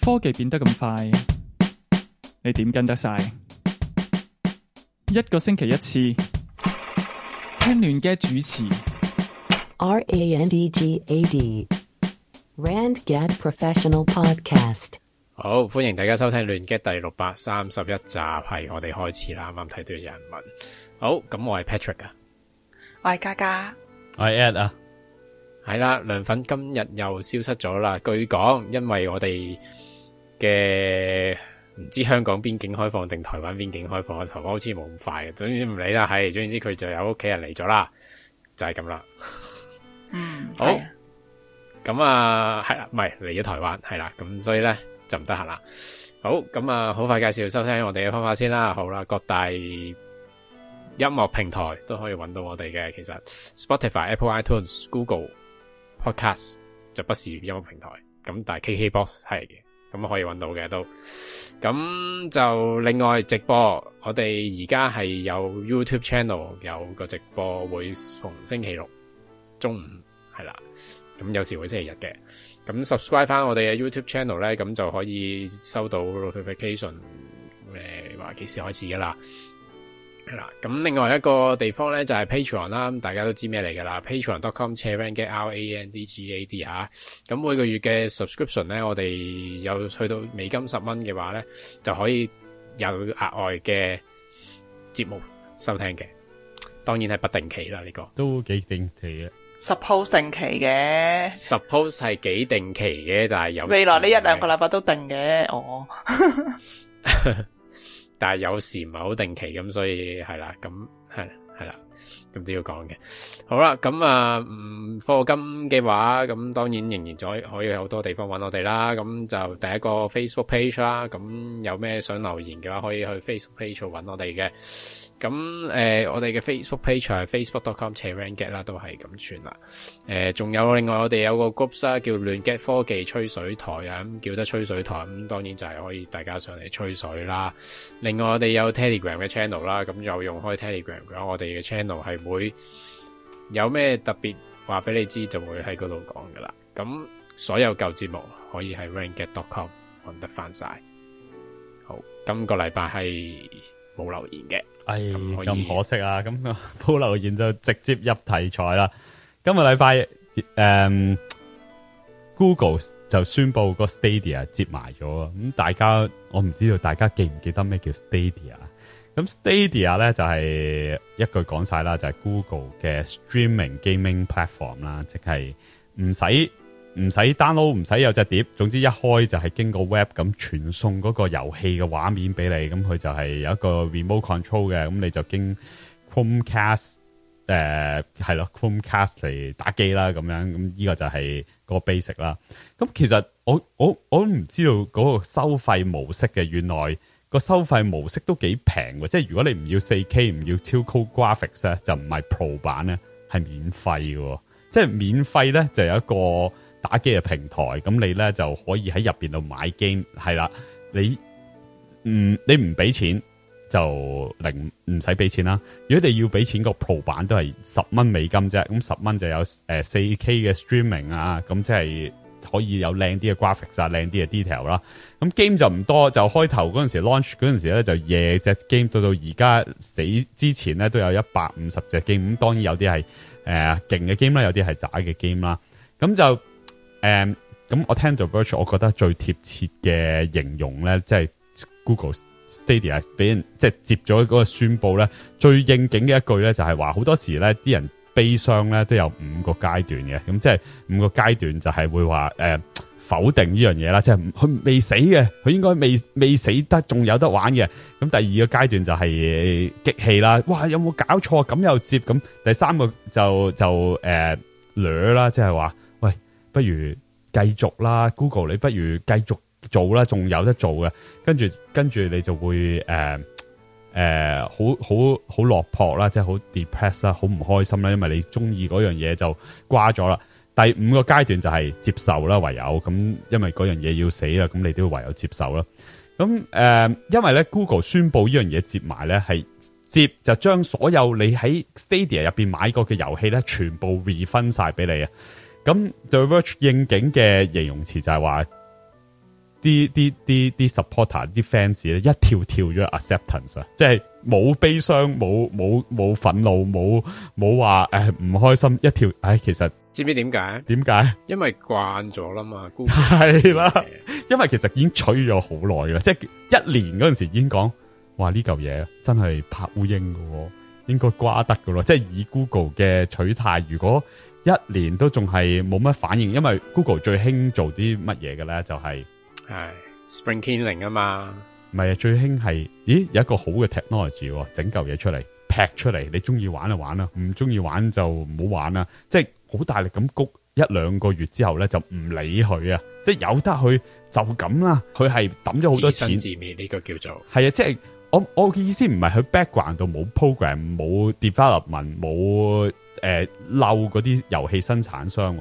科技變得咁快，你點跟得晒？一個星期一次，聽亂 gad 主持。R A N D G A D RandGad Professional Podcast。好，歡迎大家收聽亂 gad 第六百三十一集，係我哋開始啦。啱啱睇到有人問，好，咁我係 Patrick 啊，我係嘉嘉，我係 Ed 啊。」係啦，涼粉今日又消失咗啦。據講，因為我哋嘅唔知香港邊境開放定台灣邊境開放，台灣好似冇咁快嘅。總之唔理啦，係，總之佢就有屋企人嚟咗啦，就係咁啦。嗯， 好。咁、哎、啊，係啦，唔係嚟咗台灣，係啦。咁所以咧就唔得閒啦。好，咁啊，好快介紹收聽我哋嘅方法先啦。好啦，各大音樂平台都可以揾到我哋嘅，其實 Spotify、Apple iTunes、Google。Podcast 就不是音樂平台咁，但係 KKBox 係嘅，咁可以揾到嘅都。咁就另外直播。我哋而家係有 YouTube Channel 有個直播，會逢星期六中午係啦，咁有時會星期日嘅。咁 subscribe 翻我哋嘅 YouTube Channel 咧，咁就可以收到 notification，誒，話幾時開始噶啦。係啦，咁另外一個地方咧就係、是、Patreon 啦，咁大家都知咩嚟噶啦 Patreon.com charangerandgad 吓，咁、啊、每個月嘅 subscription 咧，我哋有去到美金十蚊嘅話咧，就可以有額外嘅節目收聽嘅，當然係不定期啦呢、呢個，都幾定期嘅，suppose 定期嘅，suppose 係幾定期嘅，但係有未來呢一兩個禮拜都定嘅，哦。 但係有時唔係好定期咁，所以係啦，咁係，係啦，咁都要講嘅。好啦，咁啊，嗯，課金嘅話，咁當然仍然可以好多地方搵我哋啦。咁就第一個 Facebook page 啦，咁有咩想留言嘅話，可以去 Facebook page 度搵我哋嘅。咁誒、呃，我哋嘅 Facebook page 係 facebook.com/rankget 啦，都係咁串啦。誒，仲有另外我哋有個 groups、啊、叫亂 gad 科技吹水台啊，咁叫得吹水台，咁當然就係可以大家上嚟吹水啦。另外我哋有 Telegram 嘅 channel 啦，咁又用開 Telegram 嘅話我哋嘅 channel 係會有咩特別話俾你知，就會喺嗰度講噶啦。咁所有舊節目可以喺 rankget.com 揾得翻晒。好，今個禮拜係冇留言嘅。哎，咁可，可惜啊！咁啊鋪留言就直接入題材啦。今個禮拜誒、嗯、，Google 就宣布個 Stadia 摺埋咗。咁大家我唔知道大家記唔記得咩叫 Stadia？咁 Stadia 咧就係、是、一句講晒啦，就係、是、Google 嘅 Streaming Gaming Platform 啦，即係唔使。唔使 download，唔使有隻碟，總之一開就係經過 web 咁傳送嗰個遊戲嘅畫面俾你，咁佢就係有一個 remote control 嘅，咁你就經 chromecast，誒係咯 chromecast 嚟打機啦，咁樣，咁呢個就係個 basic 啦。咁其實我我我都唔知道嗰個收費模式嘅，原來個收費模式都幾平喎，即係如果你唔要四 K，唔要超酷 graphics 咧，就唔係 pro 版咧，係免費嘅，即係免費咧就有一個。打機嘅平台，咁你咧就可以喺入邊度買 game，係啦，你，唔、嗯、你唔俾錢就零，唔使俾錢啦。如果你要俾錢，個 pro 版都係十蚊美金啫，咁十蚊就有誒四 K 嘅 streaming 啊，咁即係可以有靚啲嘅 graphics 啊，靚啲嘅 detail 啦。咁 game 就唔多，就開頭嗰陣時 launch 嗰陣時咧就夜隻 game，到到而家死之前咧都有一百五十隻 game。咁當然有啲係誒勁嘅 game 啦，有啲係渣嘅 game 啦，咁就。誒、嗯，咁我聽到 bridge，我覺得最貼切嘅形容咧，即、就、係、是、Google Stadia 俾人即係、就是、接咗嗰個宣布咧，最應景嘅一句咧就係話，好多時咧啲人悲傷咧都有五個階段嘅，咁即係五個階段就係會話誒、呃、否定呢樣嘢啦，即係佢未死嘅，佢應該未未死得，仲有得玩嘅。咁第二個階段就係激氣啦，哇，有冇搞錯咁又接咁？第三個就就誒餒啦，即係話。不如繼續啦，Google，你不如繼續做啦，仲有得做嘅。跟住跟住，你就會誒誒，好好好落魄啦，即係好 depressed 啦，好唔開心啦，因為你中意嗰樣嘢就瓜咗啦。第五個階段就係接受啦，唯有咁，因為嗰樣嘢要死啦，咁你都要唯有接受啦。咁誒、呃，因為咧 Google 宣布呢樣嘢接埋咧，係接就將所有你喺 Stadia 入邊買過嘅遊戲咧，全部 refund 晒俾你啊！咁 The Verge 應景嘅形容詞就係話啲啲啲啲 supporter 啲 fans 咧一跳跳咗 acceptance 啊，即係冇悲傷冇冇冇憤怒冇冇話誒唔開心，一跳，唉其實知唔知點解？點解？因為慣咗啦嘛，Google 係 啦，因為其實已經取咗好耐啦，即係一年嗰陣時已經講哇呢嚿嘢真係拍烏蠅噶，應該瓜得噶咯，即係以 Google 嘅取態如果。一年都仲係冇乜反應，因為 Google 最興做啲乜嘢嘅咧，就係係 Spring Cleaning 啊嘛，唔係啊，最興係，咦有一個好嘅 technology，整嚿嘢出嚟，劈出嚟，你中意玩就玩啦，唔中意玩就唔好玩啦，即係好大力咁谷一兩個月之後咧，就唔理佢啊，即係有得去就咁啦，佢係抌咗好多錢，自生自滅呢個叫做係啊，即係我我嘅意思唔係佢 background 度冇 program 冇 development 冇。誒、呃，漏嗰啲遊戲生產商，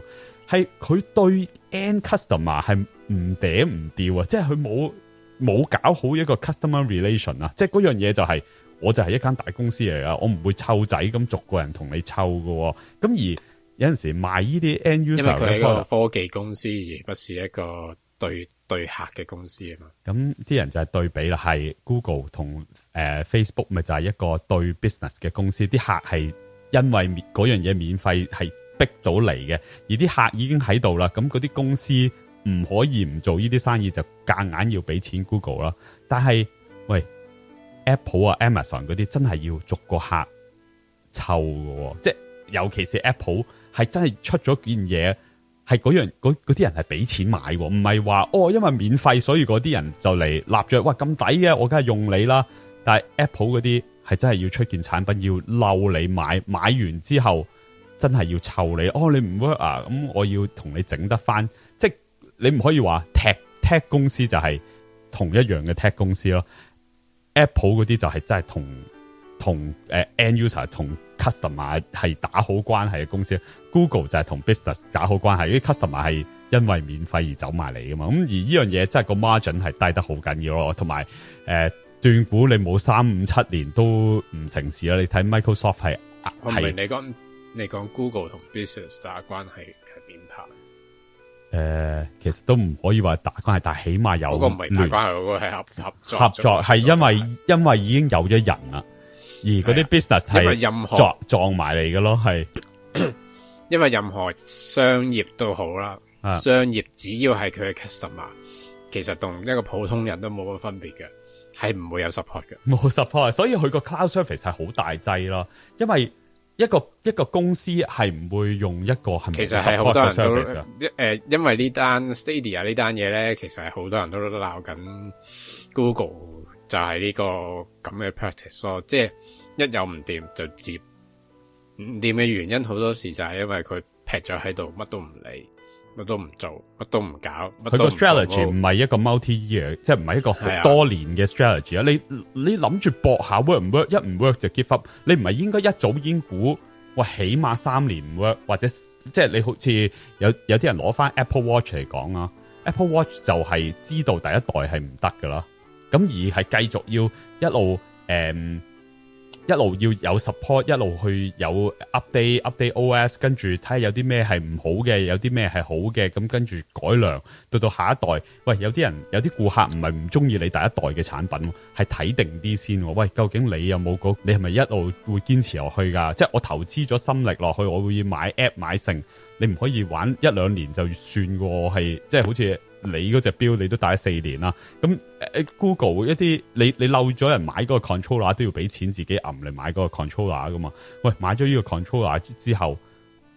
係佢對 end customer 係唔嗲唔吊啊！即係佢冇冇搞好一個 customer relation 啊！即係嗰樣嘢就係、是，我就係一間大公司嚟啊，我唔會湊仔咁逐個人同你湊噶。咁而有陣時賣呢啲 end user，因為佢係一個科技公司，而不是一個對對客嘅公司啊嘛。咁啲人就係對比啦，係 Google 同誒 Facebook 咪就係一個對 business 嘅公司，啲客係。因為嗰樣嘢免費係逼到嚟嘅，而啲客已經喺度啦，咁嗰啲公司唔可以唔做呢啲生意，就夾硬要俾錢 Google 啦。但係喂，Apple 啊、Amazon 嗰啲真係要逐個客抽喎、哦，即係尤其是 Apple 係真係出咗件嘢，係嗰樣嗰啲人係俾錢買，唔係話哦，因為免費所以嗰啲人就嚟立着哇咁抵嘅，我梗係用你啦。但係 Apple 嗰啲。係真係要出件產品要漏你買，買完之後真係要湊你哦！你唔 work 啊？咁、嗯、我要同你整得翻，即係你唔可以話 tech tech 公司就係同一樣嘅 tech 公司咯。Apple 嗰啲就係真係同同誒 end user 同 customer 係打好關係嘅公司。Google 就係同 business 打好關係，因為 customer 係因為免費而走埋嚟噶嘛。咁而呢樣嘢真係個 margin 係低得好緊要咯，同埋誒。呃斷估你冇三五七年都唔成事啦！你睇 Microsoft 係、我唔明、係你講你講 Google 同 business 打關係係點拍誒，其實都唔可以話打關係，但係起碼有嗰、嗰個唔係打關係，嗰個係合合作，合作。合作係因為因為已經有一人啦，而嗰啲 business 係任何撞撞埋嚟嘅咯，係 因為任何商業都好啦、啊，商業只要係佢嘅 customer，、啊、其實同一個普通人都冇乜分別嘅。係唔會有 support 嘅，冇 support，所以佢個 cloud service 係好大劑咯。因為一個一個公司係唔會用一個，係其實係好多人都一誒、呃，因為呢單 Stadia 呢單嘢咧，其實係好多人都鬧緊 Google 就係呢個咁嘅 practice 咯。即係一有唔掂就接唔掂嘅原因，好多時就係因為佢劈咗喺度，乜都唔理。乜都唔做，乜都唔搞，佢個 strategy 唔係一個 multi year， 即係唔係一個多年嘅 strategy 啊！你你諗住搏下 work 唔 work，一唔 work 就 give up，你唔係應該一早已經估，喂，起碼三年唔 work，或者即係你好似有有啲人攞翻 Apple Watch 嚟講啊，Apple Watch 就係知道第一代係唔得噶啦，咁而係繼續要一路誒。嗯一路要有 support，一路去有 update update OS，跟住睇下有啲咩係唔好嘅，有啲咩係好嘅，咁跟住改良到到下一代。喂，有啲人有啲顧客唔係唔中意你第一代嘅產品，係睇定啲先。喂，究竟你有冇嗰你係咪一路會堅持落去噶？即係我投資咗心力落去，我會買 app 買成你唔可以玩一兩年就算噶，係即係好似。你嗰隻表你都戴咗四年啦，咁 Google 一啲你你漏咗人買嗰個 controller 都要俾錢自己揞嚟買嗰個 controller 噶嘛？喂，買咗呢個 controller 之後，誒、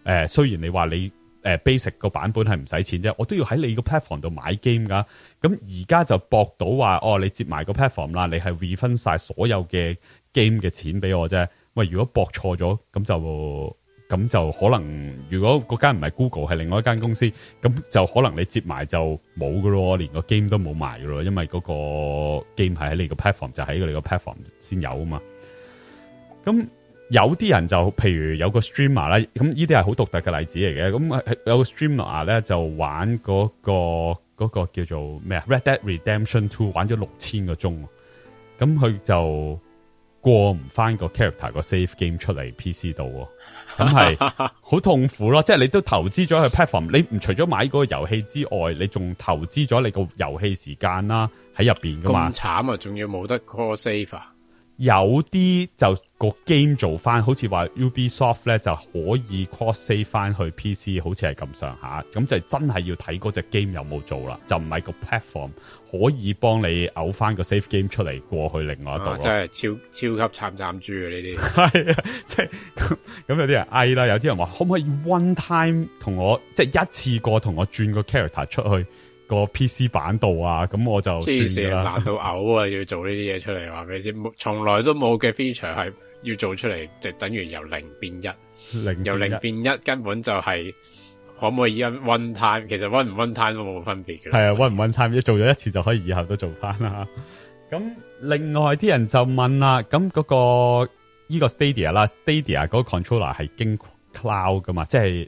呃，雖然你話你誒 basic 個版本係唔使錢啫，我都要喺你個 platform 度買 game 噶。咁而家就博到話，哦，你接埋個 platform 啦，你係 refund 晒所有嘅 game 嘅錢俾我啫。喂，如果博錯咗，咁就。咁就可能，如果嗰間唔係 Google，係另外一間公司，咁就可能你接埋就冇噶咯，連個 game 都冇埋噶咯，因為嗰個 game 係喺你個 platform，就喺你個 platform 先有啊嘛。咁有啲人就，譬如有個 streamer 啦，咁呢啲係好獨特嘅例子嚟嘅。咁有個 streamer 咧就玩嗰個嗰個叫做咩啊 Red Dead Redemption Two，玩咗六千個鐘，咁佢就。過唔翻個 character 個 save game 出嚟 PC 度，咁係好痛苦咯。 即係你都投資咗去 platform，你唔除咗買嗰個遊戲之外，你仲投資咗你個遊戲時間啦喺入邊噶嘛。咁慘啊，仲要冇得 call save 啊！有啲就個 game 做翻，好似話 Ubisoft 咧就可以 cross save 翻去 PC，好似係咁上下。咁就真係要睇嗰隻 game 有冇做啦，就唔係個 platform 可以幫你嘔翻個 save game 出嚟過去另外一度，啊。真係超超級慘慘豬！啊呢啲係啊，即係咁有啲人嗌啦、啊，有啲人話可唔可以 one time 同我即係、就是、一次過同我轉個 character 出去？個 PC 版度啊，咁我就黐線難到嘔啊！ 要做呢啲嘢出嚟話俾你知，從來都冇嘅 feature 係要做出嚟，即係等於由零變一，零變一，由零變一根本就係可唔可以因 one time？其實 one 唔 one time 都冇分別嘅，係啊，one 唔 one time 一做咗一次就可以以後都做翻啦。咁 另外啲人就問啦，咁嗰個呢個 Stadia 啦，Stadia 嗰個 controller 係經 cloud 噶嘛，即係。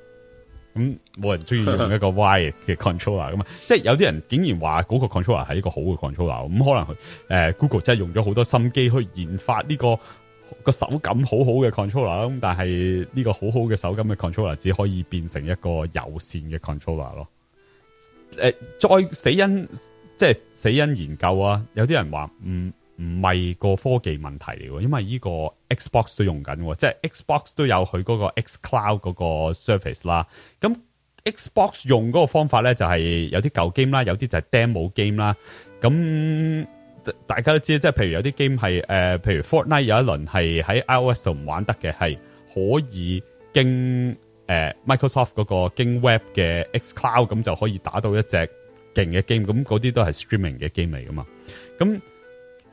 咁、嗯、冇人中意用一個 wire 嘅 controller 咁啊！ 即係有啲人竟然話嗰個 controller 係一個好嘅 controller，咁可能誒、呃、Google 真係用咗好多心機去研發呢、這個個手感好、嗯、好嘅 controller，咁但係呢個好好嘅手感嘅 controller 只可以變成一個有線嘅 controller 咯。誒、呃，再死因即係死因研究啊！有啲人話唔、嗯唔係個科技問題嚟喎，因為依個 Xbox 都用緊喎，即係 Xbox 都有佢嗰個 X Cloud 嗰個 service 啦。咁 Xbox 用嗰個方法咧，就係有啲舊 game 啦，有啲就係 demo game 啦。咁大家都知道，即係譬如有啲 game 係誒，譬如 Fortnite 有一輪係喺 iOS 度唔玩得嘅，係可以經誒、呃、Microsoft 嗰個經 Web 嘅 X Cloud，咁就可以打到一隻勁嘅 game。咁嗰啲都係 streaming 嘅 game 嚟噶嘛，咁。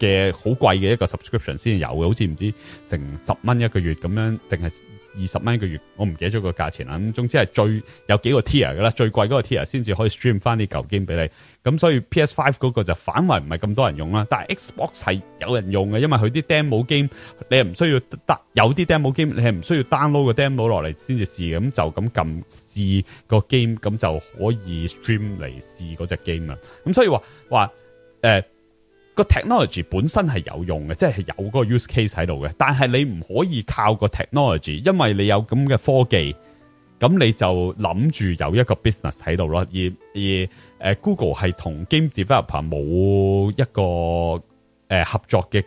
嘅好貴嘅一個 subscription 先有，好似唔知成十蚊一個月咁樣，定係二十蚊一個月，我唔記得咗個價錢啦。總之係最有幾個 tier 嘅啦，最貴嗰個 tier 先至可以 stream 翻啲舊 game 俾你。咁所以 PS Five 嗰個就反為唔係咁多人用啦，但係 Xbox 係有人用嘅，因為佢啲 demo game 你係唔需要得，有啲 demo game 你係唔需要 download 個 demo 落嚟先至試，咁就咁撳試個 game，咁就可以 stream 嚟試嗰隻 game 啊。咁所以話話誒。個 technology 本身係有用嘅，即係有嗰個 use case 喺度嘅。但係你唔可以靠個 technology，因為你有咁嘅科技，咁你就諗住有一個 business 喺度咯。而而誒，Google 係同 game developer 冇一個誒、呃、合作嘅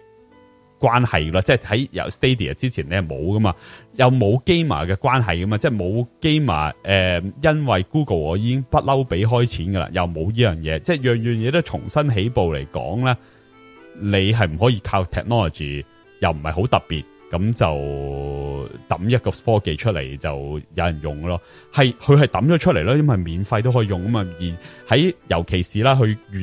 關係咯。即係喺有 Stadia 之前，你係冇噶嘛，又冇 game 嘅關係噶嘛。即係冇 game 誒、呃，因為 Google 我已經不嬲俾開錢噶啦，又冇呢樣嘢，即係樣樣嘢都重新起步嚟講咧。你係唔可以靠 technology，又唔係好特別，咁就揼一個科技出嚟就有人用咯。係佢係揼咗出嚟咯，因為免費都可以用啊嘛。而喺尤其是啦，佢越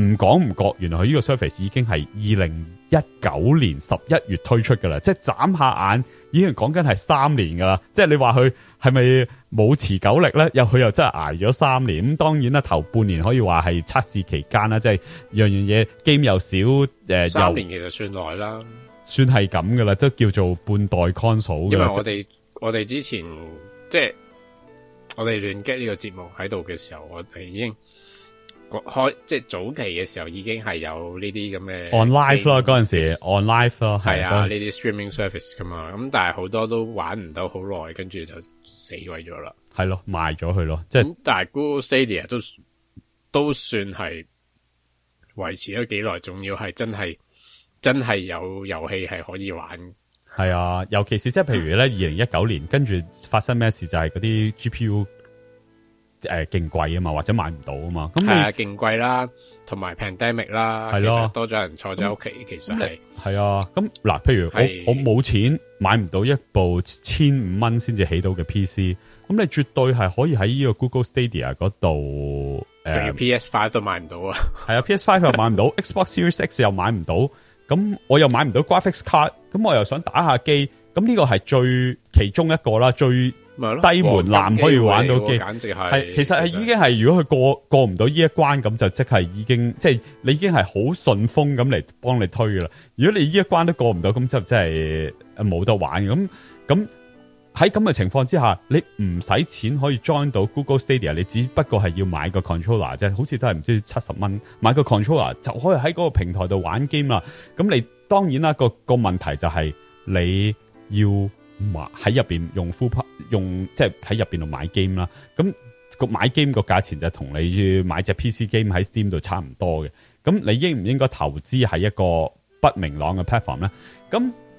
唔講唔覺，原來佢呢個 service 已經係二零一九年十一月推出噶啦，即係眨下眼已經講緊係三年噶啦。即係你話佢係咪？冇持久力咧，又佢又真係挨咗三年，咁當然啦，頭半年可以話係測試期間啦，即係樣樣嘢 game 又少，誒、呃，三年其實算耐啦，算係咁噶啦，都叫做半代 console，因為我哋、就是、我哋之前、嗯、即係我哋亂 gad 呢個節目喺度嘅時候，我哋已經開即係早期嘅時候已經係有呢啲咁嘅 on live 啦，嗰陣時 on live 係啊呢啲、啊、streaming service 噶嘛，咁但係好多都玩唔到好耐，跟住就。死鬼咗啦，係咯，賣咗佢咯，即係。咁但係 Google Stadia 都都算係維持咗幾耐，仲要係真係真係有遊戲係可以玩。係啊，尤其是即係譬如咧，二零一九年跟住發生咩事就係嗰啲 GPU 誒勁貴啊嘛，或者買唔到啊嘛。咁係啊，勁貴啦，同埋 pandemic 啦，係咯，多咗人坐咗喺屋企，其實係啊。咁嗱，譬如我我冇錢。買唔到一部千五蚊先至起到嘅 PC，咁你絕對係可以喺呢個 Google Stadia 嗰度。誒，PS5 都買唔到啊？係啊，PS5 又買唔到 ，Xbox Series X 又買唔到，咁我又買唔到 Graphics Card，咁我又想打下機，咁呢個係最其中一個啦，最低門檻可以玩到機、就是，簡直係。係其實係已經係，如果佢過過唔到呢一關，咁就即係已經即係你已經係好順風咁嚟幫你推噶啦。如果你呢一關都過唔到，咁就真係。冇得玩咁，咁喺咁嘅情況之下，你唔使錢可以 join 到 Google Stadia，你只不過係要買個 controller 啫，好似都係唔知七十蚊買個 controller 就可以喺嗰個平台度玩 game 啦。咁你當然啦，個個問題就係你要喺入面用 f u p 用，即係喺入面度買 game 啦。咁個買 game 個價錢就同你買隻 PC game 喺 Steam 度差唔多嘅。咁你應唔應該投資喺一個不明朗嘅 platform 咧？咁？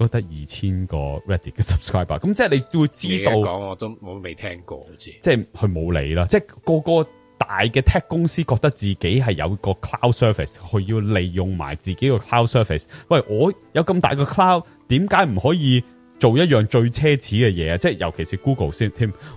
都得二千個 Reddit 嘅 subscriber，咁即係你都會知道。你講我都我未聽過，即係佢冇理啦。即係個個大嘅 tech 公司覺得自己係有個 cloud service，佢要利用埋自己個 cloud service。喂，我有咁大個 cloud，點解唔可以做一樣最奢侈嘅嘢啊？即係尤其是 Google 先，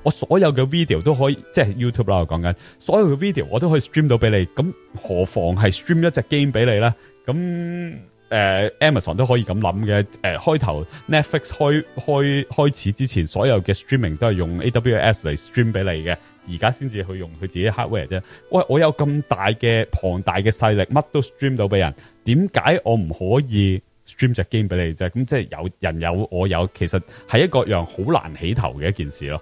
我所有嘅 video 都可以，即係 YouTube 啦，我講緊所有嘅 video 我都可以 stream 到俾你。咁何況係 stream 一隻 game 俾你咧？咁。誒、呃，Amazon 都可以咁諗嘅。誒、呃，開頭 Netflix 開開開始之前，所有嘅 streaming 都係用 AWS 嚟 stream 俾你嘅。而家先至去用佢自己 hardware 啫。喂，我有咁大嘅龐大嘅勢力，乜都 stream 到俾人，點解我唔可以 stream 隻 game 俾你啫？咁即係有人有，我有，其實係一個樣好難起頭嘅一件事咯。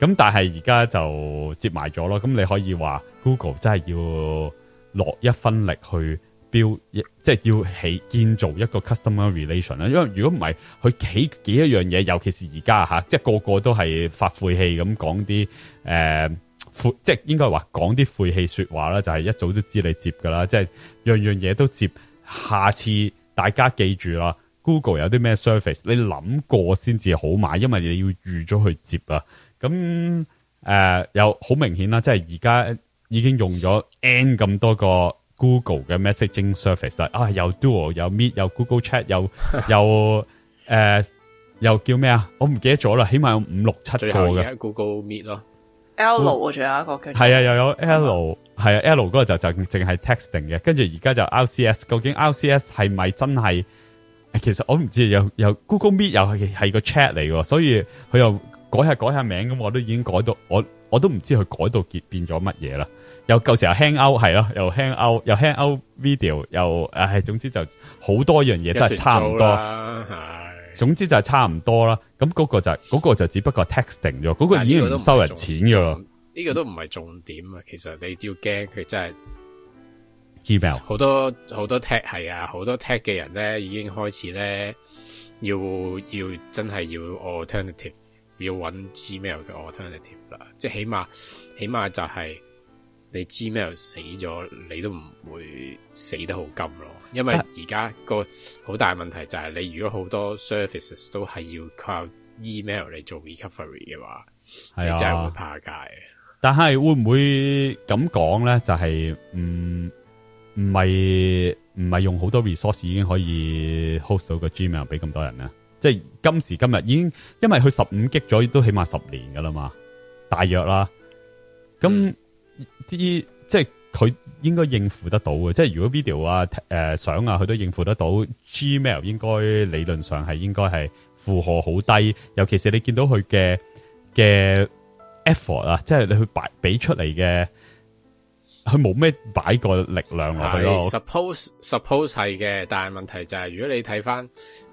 咁但係而家就摺埋咗咯。咁你可以話 Google 真係要落一分力去。Build，是要即係要起建造一個 customer relation 啦，因為如果唔係，佢企幾一樣嘢，尤其是而家吓，即、啊、係、就是、個個都係發晦氣咁講啲誒，呃就是、說說晦即係應該話講啲晦氣說話啦，就係、是、一早都知你接㗎啦，即、就、係、是、樣樣嘢都接。下次大家記住啦，Google 有啲咩 service，你諗過先至好買，因為你要預咗去接啊。咁誒、呃，有好明顯啦，即係而家已經用咗 N 咁多個。Google 嘅 Messaging Service 啊，又 Duo，又 Meet，又 Google Chat，又又誒，又叫咩啊？我唔記得咗啦，起碼有五六七個嘅。Google Meet 咯，L 仲有一個嘅，係啊，又有 L，係啊，L 嗰個就就淨係 texting 嘅，跟住而家就 RCS，究竟 RCS 係咪真係？其實我唔知，又又 Google Meet 又係係個 Chat 嚟嘅，所以佢又改下改下名，咁我都已經改到我我都唔知佢改到結變咗乜嘢啦。又舊時候 hangout 係咯，又 hangout 又 hangoutvideo，又誒，總之就好多樣嘢都係差唔多。總之就係差唔多啦。咁嗰個就係嗰個就只不過 texting 咗，嗰個已經唔收人錢噶啦。呢個都唔係重點啊。其實你都要驚佢真係 email 好多好多 tag 係啊，好多 tag 嘅人咧已經開始咧要要真係要 alternative 要搵 gmail 嘅 alternative 啦。即係起碼起碼就係。你 Gmail 死咗，你都唔會死得好金咯，因為而家個好大問題就係你如果好多 services 都係要靠 email 嚟做 recovery 嘅話，係啊，真係會怕街。但係會唔會咁講咧？就係唔唔係唔係用好多 resource 已經可以 host 到個 Gmail 俾咁多人咧？即係今時今日已經，因為佢十五擊咗都起碼十年噶啦嘛，大約啦，咁。啲即係佢應該應付得到嘅，即係如果 video 啊，誒、呃，相啊，佢都應付得到。Gmail 應該理論上係應該係負荷好低，尤其是你見到佢嘅嘅 effort 啊，即係你去擺俾出嚟嘅，佢冇咩擺過力量落去咯。Suppose，suppose 係嘅，但係問題就係如果你睇翻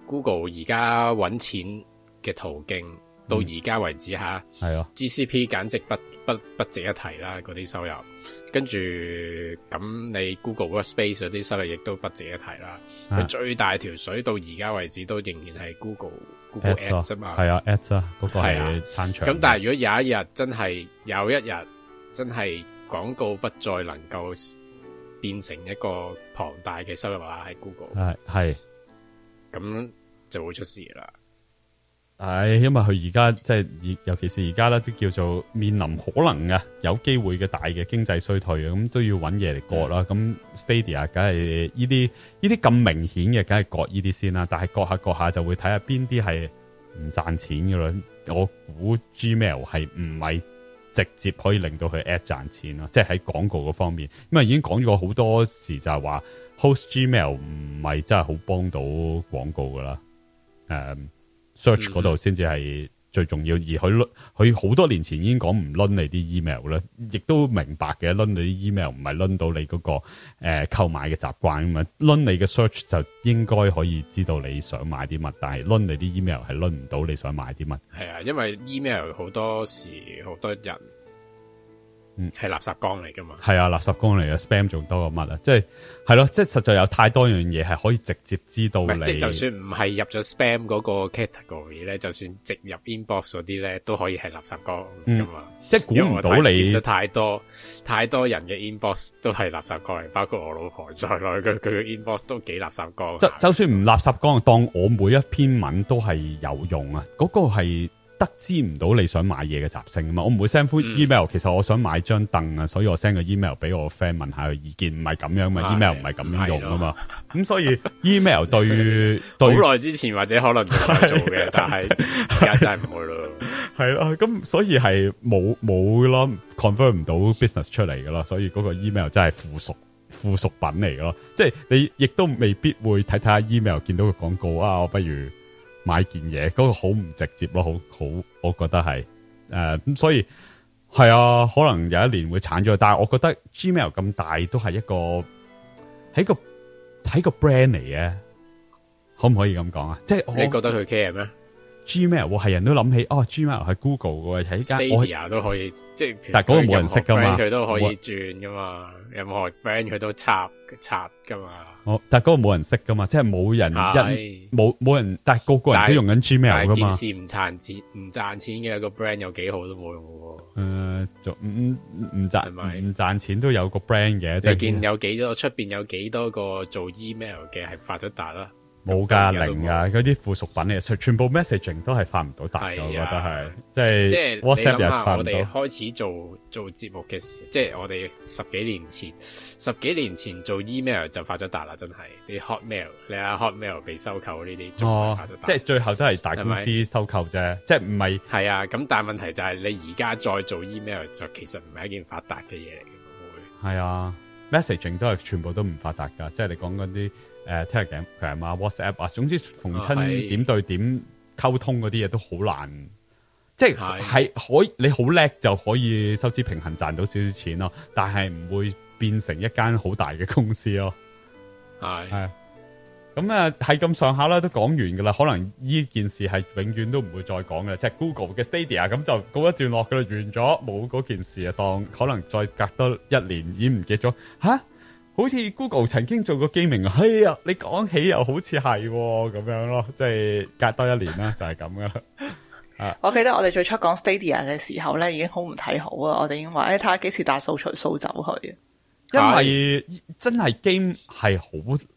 Google 而家搵錢嘅途徑，到而家為止吓，係、嗯啊、GCP 簡直不不不值一提啦，嗰啲收入。跟住咁你 Google 嗰 Space 嗰啲收入亦都不值一提啦。佢、啊、最大條水到而家為止都仍然係 Google Google Ads 啫 Ad 嘛，啊，係 Ad 啊，Ads 啊嗰、啊啊 Ad 啊嗰個係撐場，咁但係如果有一日真係有一日真係廣告不再能夠變成一個龐大嘅收入話喺 Google，係，係，咁就會出事啦。係、哎，因為佢而家即係，尤其是而家咧，即叫做面臨可能嘅，有機會嘅大嘅經濟衰退，咁都要揾嘢嚟割啦。咁 Stadia 梗係呢啲呢啲咁明顯嘅，梗係割呢啲先啦。但係割下割下就會睇下邊啲係唔賺錢㗎啦。我估 Gmail 係唔係直接可以令到佢 ad 賺錢咯，即係喺廣告嗰方面。因為已經講咗好多時就係話 host Gmail 唔係真係好幫到廣告噶啦，誒、um,。search 嗰度先至係最重要。嗯、而佢佢好多年前已經講唔 run 你啲 email 咧，亦都明白嘅，run 你啲 email 唔係 run 到你嗰、嗰個誒、呃、購買嘅習慣咁啊，run 你嘅 search 就應該可以知道你想買啲乜，但係 run 你啲 email 係 run 唔到你想買啲乜。係啊，因為 email 好多時好多人，.嗯，係垃圾缸嚟噶嘛？係啊，垃圾缸嚟㗎。嗯、spam 仲多過乜啊？即係係咯，即係實在有太多樣嘢係可以直接知道嘅。即、就係、就算唔係入咗 spam 嗰個 category 咧，就算直入 inbox 嗰啲咧，都可以係垃圾缸噶嘛？嗯、即係估唔到你太多你太多人嘅 inbox 都係垃圾缸嚟，包括我老婆在內，佢佢嘅 inbox 都幾垃圾缸就。就算唔垃圾缸，當我每一篇文都係有用啊！嗰、嗰個係。得知唔到你想買嘢嘅雜聲，啊嘛，我唔會 send full email、嗯。其實我想買張凳啊，所以我 send 個 email 俾我 friend 問下佢意見，唔係咁樣嘛。嗯、email 唔係咁用啊嘛。咁所以 email 對於好耐之前或者可能做嘅，但係而家真係唔會咯。係啊，咁所以係冇冇咯 convert 唔到 business 出嚟噶啦，所以嗰個 email 真係附屬附屬品嚟咯。即、就、係、是、你亦都未必會睇睇下 email 見到個廣告啊。我不如。買件嘢嗰個好唔直接咯，好好我覺得係誒咁，所以係啊，可能有一年會鏟咗，但係我覺得 Gmail 咁大都係一個喺個睇個 brand 嚟嘅，可唔可以咁講啊？即係你覺得佢 care 咩？Gmail 我係人都諗起哦，Gmail 係 Google 嘅喺 Stadia 都可以，即係但係嗰個冇人識噶嘛，有冇 brand 佢都可以轉噶嘛，任何 brand 佢都插插噶嘛。哦、但嗰個冇人識噶嘛，即係冇人一冇冇人，但係個個人都用緊 Gmail 噶嘛。大件事唔賺錢唔賺錢嘅，嗰個 brand 有幾好都冇用嘅喎，呃。做唔唔唔賺唔賺錢都有個 brand 嘅。你見有幾多出邊、嗯、有幾多個做 email 嘅係發咗達啦。冇噶零啊嗰啲附屬品嘅，全、嗯、全部 messaging 都係發唔到達嘅，我覺得係即係。即係 WhatsApp 你諗下，我哋開始做做節目嘅時，即係我哋十幾年前， 十幾年前做 email 就發咗達啦，真係你 hotmail 你啊 hotmail 被收購呢啲，即係最後都係大公司收購啫，即係唔係？係啊，咁但係問題就係你而家再做 email 就其實唔係一件發達嘅嘢嚟嘅會。係啊，messaging 都係全部都唔發達噶，即係你講嗰啲。誒、uh,，Telegram 啊，WhatsApp 啊，總之逢親點對點溝通嗰啲嘢都好難，啊、即係係可以你好叻就可以收支平衡賺到少少錢咯、啊，但係唔會變成一間好大嘅公司咯、啊。係係，咁啊係咁上下啦，都講完噶啦，可能呢件事係永遠都唔會再講嘅啦，即係 Google 嘅 Stadia 咁就告一段落噶啦，完咗冇嗰件事啊，當可能再隔多一年已經唔記得咗吓。好似 Google 曾經做過 gaming，哎呀，你講起又好似係咁樣咯，即係隔多一年啦，就係咁噶啦。我記得我哋最初講 Stadia 嘅時候咧，已經好唔睇好啊，我哋已經話，哎，睇下幾時大掃除掃走佢。因為真係 game 係好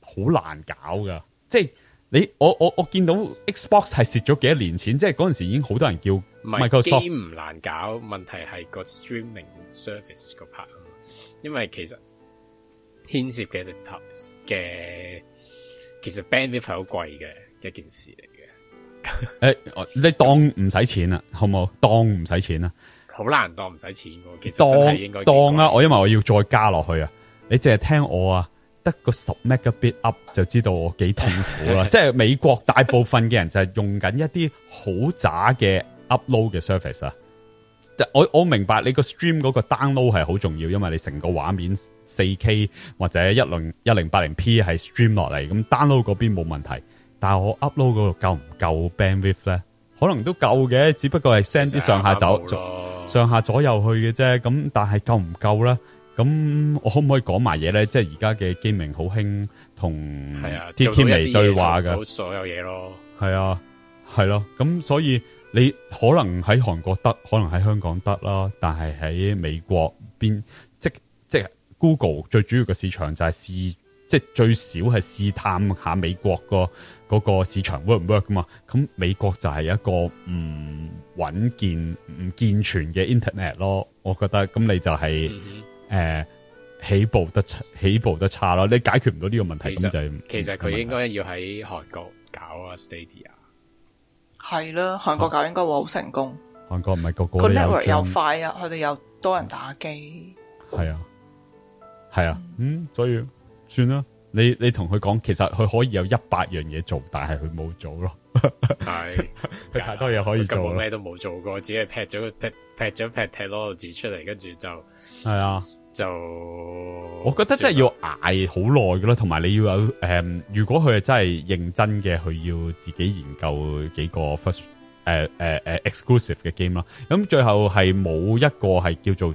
好難搞噶，即係你我我我見到 Xbox 係蝕咗幾多年錢，即係嗰陣時已經好多人叫唔係個 game 唔難搞，問題係個 streaming service 個 part 啊嘛，因為其實。牽涉嘅嘅，其實 bandwidth 好貴嘅一件事嚟嘅。誒， 你當唔使錢啦，好唔好？當唔使錢啦，好難當唔使錢喎。其實應當當、啊、啦我因為我要再加落去啊。你淨係聽我啊，得個十 megabit up 就知道我幾痛苦啦。 即係美國大部分嘅人就係用緊一啲好渣嘅 upload 嘅 service 啊。我我明白你個 stream 嗰個 download 係好重要，因為你成個畫面。四 K 或者一零一零八零 P 係 stream 落嚟，咁 download 嗰邊冇問題，但係我 upload 嗰度夠唔夠 bandwidth 咧？可能都夠嘅，只不過係 send 啲上下走，上下左右去嘅啫。咁但係夠唔夠咧？咁我可唔可以講埋嘢咧？即係而家嘅機名好興同 TT 嚟對話嘅，所有嘢咯。係啊，係咯。咁所以你可能喺韓國得，可能喺香港得啦，但係喺美國邊？Google 最主要嘅市場就係試，即最少係試探一下美國個、嗰個市場 work 唔 work 噶嘛，咁美國就係一個唔穩健、唔健全嘅 internet 咯。我覺得咁你就係、係、誒、嗯呃、起步得差，起步得差咯。你解決唔到呢個問題，就就其實佢、就係、應該要喺韓國搞啊，Stadia 係啦，韓國搞應該會好成功。韓、哦、國唔係個個 network 又快啊，佢哋又多人打機，係、嗯、啊。係係啊，嗯，所以算啦。你你同佢講，其實佢可以有一百樣嘢做，但係佢冇做咯。係，佢 太多嘢可以做。咁我咩都冇做過，只係劈咗劈劈咗劈踢攞個字出嚟，跟住就係啊，就，就我覺得真係要挨好耐噶啦。同埋你要有誒、呃，如果佢係真係認真嘅，佢要自己研究幾個 first 誒誒誒 exclusive 嘅 game 啦。咁最後係冇一個係叫做，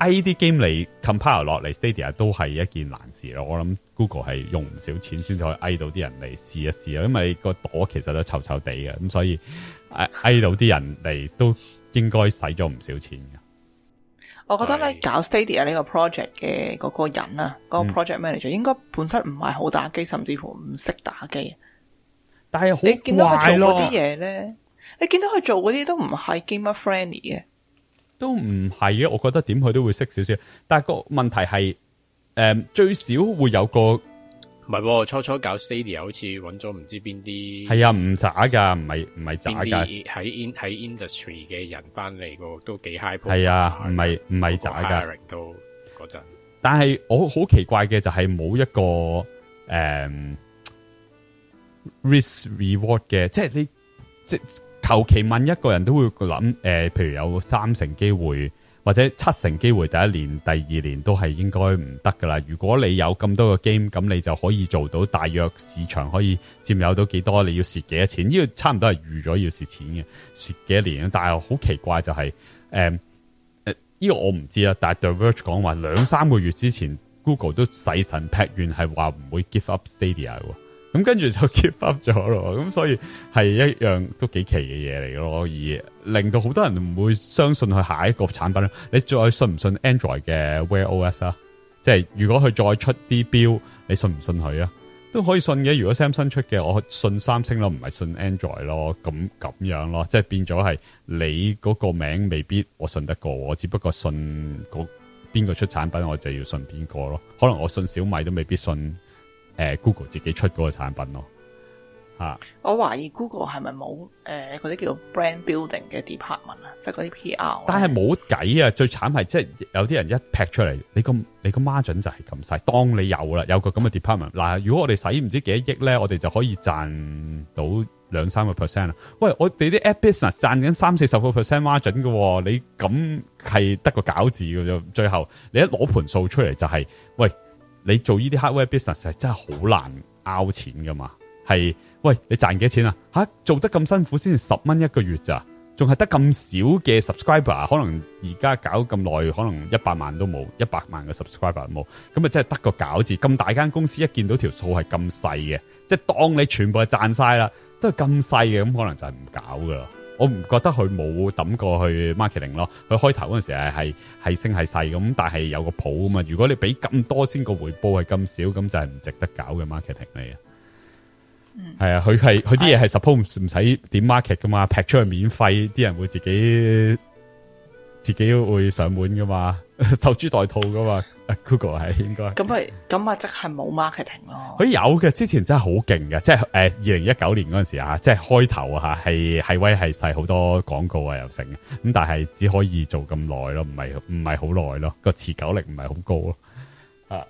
I 啲 game 嚟 compare 落嚟 Stadia 都係一件難事咯。我諗 Google 係用唔少錢先可以 i 到啲人嚟試一試啊，因為個朵其實都臭臭地嘅，咁所以挨到啲人嚟都應該使咗唔少錢嘅。我覺得咧搞 Stadia 呢個 project 嘅嗰個人啊，嗰、嗰個 project manager、嗯、應該本身唔係好打機，甚至乎唔識打機。但係你見到佢做嗰啲嘢咧，你見到佢做嗰啲都唔係 gamer friendly 嘅。都唔係嘅，我覺得點佢都會識少少。但係個問題係，誒、嗯、最少會有個唔係、哦，初初搞 Stadia 好似搵咗唔知邊啲係啊，唔渣噶，唔係唔係渣噶。喺喺 Industry 嘅人翻嚟個都幾 high。係啊，唔係唔係渣噶。那個、都嗰陣，但係我好奇怪嘅就係冇一個誒、嗯、risk reward 嘅，即係你即。求其問一個人都會諗，誒、呃，譬如有三成機會，或者七成機會，第一年、第二年都係應該唔得㗎喇。如果你有咁多個 game，咁你就可以做到大約市場可以佔有到幾多，你要蝕幾多錢？呢個差唔多係預咗要蝕錢嘅，蝕幾多年。但係好奇怪就係、是，誒、嗯，呢、呃這個我唔知啦。但係 The Verge 講話兩三個月之前，Google 都誓神劈願，係話唔會 give up Stadia。咁跟住就 keep up 咗咯，咁所以係一樣都幾奇嘅嘢嚟咯，而令到好多人唔會相信佢下一個產品。你再信唔信 Android 嘅 Wear OS 啊？即係如果佢再出啲表，你信唔信佢啊？都可以信嘅。如果 Sam 新出嘅，我信三星咯，唔係信 Android 咯。咁咁樣咯，即係變咗係你嗰個名未必我信得過，我只不過信個邊個出產品我就要信邊個咯。可能我信小米都未必信。誒，Google 自己出嗰個產品咯，吓、啊，我懷疑 Google 係咪冇誒嗰啲叫做 brand building 嘅 department 啊，即係嗰啲 PR。但係冇計啊，最慘係即係有啲人一劈出嚟，你個你個 margin 就係咁細。當你有啦，有個咁嘅 department，嗱、啊，如果我哋使唔知幾多億咧，我哋就可以賺到兩三個 percent 啦。喂，我哋啲 app business 賺緊三四十個 percent margin 嘅，你咁係得個搞字嘅啫。最後你一攞盤數出嚟就係、是、喂。你做呢啲 hardware business 係真係好難拗錢噶嘛？係喂，你賺幾多錢啊？吓、啊、做得咁辛苦，先至十蚊一個月咋、啊？仲係得咁少嘅 subscriber，可能而家搞咁耐，可能一百萬都冇，100都一百萬嘅 subscriber 冇，咁啊真係得個搞字。咁大間公司一見到條數係咁細嘅，即、就、係、是、當你全部係賺晒啦，都係咁細嘅，咁可能就係唔搞噶。我唔覺得佢冇抌過去 marketing 咯，佢開頭嗰陣時係係升係細咁，但係有個譜啊嘛。如果你俾咁多先個回報係咁少，咁就係唔值得搞嘅 marketing 嚟啊，係啊，佢係佢啲嘢係 suppose 唔使點 market 噶嘛，劈出去免費，啲人會自己自己會上門噶嘛，守株待兔噶嘛。Google 係應該咁咪咁咪即係冇 marketing 咯。佢 有嘅、啊，之前真係好勁嘅，即係誒二零一九年嗰陣時吓，即係開頭啊係係威係使好多廣告啊又成。咁但係只可以做咁耐咯，唔係唔係好耐咯，個持久力唔係好高咯。啊，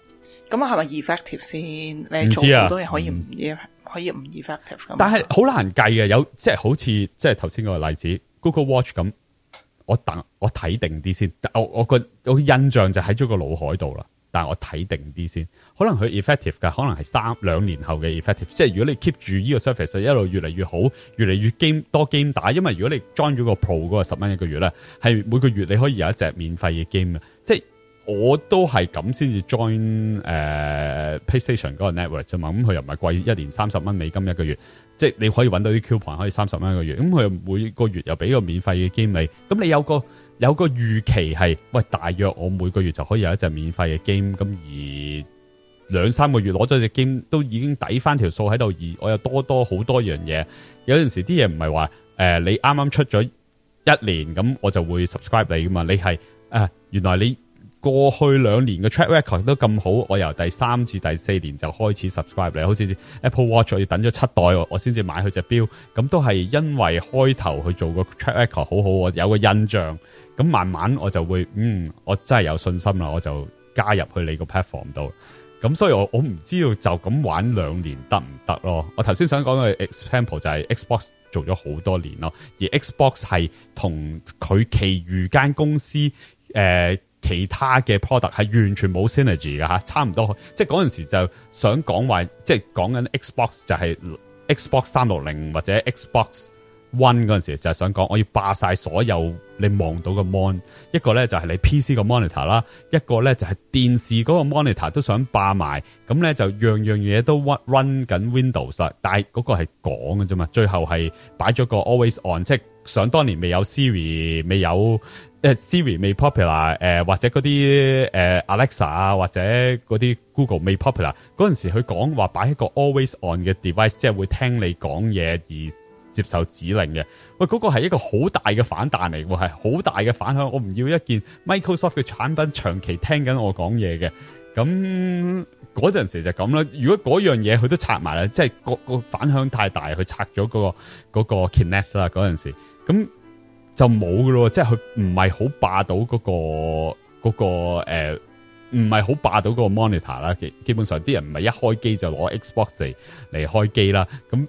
咁啊係咪 effective 先？知啊、你做好多嘢可以唔、嗯，可以唔 effective 咁？但係好難計嘅，有即係好似即係頭先個例子，Google Watch 咁。我等我睇定啲先，我我個我印象就喺咗個腦海度啦。但係我睇定啲先，可能佢 effective 㗎，可能係三兩年後嘅 effective。即係如果你 keep 住呢個 service 一路越嚟越好，越嚟越 game 多 game 打。因為如果你 join 咗個 pro 嗰個十蚊一個月咧，係每個月你可以有一隻免費嘅 game 啊！即係我都係咁先至 join 誒 PlayStation 嗰個 network 啫嘛。咁佢又唔係貴一年三十蚊美金一個月。即係你可以揾到啲 coupon 可以三十蚊一個月，咁佢每個月又俾個免費嘅 game 你，咁你有個有個預期係，喂大約我每個月就可以有一隻免費嘅 game，咁而兩三個月攞咗隻 game 都已經抵返條數喺度，而我又多多好多樣嘢，有陣時啲嘢唔係話誒你啱啱出咗一年咁我就會 subscribe 你㗎嘛，你係誒原來你。過去兩年嘅 track record 都咁好，我由第三至第四年就開始 subscribe 你，好似 Apple Watch 要等咗七代我先至買佢隻錶，咁都係因為開頭佢做個 track record 好好，我有個印象，咁慢慢我就會嗯，我真係有信心啦，我就加入去你個 platform 度。咁所以我我唔知道就咁玩兩年得唔得咯？我頭先想講嘅 example 就係 Xbox 做咗好多年咯，而 Xbox 係同佢其餘間公司誒。呃其他嘅 product 係完全冇 synergy 㗎，吓，差唔多即係嗰陣時就想講話，即係講緊 Xbox 就係 Xbox 三六零或者 Xbox One 嗰陣時就係想講我要霸晒所有你望到嘅 mon，一個咧就係你 PC 嘅 monitor 啦，一個咧就係電視嗰個 monitor 都想霸埋，咁咧就樣樣嘢都 run run 緊 Windows，但係嗰個係講嘅啫嘛，最後係擺咗個 Always On，即係想當年未有 Siri 未有。Uh, Siri 未 popular，誒或者嗰啲誒 Alexa 啊，或者嗰啲、呃、Google 未 popular，嗰陣時佢講話擺一個 always on 嘅 device，即係會聽你講嘢而接受指令嘅。喂，嗰、那個係一個好大嘅反彈嚟喎，係好大嘅反響。我唔要一件 Microsoft 嘅產品長期聽緊我講嘢嘅。咁嗰陣時就咁啦。如果嗰樣嘢佢都拆埋啦，即、就、係、是、個，個反響太大，佢拆咗嗰、那個嗰、那個 Kinect 啦。嗰陣時咁。就冇噶咯，即係佢唔係好霸到嗰、嗰個嗰、嗰個誒，唔係好霸到嗰個 monitor 啦。基基本上啲人唔係一開機就攞 Xbox 嚟開機啦。咁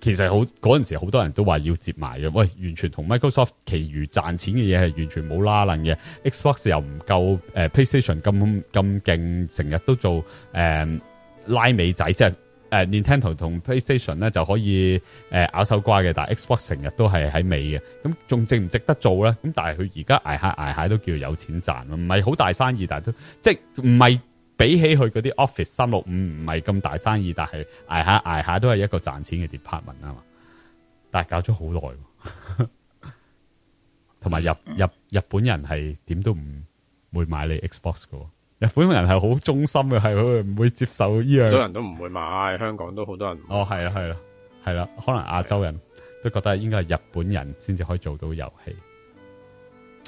其實好嗰陣時好多人都話要接埋嘅。喂，完全同 Microsoft 其餘賺錢嘅嘢係完全冇拉楞嘅。Xbox 又唔夠誒 PlayStation 咁咁勁，成日都做誒、呃、拉尾仔即係。誒、uh，Nintendo 同 PlayStation 咧，就可以誒、uh, 咬手瓜嘅，但係 Xbox 成日都係喺尾嘅，咁仲值唔值得做咧？咁但係佢而家捱下捱下都叫有錢賺，唔係好大生意，但係都即係唔係比起佢嗰啲 Office 三六五唔係咁大生意，但係捱下捱下都係一個賺錢嘅 department 啊嘛，但係搞咗好耐，同埋日日日本人係點都唔會買你 Xbox 喎。日本人係好忠心嘅，係佢唔會接受呢樣。好多人都唔會買，香港都好多人唔買。哦，係啦、啊，係啦、啊，係啦、啊，可能亞洲人都覺得應該係日本人先至可以做到遊戲。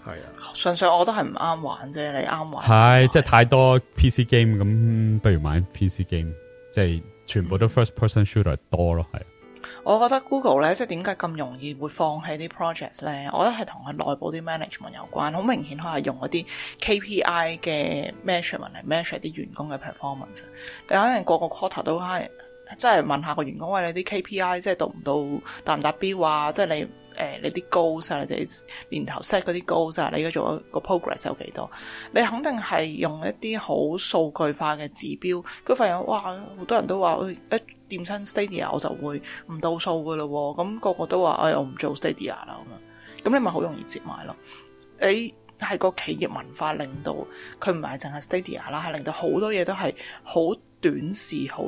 係啊，純粹我都係唔啱玩啫，你啱玩。係，即係、啊就是、太多 PC game 咁，不如買 PC game，即係全部都 first person shooter 多咯，係、啊。我覺得 Google 咧，即係點解咁容易會放棄啲 projects 咧？我覺得係同佢內部啲 management 有關，好明顯佢係用一啲 KPI 嘅 management 嚟 measure 啲員工嘅 performance。你可能個個 quarter 都係，即係問下個員工，喂，你啲 KPI 即係到唔到，達唔達標啊，即係你誒你啲 goals 啊，你哋年頭 set 嗰啲 goals 啊，你而家做個 progress 有幾多？你肯定係、啊呃那個、用一啲好數據化嘅指標，佢發現哇，好多人都話掂身 Stadia 我就會唔到數噶咯，咁、咁個個都話，哎，我唔做 Stadia 啦咁樣，咁你咪好容易折埋咯。你係個企業文化令到佢唔係淨係 Stadia 啦，係令到好多嘢都係好短時、好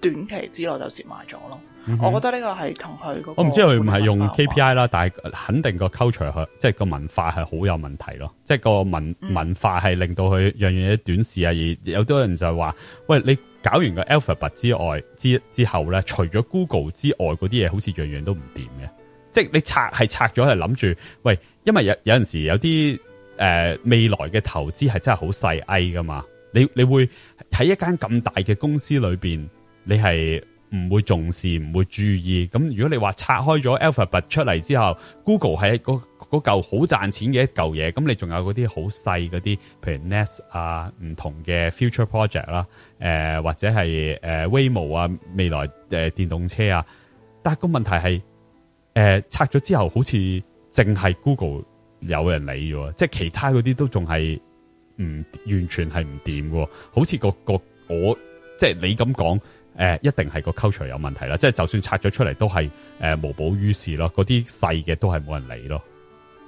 短期之內就折埋咗咯。我覺得呢個係同佢個我唔知佢唔係用 KPI 啦，但係肯定個 culture 佢即係個文化係好有問題咯。即係個文、嗯、文化係令到佢樣樣嘢短時啊，而有多人就係話，喂，你。搞完個 alphabet 之外之之後咧，除咗 Google 之外，嗰啲嘢好似樣樣都唔掂嘅。即係你拆係拆咗，係諗住，喂，因為有有陣時有啲誒、呃、未來嘅投資係真係好細翳噶嘛。你你會喺一間咁大嘅公司裏邊，你係唔會重視，唔會注意。咁如果你話拆開咗 alphabet 出嚟之後，Google 係一個。嗰嚿好賺錢嘅一嚿嘢，咁你仲有嗰啲好細嗰啲，譬如 Nest 啊，唔同嘅 Future Project 啦、啊，誒或者係誒、啊、Waymo 啊，未來誒、啊、電動車啊，但係個問題係誒、啊、拆咗之後，好似淨係 Google 有人理喎，即係其他嗰啲都仲係唔完全係唔掂喎，好似個個我即係你咁講，誒一定係個 culture 有問題啦，即係就算拆咗出嚟都係誒、啊、無補於事咯，嗰啲細嘅都係冇人理咯。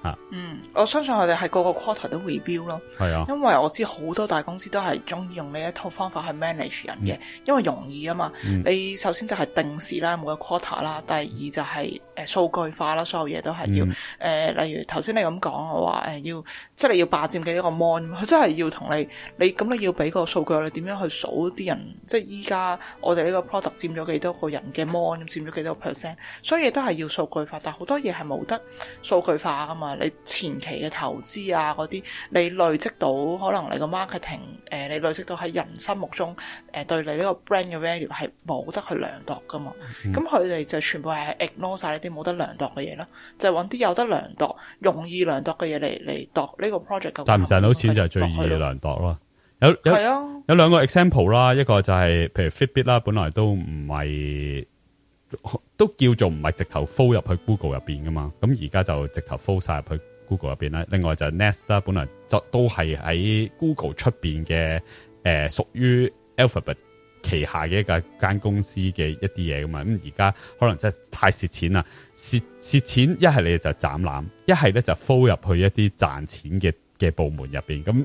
啊、嗯，我相信佢哋係個個 quarter 都 review 咯，係、哎、啊，因為我知好多大公司都係中意用呢一套方法去 manage 人嘅、嗯，因為容易啊嘛、嗯。你首先就係定時啦，每個 quarter 啦，第二就係誒數據化啦，所有嘢都係要誒、嗯呃，例如頭先你咁講嘅話，誒、呃、要即係你要霸佔幾多個 mon，佢真係要同你，你咁你要俾個數據你點樣去數啲人，即係依家我哋呢個 product 佔咗幾多個人嘅 mon，佔咗幾多個 percent，所以都係要數據化，但係好多嘢係冇得數據化噶嘛。你前期嘅投資啊，嗰啲你累積到，可能你個 marketing、呃、你累積到喺人心目中，誒、呃、對你呢個 brand 嘅 value 係冇得去量度㗎嘛。咁佢哋就全部係係 ignore 晒呢啲冇得量度嘅嘢咯，就揾、是、啲有得量度、容易量度嘅嘢嚟嚟度呢個 project。賺唔賺到錢就係、是、最易量度咯。有有兩、啊、個 example 啦，一個就係、是、譬如 Fitbit 啦，本來都唔係。都叫做唔係直頭 full 入去 Google 入邊噶嘛，咁而家就直頭 full 晒入去 Google 入邊啦。另外就 Nest 啦，本來就都係喺 Google 出邊嘅，誒屬於 Alphabet 旗下嘅一個間公司嘅一啲嘢噶嘛。咁而家可能真係太蝕錢啦，蝕蝕錢一係你就斬纜，一係咧就 full 入去一啲賺錢嘅嘅部門入邊咁。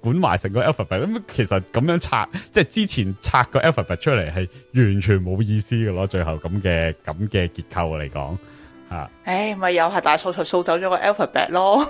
管埋成個 Alphabet 咁，其實咁樣拆，即係之前拆個 Alphabet 出嚟係完全冇意思嘅咯。最後咁嘅咁嘅結構嚟講，吓、哎，誒、就是，咪又係大掃除掃走咗個 Alphabet 咯。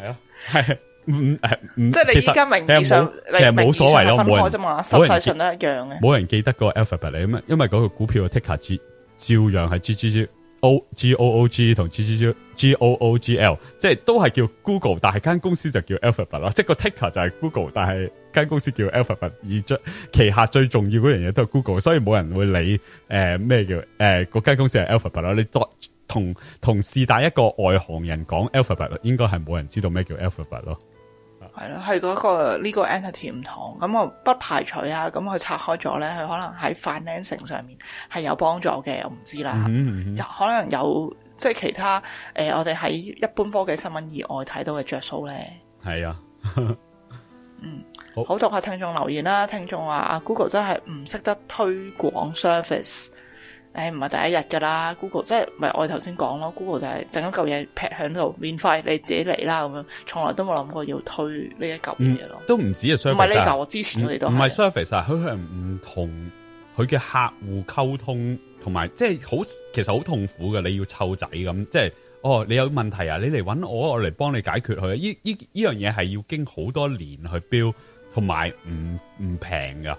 係 啊，係、嗯，嗯，即係你依家名義上，其實冇所謂咯，冇人啫嘛，實際上都一樣嘅，冇人記得嗰個 Alphabet 嚟，咁因為嗰個股票嘅 ticker 照樣係 G G G O G O O G 同 G G G。G O O G L，即係都係叫 Google，但係間公司就叫 Alphabet 啦，即係個 ticker 就係 Google，但係間公司叫 Alphabet。而最旗下最重要嗰樣嘢都係 Google，所以冇人會理誒咩，呃、叫誒嗰間公司係 Alphabet 咯。你同同是但一個外行人講 Alphabet，應該係冇人知道咩叫 Alphabet 咯。係咯，嗰個，係嗰個呢個 entity 唔同，咁我不排除啊。咁佢拆開咗咧，佢可能喺 Financing 上面係有幫助嘅，我唔知啦，嗯嗯嗯。可能有。即係其他誒、呃，我哋喺一般科技新聞以外睇到嘅着數咧，係啊， 嗯，好多客聽眾留言啦，聽眾話 Google 真係唔識得推廣 service，誒、哎，唔係第一日㗎喇，Google 即係咪、就是、我哋頭先講咯，Google 就係整一嚿嘢劈響度免費，你自己嚟啦咁樣，從來都冇諗過要推呢一嚿嘢咯，都唔止、這個、啊，唔係呢嚿，我之前我哋都唔係、嗯、service 啊，佢係唔同佢嘅客戶溝通。同埋，即係好，其實好痛苦噶。你要湊仔咁，即係哦，你有問題啊，你嚟搵我，我嚟幫你解決佢。依依依樣嘢係要經好多年去 build 同埋唔唔平噶。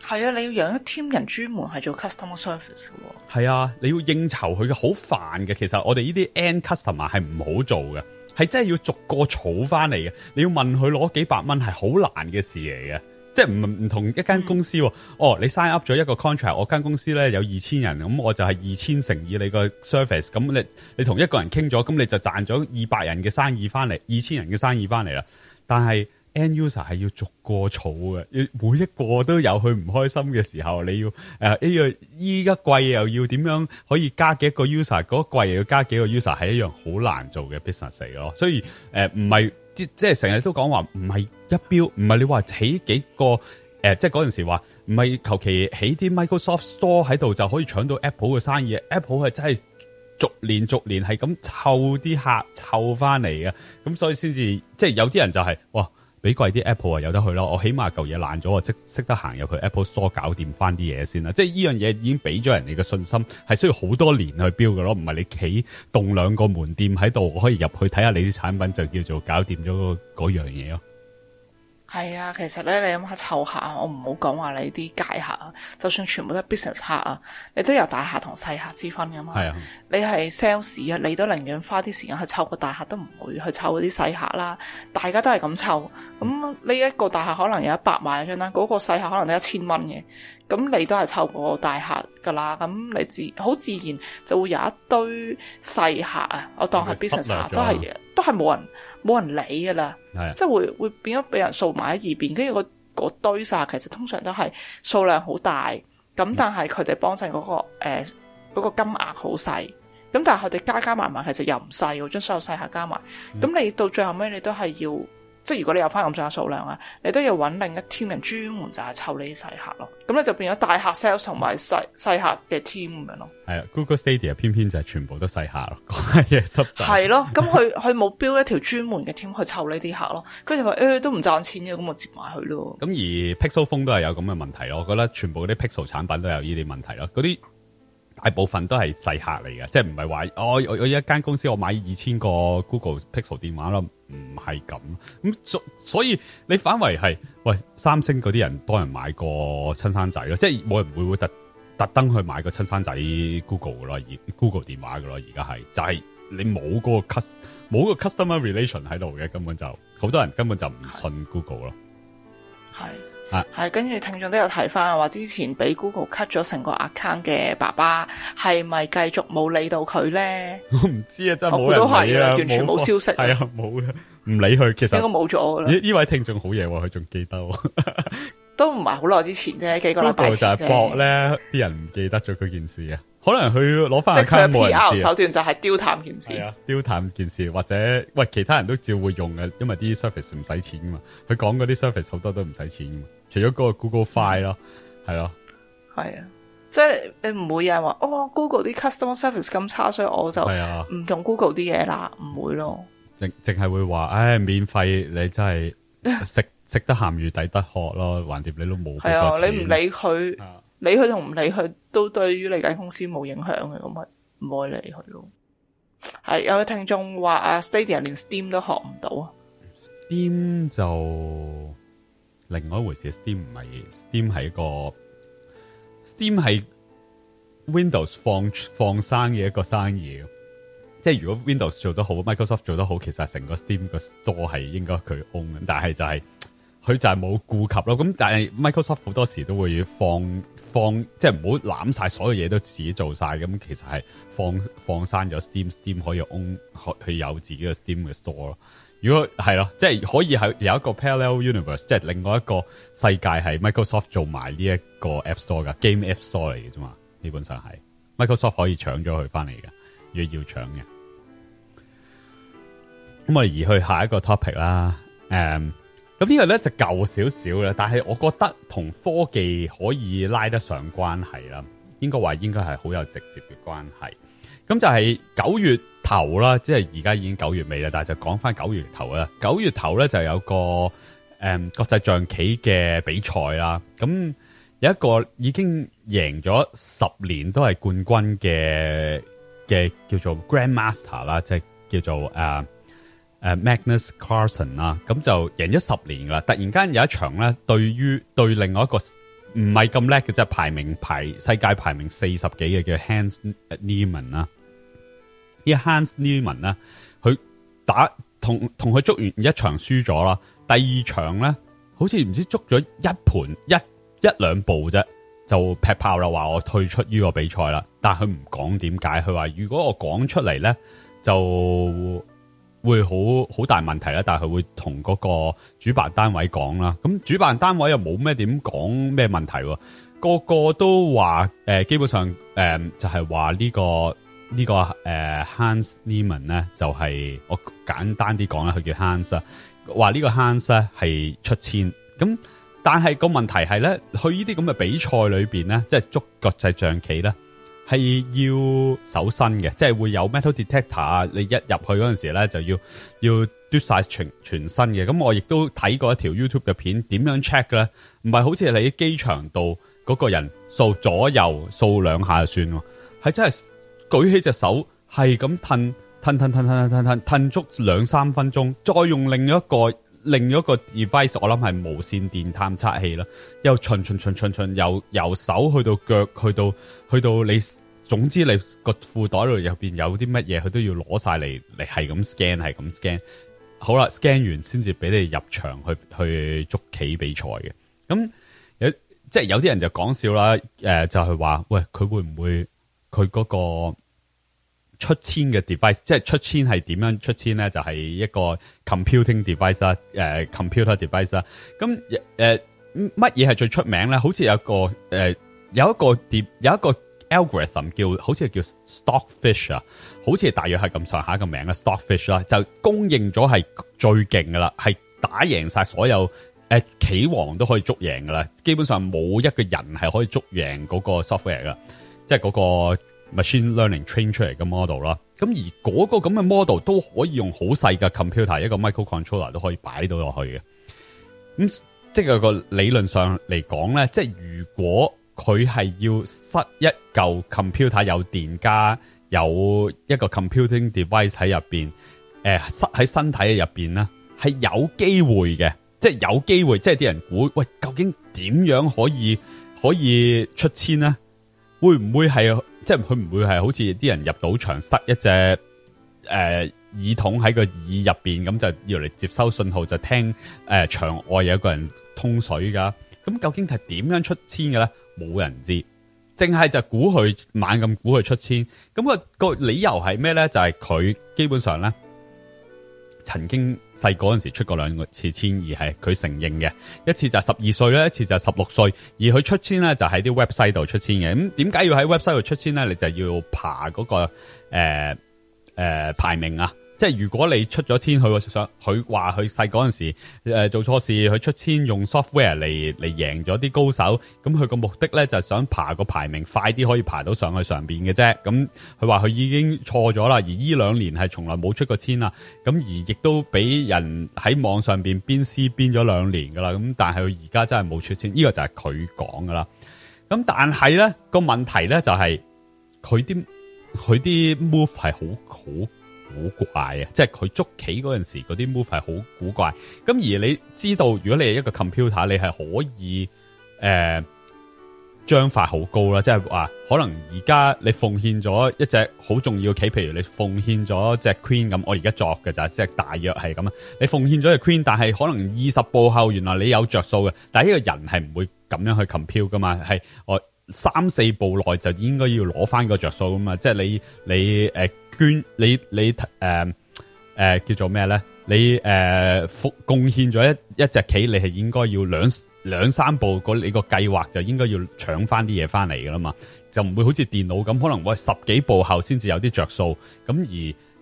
係啊，你要養一 team 人專門係做 customer service 嘅、哦。係啊，你要應酬佢嘅好煩嘅。其實我哋呢啲 end customer 係唔好做嘅，係真係要逐個儲翻嚟嘅。你要問佢攞幾百蚊係好難嘅事嚟嘅。即係唔唔同一間公司喎，哦，你 sign up 咗一個 contract，我間公司咧有二千人，咁我就係二千乘以你個 service，咁你你同一個人傾咗，咁你就賺咗二百人嘅生意翻嚟，二千人嘅生意翻嚟啦。但係 end user 係要逐個儲嘅，每一個都有佢唔開心嘅時候，你要誒，依個依家季又要點樣可以加幾個 user，嗰個季又要加幾個 user，係一樣好難做嘅 business 嚟咯，所以誒唔係。呃即係成日都講話唔係一標，唔係你話起幾個誒、呃，即係嗰陣時話唔係求其起啲 Microsoft Store 喺度就可以搶到 Apple 嘅生意，Apple 係真係逐年逐年係咁湊啲客湊翻嚟嘅，咁所以先至即係有啲人就係、是、哇。比貴啲 Apple 啊有得去咯，我起碼舊嘢爛咗，我識識得行入去 Apple Store 搞掂翻啲嘢先啦。即係呢樣嘢已經俾咗人哋嘅信心，係需要好多年去標㗎咯，唔係你企動兩個門店喺度，我可以入去睇下你啲產品，就叫做搞掂咗嗰樣嘢咯。係啊，其實咧，你諗下湊客，我唔好講話你啲街客啊，就算全部都係 business 客啊，你都有大客同細客之分噶嘛。係啊，你係 sales 啊，你都寧願花啲時間去湊個大客，都唔會去湊嗰啲細客啦。大家都係咁湊，咁呢一個大客可能有一百萬咁樣啦，嗰個細客可能得一千蚊嘅，咁你都係湊過個大客㗎啦。咁你自好自然就會有一堆細客啊，我當係 business 客都係，都係冇人。冇人理噶啦，即係會會變咗俾人掃埋喺二邊，跟住個堆曬，其實通常都係數量好大，咁但係佢哋幫襯嗰個誒嗰個金額好細，咁但係佢哋加加埋埋其實又唔細，將所有細客加埋，咁你到最後屘你都係要。即係如果你有翻咁上下數量啊，你都要揾另一 team 人專門就係湊呢啲細客咯。咁你就變咗大客 sales 同埋細細客嘅 team 咁樣咯。係啊，Google Stadia 偏偏就係全部都細客咯，係咯。咁佢佢冇標一條專門嘅 team 去湊呢啲客咯。佢 就話誒、欸、都唔賺錢嘅，咁我接埋佢咯。咁而 Pixel Phone 都係有咁嘅問題咯。我覺得全部嗰啲 Pixel 產品都有呢啲問題咯。嗰啲大部分都係細客嚟嘅，即係唔係話我我有一間公司我買二千個 Google Pixel 電話咯。唔係咁，咁所所以你反為係，喂三星嗰啲人多人買過親生仔咯，即係冇人會會特特登去買個親生仔 Google 噶咯，而 Google 電話噶咯，而家係就係、是、你冇個 cust 冇個 customer relation 喺度嘅，根本就好多人根本就唔信 Google 咯，係。係、啊，係跟住聽眾都有睇翻，話之前俾 Google cut 咗成個 account 嘅爸爸，係咪繼續冇理到佢咧？我唔知我啊，真係我都係完全冇消息。係啊，冇，唔理佢。其實應該冇咗啦。呢呢位聽眾好嘢喎，佢仲記得我。 都唔係好耐之前啫，幾個禮拜前。嗰度就係博咧，啲人唔記得咗佢件事啊。可能佢攞翻嘅 P.R.、啊、手段就係丟淡件事，丟、啊、淡件事或者喂其他人都照會用嘅，因為啲 service 唔使錢噶嘛。佢講嗰啲 service 好多都唔使錢嘛，除咗嗰個 Google File 咯、啊，係咯、啊，係啊，即係你唔會有人話哦 Google 啲 customer service 咁差，所以我就唔用 Google 啲嘢啦，唔、啊、會咯，淨淨係會話，唉、哎，免費你真係食食得鹹魚抵得渴咯，橫掂你都冇係啊，你唔理佢。理佢同唔理佢，都對於你間公司冇影響嘅，咁咪唔可以理佢咯。係有位聽眾話啊，Stadia 連 Steam 都學唔到啊。Steam 就另外一回事，Steam 唔係 Steam 係一個 Steam 係 Windows 放放生嘅一個生意。即係如果 Windows 做得好，Microsoft 做得好，其實成個 Steam 個 store 係應該佢 own，但係就係、是。佢就係冇顧及咯，咁但係 Microsoft 好多時都會放放，即係唔好攬晒所有嘢都自己做晒。咁其實係放放生咗 Steam，Steam 可以 own 可以有自己嘅 Steam 嘅 store 咯。如果係咯，即係可以有一個 parallel universe，即係另外一個世界係 Microsoft 做埋呢一個 App Store 㗎 Game App Store 嚟嘅啫嘛，基本上係 Microsoft 可以搶咗佢翻嚟嘅，如果要搶嘅。咁我移去下一個 topic 啦，um, 咁呢個咧，就舊少少啦，但係我覺得同科技可以拉得上關係啦，應該話應該係好有直接嘅關係。咁就係九月頭啦，即係而家已經九月尾啦，但係就講翻九月頭啦。九月頭咧，就有個誒、嗯、國際象棋嘅比賽啦，咁有一個已經贏咗十年都係冠軍嘅嘅叫做 Grandmaster 啦，即係叫做誒。嗯誒、uh，Magnus Carlsen 啦，咁就贏咗十年啦。突然間有一場咧，對於對另外一個唔係咁叻嘅，即係排名排世界排名四十幾嘅叫 Hans Niemann 啦。呢 Hans Niemann 呢，佢打同同佢捉完一場輸咗啦，第二場咧，好似唔知捉咗一盤一一兩步啫，就劈炮啦，話我退出呢個比賽啦。但係佢唔講點解，佢話如果我講出嚟咧，就。會好好大問題啦，但係佢會同嗰個主辦單位講啦。咁主辦單位又冇咩點講咩問題，個個都話誒、呃，基本上誒就係話呢個呢個誒 Hans Niemann 咧，就係、是這個這個呃就是、我簡單啲講啦，佢叫 Hans，話呢個 Hans 咧係出千。咁但係個問題係咧，去呢啲咁嘅比賽裏邊咧，即係捉國際象棋咧。係要搜身嘅，即係會有 metal detector 啊！你一入去嗰陣時咧，就要要嘟晒全全身嘅。咁我亦都睇過一條 YouTube 嘅片，點樣 check 咧？唔係好似你喺機場度嗰個人掃左右掃兩下就算喎，係真係舉起隻手係咁褪褪褪褪褪褪褪褪褪足兩三分鐘，再用另一個。另一個 device 我諗係無線電探測器啦，又巡巡巡巡巡由由手去到腳去到去到你，總之你個褲袋度入邊有啲乜嘢，佢都要攞晒嚟你係咁 scan，係咁 scan。好啦，scan 完先至俾你入場去去捉棋比賽嘅。咁有即係有啲人就講笑啦，誒、呃、就係話喂，佢會唔會佢嗰、嗰個？出千嘅 device，即係出千係點樣出千咧？就係一個 computing device 啦，誒 computer device 啦。咁誒乜嘢係最出名咧？好似有個誒有一個碟、uh, 有，有一個 algorithm 叫好似係叫 stockfish 啊，好似係大約係咁上下一個名啦。stockfish 啦就公認咗係最勁噶啦，係打贏晒所有誒棋、uh, 王都可以捉贏噶啦，基本上冇一個人係可以捉贏嗰個 software 噶，即係嗰、嗰個。machine learning train 出嚟嘅 model 啦，咁而嗰個咁嘅 model 都可以用好細嘅 computer，一個 microcontroller 都可以擺到落去嘅。咁即係個理論上嚟講咧，即係如果佢係要塞一舊 computer 有電加有一個 computing device 喺入邊，誒、呃，塞喺身體入邊咧，係有機會嘅，即係有機會，即係啲人估喂，究竟點樣可以可以出千咧？會唔會係？即係佢唔會係好似啲人入賭場塞一隻誒、呃、耳筒喺個耳入邊咁，就要嚟接收信號就聽誒、呃、場外有一個人通水噶。咁究竟係點樣出千嘅咧？冇人知，淨係就估佢猛咁估佢出千。咁、那個個理由係咩咧？就係、是、佢基本上咧。曾經細個嗰陣時出過兩個次千，而係佢承認嘅，一次就係十二歲啦，一次就係十六歲。而佢出千咧就喺啲 website 度出千嘅。咁點解要喺 website 度出千咧？你就要爬嗰、嗰個誒、呃呃、排名啊！即係如果你出咗千佢想，佢話佢細嗰陣時誒做錯事，佢出千用 software 嚟嚟贏咗啲高手，咁佢個目的咧就係、想爬個排名快啲可以爬到上去上邊嘅啫。咁佢話佢已經錯咗啦，而呢兩年係從來冇出過千啦。咁而亦都俾人喺網上邊鞭屍鞭咗兩年噶啦。咁但係佢而家真係冇出千，呢、呢個就係佢講噶啦。咁但係咧個問題咧就係佢啲佢啲 move 係好好，古怪啊！即係佢捉棋嗰陣時，嗰啲 move 係好古怪。咁而你知道，如果你係一個 computer，你係可以誒章法好高啦。即係話可能而家你奉獻咗一隻好重要嘅棋，譬如你奉獻咗隻 Queen 咁，我而家作嘅就即係大約係咁啊。你奉獻咗隻 Queen，但係可能二十步後，原來你有着數嘅。但係呢個人係唔會咁樣去 compare 噶嘛？係我三四步內就應該要攞翻個着數㗎嘛。即係你你誒。呃捐你你誒誒、呃呃、叫做咩咧？你誒付貢獻咗一一隻棋，你係應該要兩兩三步，嗰你個計劃就應該要搶翻啲嘢翻嚟噶啦嘛，就唔會好似電腦咁可能喂十幾步後先至有啲着數，咁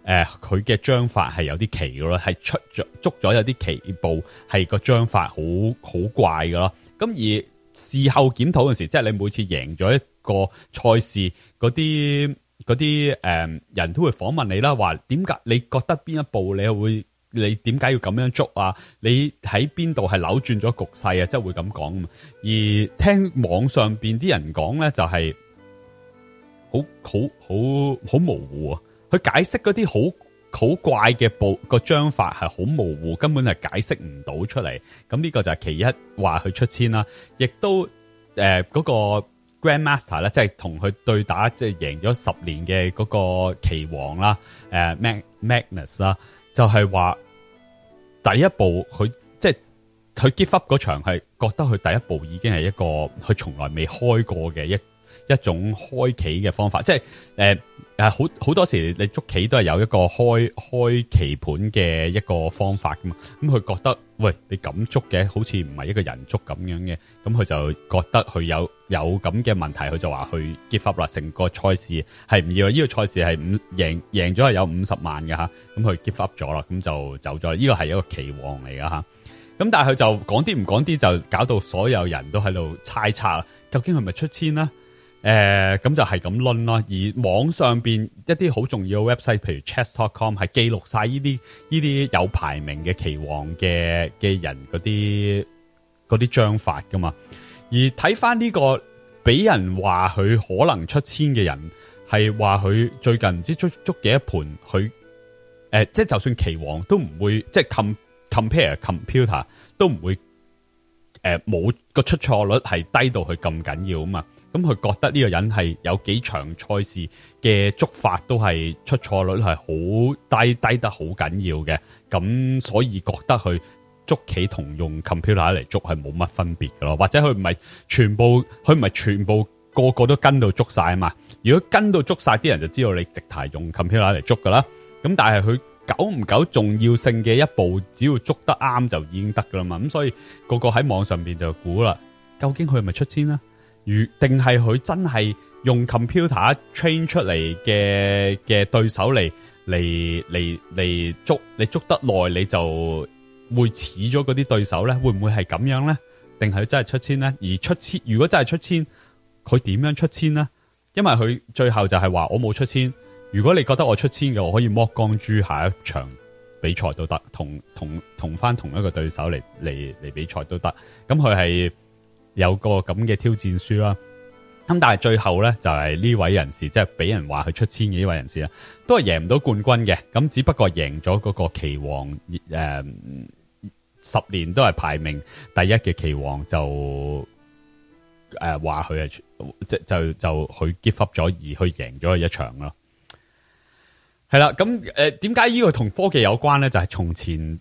而誒佢嘅章法係有啲奇噶咯，係出咗捉咗有啲奇步，係個章法好好怪噶咯，咁而事後檢討嗰時，即係你每次贏咗一個賽事嗰啲。嗰啲誒人都會訪問你啦，話點解你覺得邊一步你會你點解要咁樣捉啊？你喺邊度係扭轉咗局勢啊？即係會咁講。而聽網上邊啲人講咧，就係好好好好模糊、啊。佢解釋嗰啲好好怪嘅步、嗰個章法係好模糊，根本係解釋唔到出嚟。咁呢個就係其一話佢出千啦、啊。亦都誒嗰、呃嗰個。Grandmaster 咧，即係同佢對打，即係贏咗十年嘅嗰個棋王啦，誒，Magnus 啦，就係話第一步佢即係佢 give up 嗰場係覺得佢第一步已經係一個佢從來未開過嘅一。一種開棋嘅方法，即係誒誒，好好多時你捉棋都係有一個開開棋盤嘅一個方法噶嘛，咁佢覺得喂，你咁捉嘅好似唔係一個人捉咁樣嘅，咁佢就覺得佢有有咁嘅問題，佢就話去 give up 啦，成個賽事係唔要呢、這個賽事係五贏贏咗係有五十萬嘅吓，咁佢 give up 咗啦，咁就走咗，呢、這個係一個棋王嚟噶吓，咁但係佢就講啲唔講啲，就搞到所有人都喺度猜測，究竟佢係咪出千啦？誒、呃，咁就係咁論囉。而網上邊一啲好重要嘅 website，譬如 chess.com，係記錄晒呢啲呢啲有排名嘅棋王嘅嘅人嗰啲嗰啲章法噶嘛。而睇翻呢個俾人話佢可能出千嘅人，係話佢最近唔知捉足幾多盤佢誒、即、呃、係就算棋王都唔會，即係 com, compare computer 都唔會誒、冇、呃、個出錯率係低到佢咁緊要啊嘛。咁佢覺得呢個人係有幾場賽事嘅捉法都係出錯率係好低，低得好緊要嘅，咁所以覺得佢捉棋同用 computer 嚟捉係冇乜分別嘅咯，或者佢唔係全部，佢唔係全部個個都跟到捉曬啊嘛？如果跟到捉曬，啲人就知道你直頭用 computer 嚟捉噶啦，咁但係佢久唔久重要性嘅一步，只要捉得啱就已經得噶啦嘛，咁所以個個喺網上邊就估啦，究竟佢係咪出千啦？如定係佢真係用 computer train 出嚟嘅嘅對手嚟嚟嚟嚟捉你捉得耐你就會似咗嗰啲對手呢會唔會係咁樣呢？定係真係出千呢？而出千如果真係出千，佢點樣出千呢？因為佢最後就係話我冇出千。如果你覺得我出千嘅，我可以剝光豬下一場比賽都得，同同同翻同一個對手嚟嚟嚟比賽都得。咁佢係。有個咁嘅挑戰書啦，咁但係最後咧就係呢位人士，即係俾人話佢出千嘅呢位人士啦，都係贏唔到冠軍嘅，咁只不過贏咗嗰個棋王，誒、呃，十年都係排名第一嘅棋王就誒話佢係即就就佢 give up 咗，而去贏咗佢一場咯，係啦，咁誒點解呢個同科技有關咧？就係、是、從前。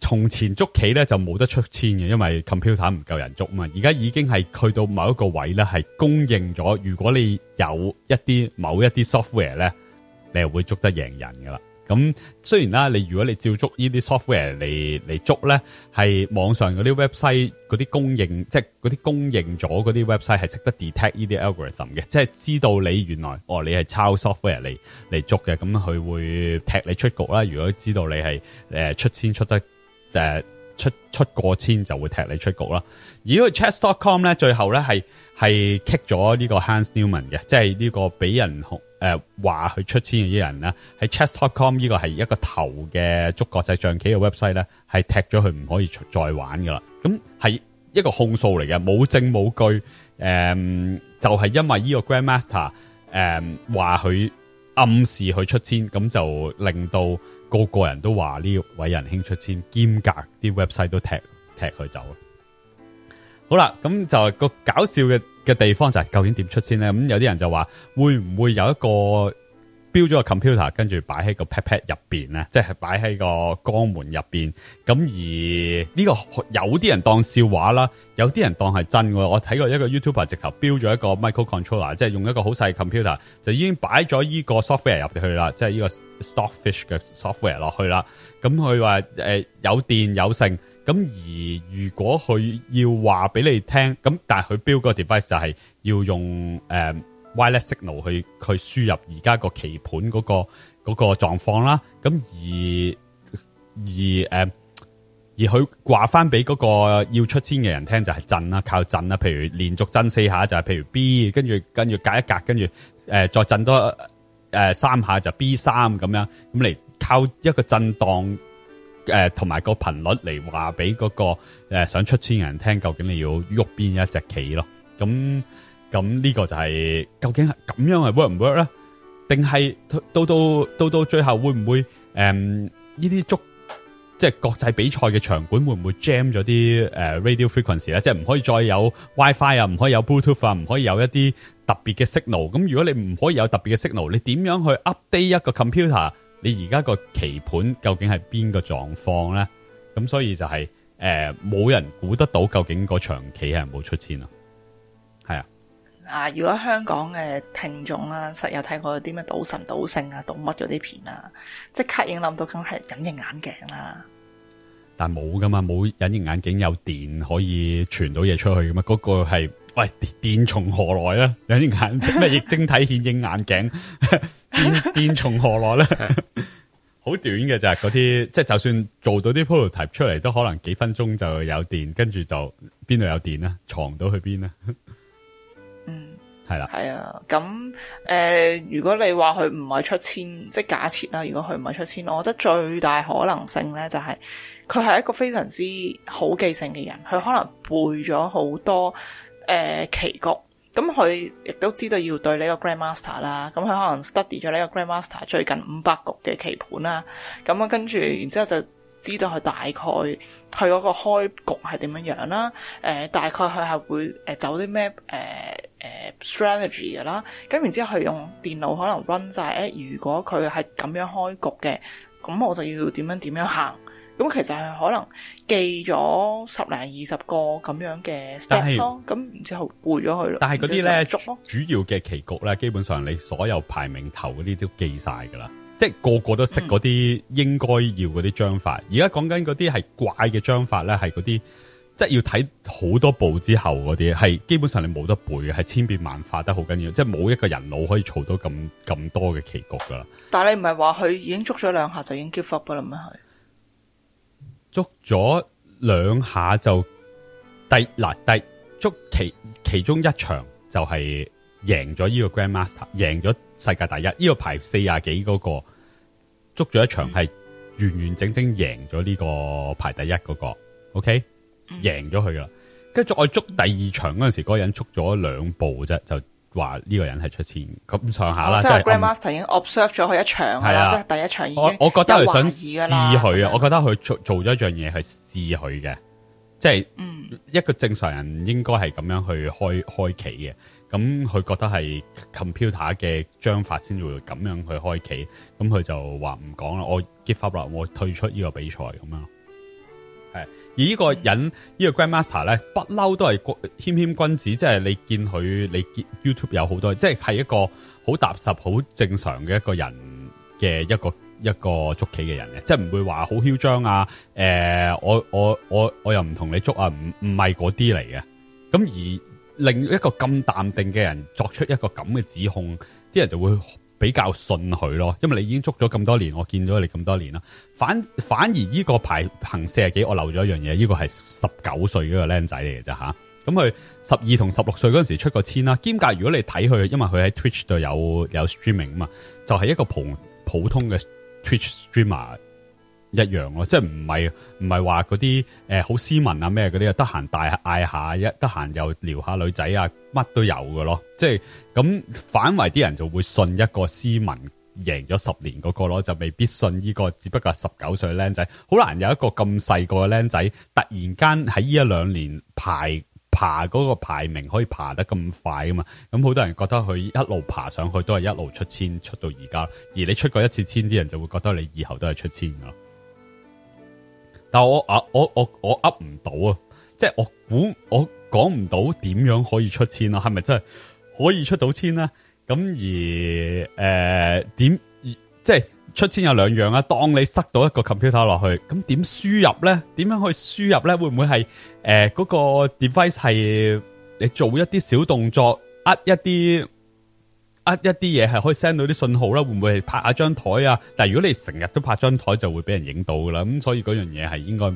從前捉棋咧就冇得出千嘅，因為 computer 唔夠人捉嘛。而家已經係去到某一個位咧，係供應咗。如果你有一啲某一啲 software 咧，你係會捉得贏人噶啦。咁雖然啦，你如果你照捉呢啲 software 嚟嚟捉咧，係網上嗰啲 website 嗰啲供應，即係嗰啲供應咗嗰啲 website 係識得 detect 呢啲 algorithm 嘅，即係知道你原來哦你係抄 software 嚟嚟捉嘅，咁佢會踢你出局啦。如果知道你係誒出千出得。誒，出出過千就會踢你出局啦。而嗰個 Chess.com 咧，最後咧係係 kick 咗呢個 Hans Newman 嘅，即係呢個俾人控、誒話佢出千嘅啲人咧，喺 Chess.com 呢個係一個頭嘅捉國際象棋嘅 website 咧，係踢咗佢唔可以再玩噶啦。咁係一個控訴嚟嘅，冇證冇據，誒、嗯，就係、是、因為呢個 Grandmaster 誒話佢暗示佢出千，咁就令到。個個人都話呢位仁兄出千兼隔啲 website 都踢踢佢走，好啦，咁就係個搞笑嘅嘅地方就係究竟點出千咧？咁有啲人就話會唔會有一個？標咗個 computer，跟住擺喺個 pet pet 入邊咧，即係擺喺個肛門入邊。咁而呢個有啲人當笑話啦，有啲人當係真嘅。我睇過一個 youtuber 直頭標咗一個 micro controller，即係用一個好細 computer 就已經擺咗呢個 software 入邊去啦，即係呢個 stockfish 嘅 software 落去啦。咁佢話誒有電有剩。咁而如果佢要話俾你聽，咁但係佢標個 device 就係要用誒。呃 Wireless signal 去去輸入棋、那個那個、而家個棋盤嗰個嗰個狀況啦，咁而、呃、而誒而佢掛翻俾嗰個要出千嘅人聽就係震啦，靠震啦，譬如連續震四下就係譬如 B，跟住跟住隔一格，跟住誒、呃、再震多誒、呃、三下就 B 三咁樣，咁嚟靠一個震盪誒同埋個頻率嚟話俾嗰個誒、呃、想出千嘅人聽究竟你要喐邊一隻棋咯，咁。咁呢個就係、是、究竟係咁樣係 work 唔 work 咧？定係到到到到最後會唔會誒呢啲捉即係國際比賽嘅場館會唔會 jam 咗啲誒 radio frequency 咧？即係唔可以再有 wifi 啊，唔可以有 bluetooth 啊，唔可以有一啲特別嘅 signal。咁如果你唔可以有特別嘅 signal，你點樣去 update 一個 computer？你而家個棋盤究竟係邊個狀況咧？咁所以就係誒冇人估得到究竟嗰場棋係冇出千啊！啊！如果香港嘅聽眾啦、實有睇過啲咩賭神、賭聖啊、賭乜嗰啲片啦、啊，即刻應諗到梗係隱形眼鏡啦。但冇噶嘛，冇隱形眼鏡有電可以傳到嘢出去噶嘛？嗰、嗰個係喂電從何來啊？隱形眼咩液晶體顯影眼鏡， 電電從何來咧？好 短嘅，就係嗰啲，即係就算做到啲 prototype 出嚟，都可能幾分鐘就有電，跟住就邊度有電啦？藏到去邊咧？ 係啦，係啊，咁誒、呃，如果你話佢唔係出千，即係假設啦，如果佢唔係出千，我覺得最大可能性咧就係佢係一個非常之好記性嘅人，佢可能背咗好多誒、呃、棋局，咁佢亦都知道要對呢個 grandmaster 啦，咁佢可能 study 咗呢個 grandmaster 最近五百局嘅棋盤啦，咁啊跟住，然之後就知道佢大概佢嗰、嗯、個開局係點樣樣啦，誒、呃，大概佢係會誒、呃、走啲咩誒？呃誒、uh，strategy 㗎啦，咁然之後佢用電腦可能 run 晒，誒，如果佢係咁樣開局嘅，咁我就要點樣點樣行，咁其實係可能記咗十零二十個咁樣嘅 step 咯，咁然之後回咗佢咯。但係嗰啲咧，主要嘅棋局咧，基本上你所有排名頭嗰啲都記晒㗎啦，即係個個都識嗰啲應該要嗰啲章法。而、嗯、家講緊嗰啲係怪嘅章法咧，係嗰啲。即係要睇好多步之後嗰啲，係基本上你冇得背嘅，係千變萬化得好緊要，即係冇一個人腦可以儲到咁咁多嘅棋局噶啦。但係你唔係話佢已經捉咗兩下就已經 give up 啦咩？係捉咗兩下就第嗱第捉其其中一場就係贏咗呢個 grandmaster，贏咗世界第一呢個排四廿幾嗰個捉咗一場係完完整整贏咗呢個排第一嗰個、嗯，OK。贏咗佢啦，跟住再捉第二場嗰陣時，嗰、嗯、個人捉咗兩步啫，就話呢個人係出千咁上下啦。即係 grandmaster 已經 observe 咗佢一場啦、啊，即係第一場已經懷疑我，我覺得佢想試佢啊，我覺得佢做咗一樣嘢係試佢嘅、嗯，即係一個正常人應該係咁樣去開開棋嘅。咁佢覺得係 computer 嘅章法先會咁樣去開棋，咁佢就話唔講啦，我 give up 啦，我退出呢個比賽咁樣。而呢個人，呢個 grandmaster 咧，不嬲都係個謙謙君子，即係你見佢，你見 YouTube 有好多，即係係一個好踏實、好正常嘅一個人嘅一個一個捉棋嘅人嘅，即係唔會話好囂張啊。誒，我我我我又唔同你捉啊，唔唔係嗰啲嚟嘅。咁而另一個咁淡定嘅人作出一個咁嘅指控，啲人就會，比較信佢咯，因為你已經捉咗咁多年，我見咗你咁多年啦。反反而呢個排行四十幾，我漏咗一樣嘢。呢個係十九歲嗰個僆仔嚟嘅啫吓。咁佢十二同十六歲嗰陣時出過千啦，兼夾如果你睇佢，因為佢喺 Twitch 度有有 streaming 啊嘛，就係一個普普通嘅 Twitch streamer。一樣、呃啊一一啊、咯，即係唔係唔係話嗰啲誒好斯文啊咩嗰啲啊，得閒大嗌下一，得閒又撩下女仔啊，乜都有㗎咯。即係咁反為啲人就會信一個斯文贏咗十年嗰個咯，就未必信呢個。只不過十九歲僆仔好難有一個咁細個嘅僆仔，突然間喺呢一兩年排爬嗰個排名可以爬得咁快啊嘛。咁、嗯、好多人覺得佢一路爬上去都係一路出千出到而家，而你出過一次千，啲人就會覺得你以後都係出千咯。但係我啊，我我我噏唔到啊！即係我估我講唔到點樣可以出千啊，係咪真係可以出到千咧？咁而誒點、呃、即係出千有兩樣啊？當你塞到一個 computer 落去，咁點輸入咧？點樣去輸入咧？會唔會係誒嗰個 device 係你做一啲小動作，呃一啲？啊、一啲嘢係可以 send 到啲信號啦，會唔會係拍下張台啊？但係如果你成日都拍張台，就會俾人影到噶啦。咁所以嗰樣嘢係應該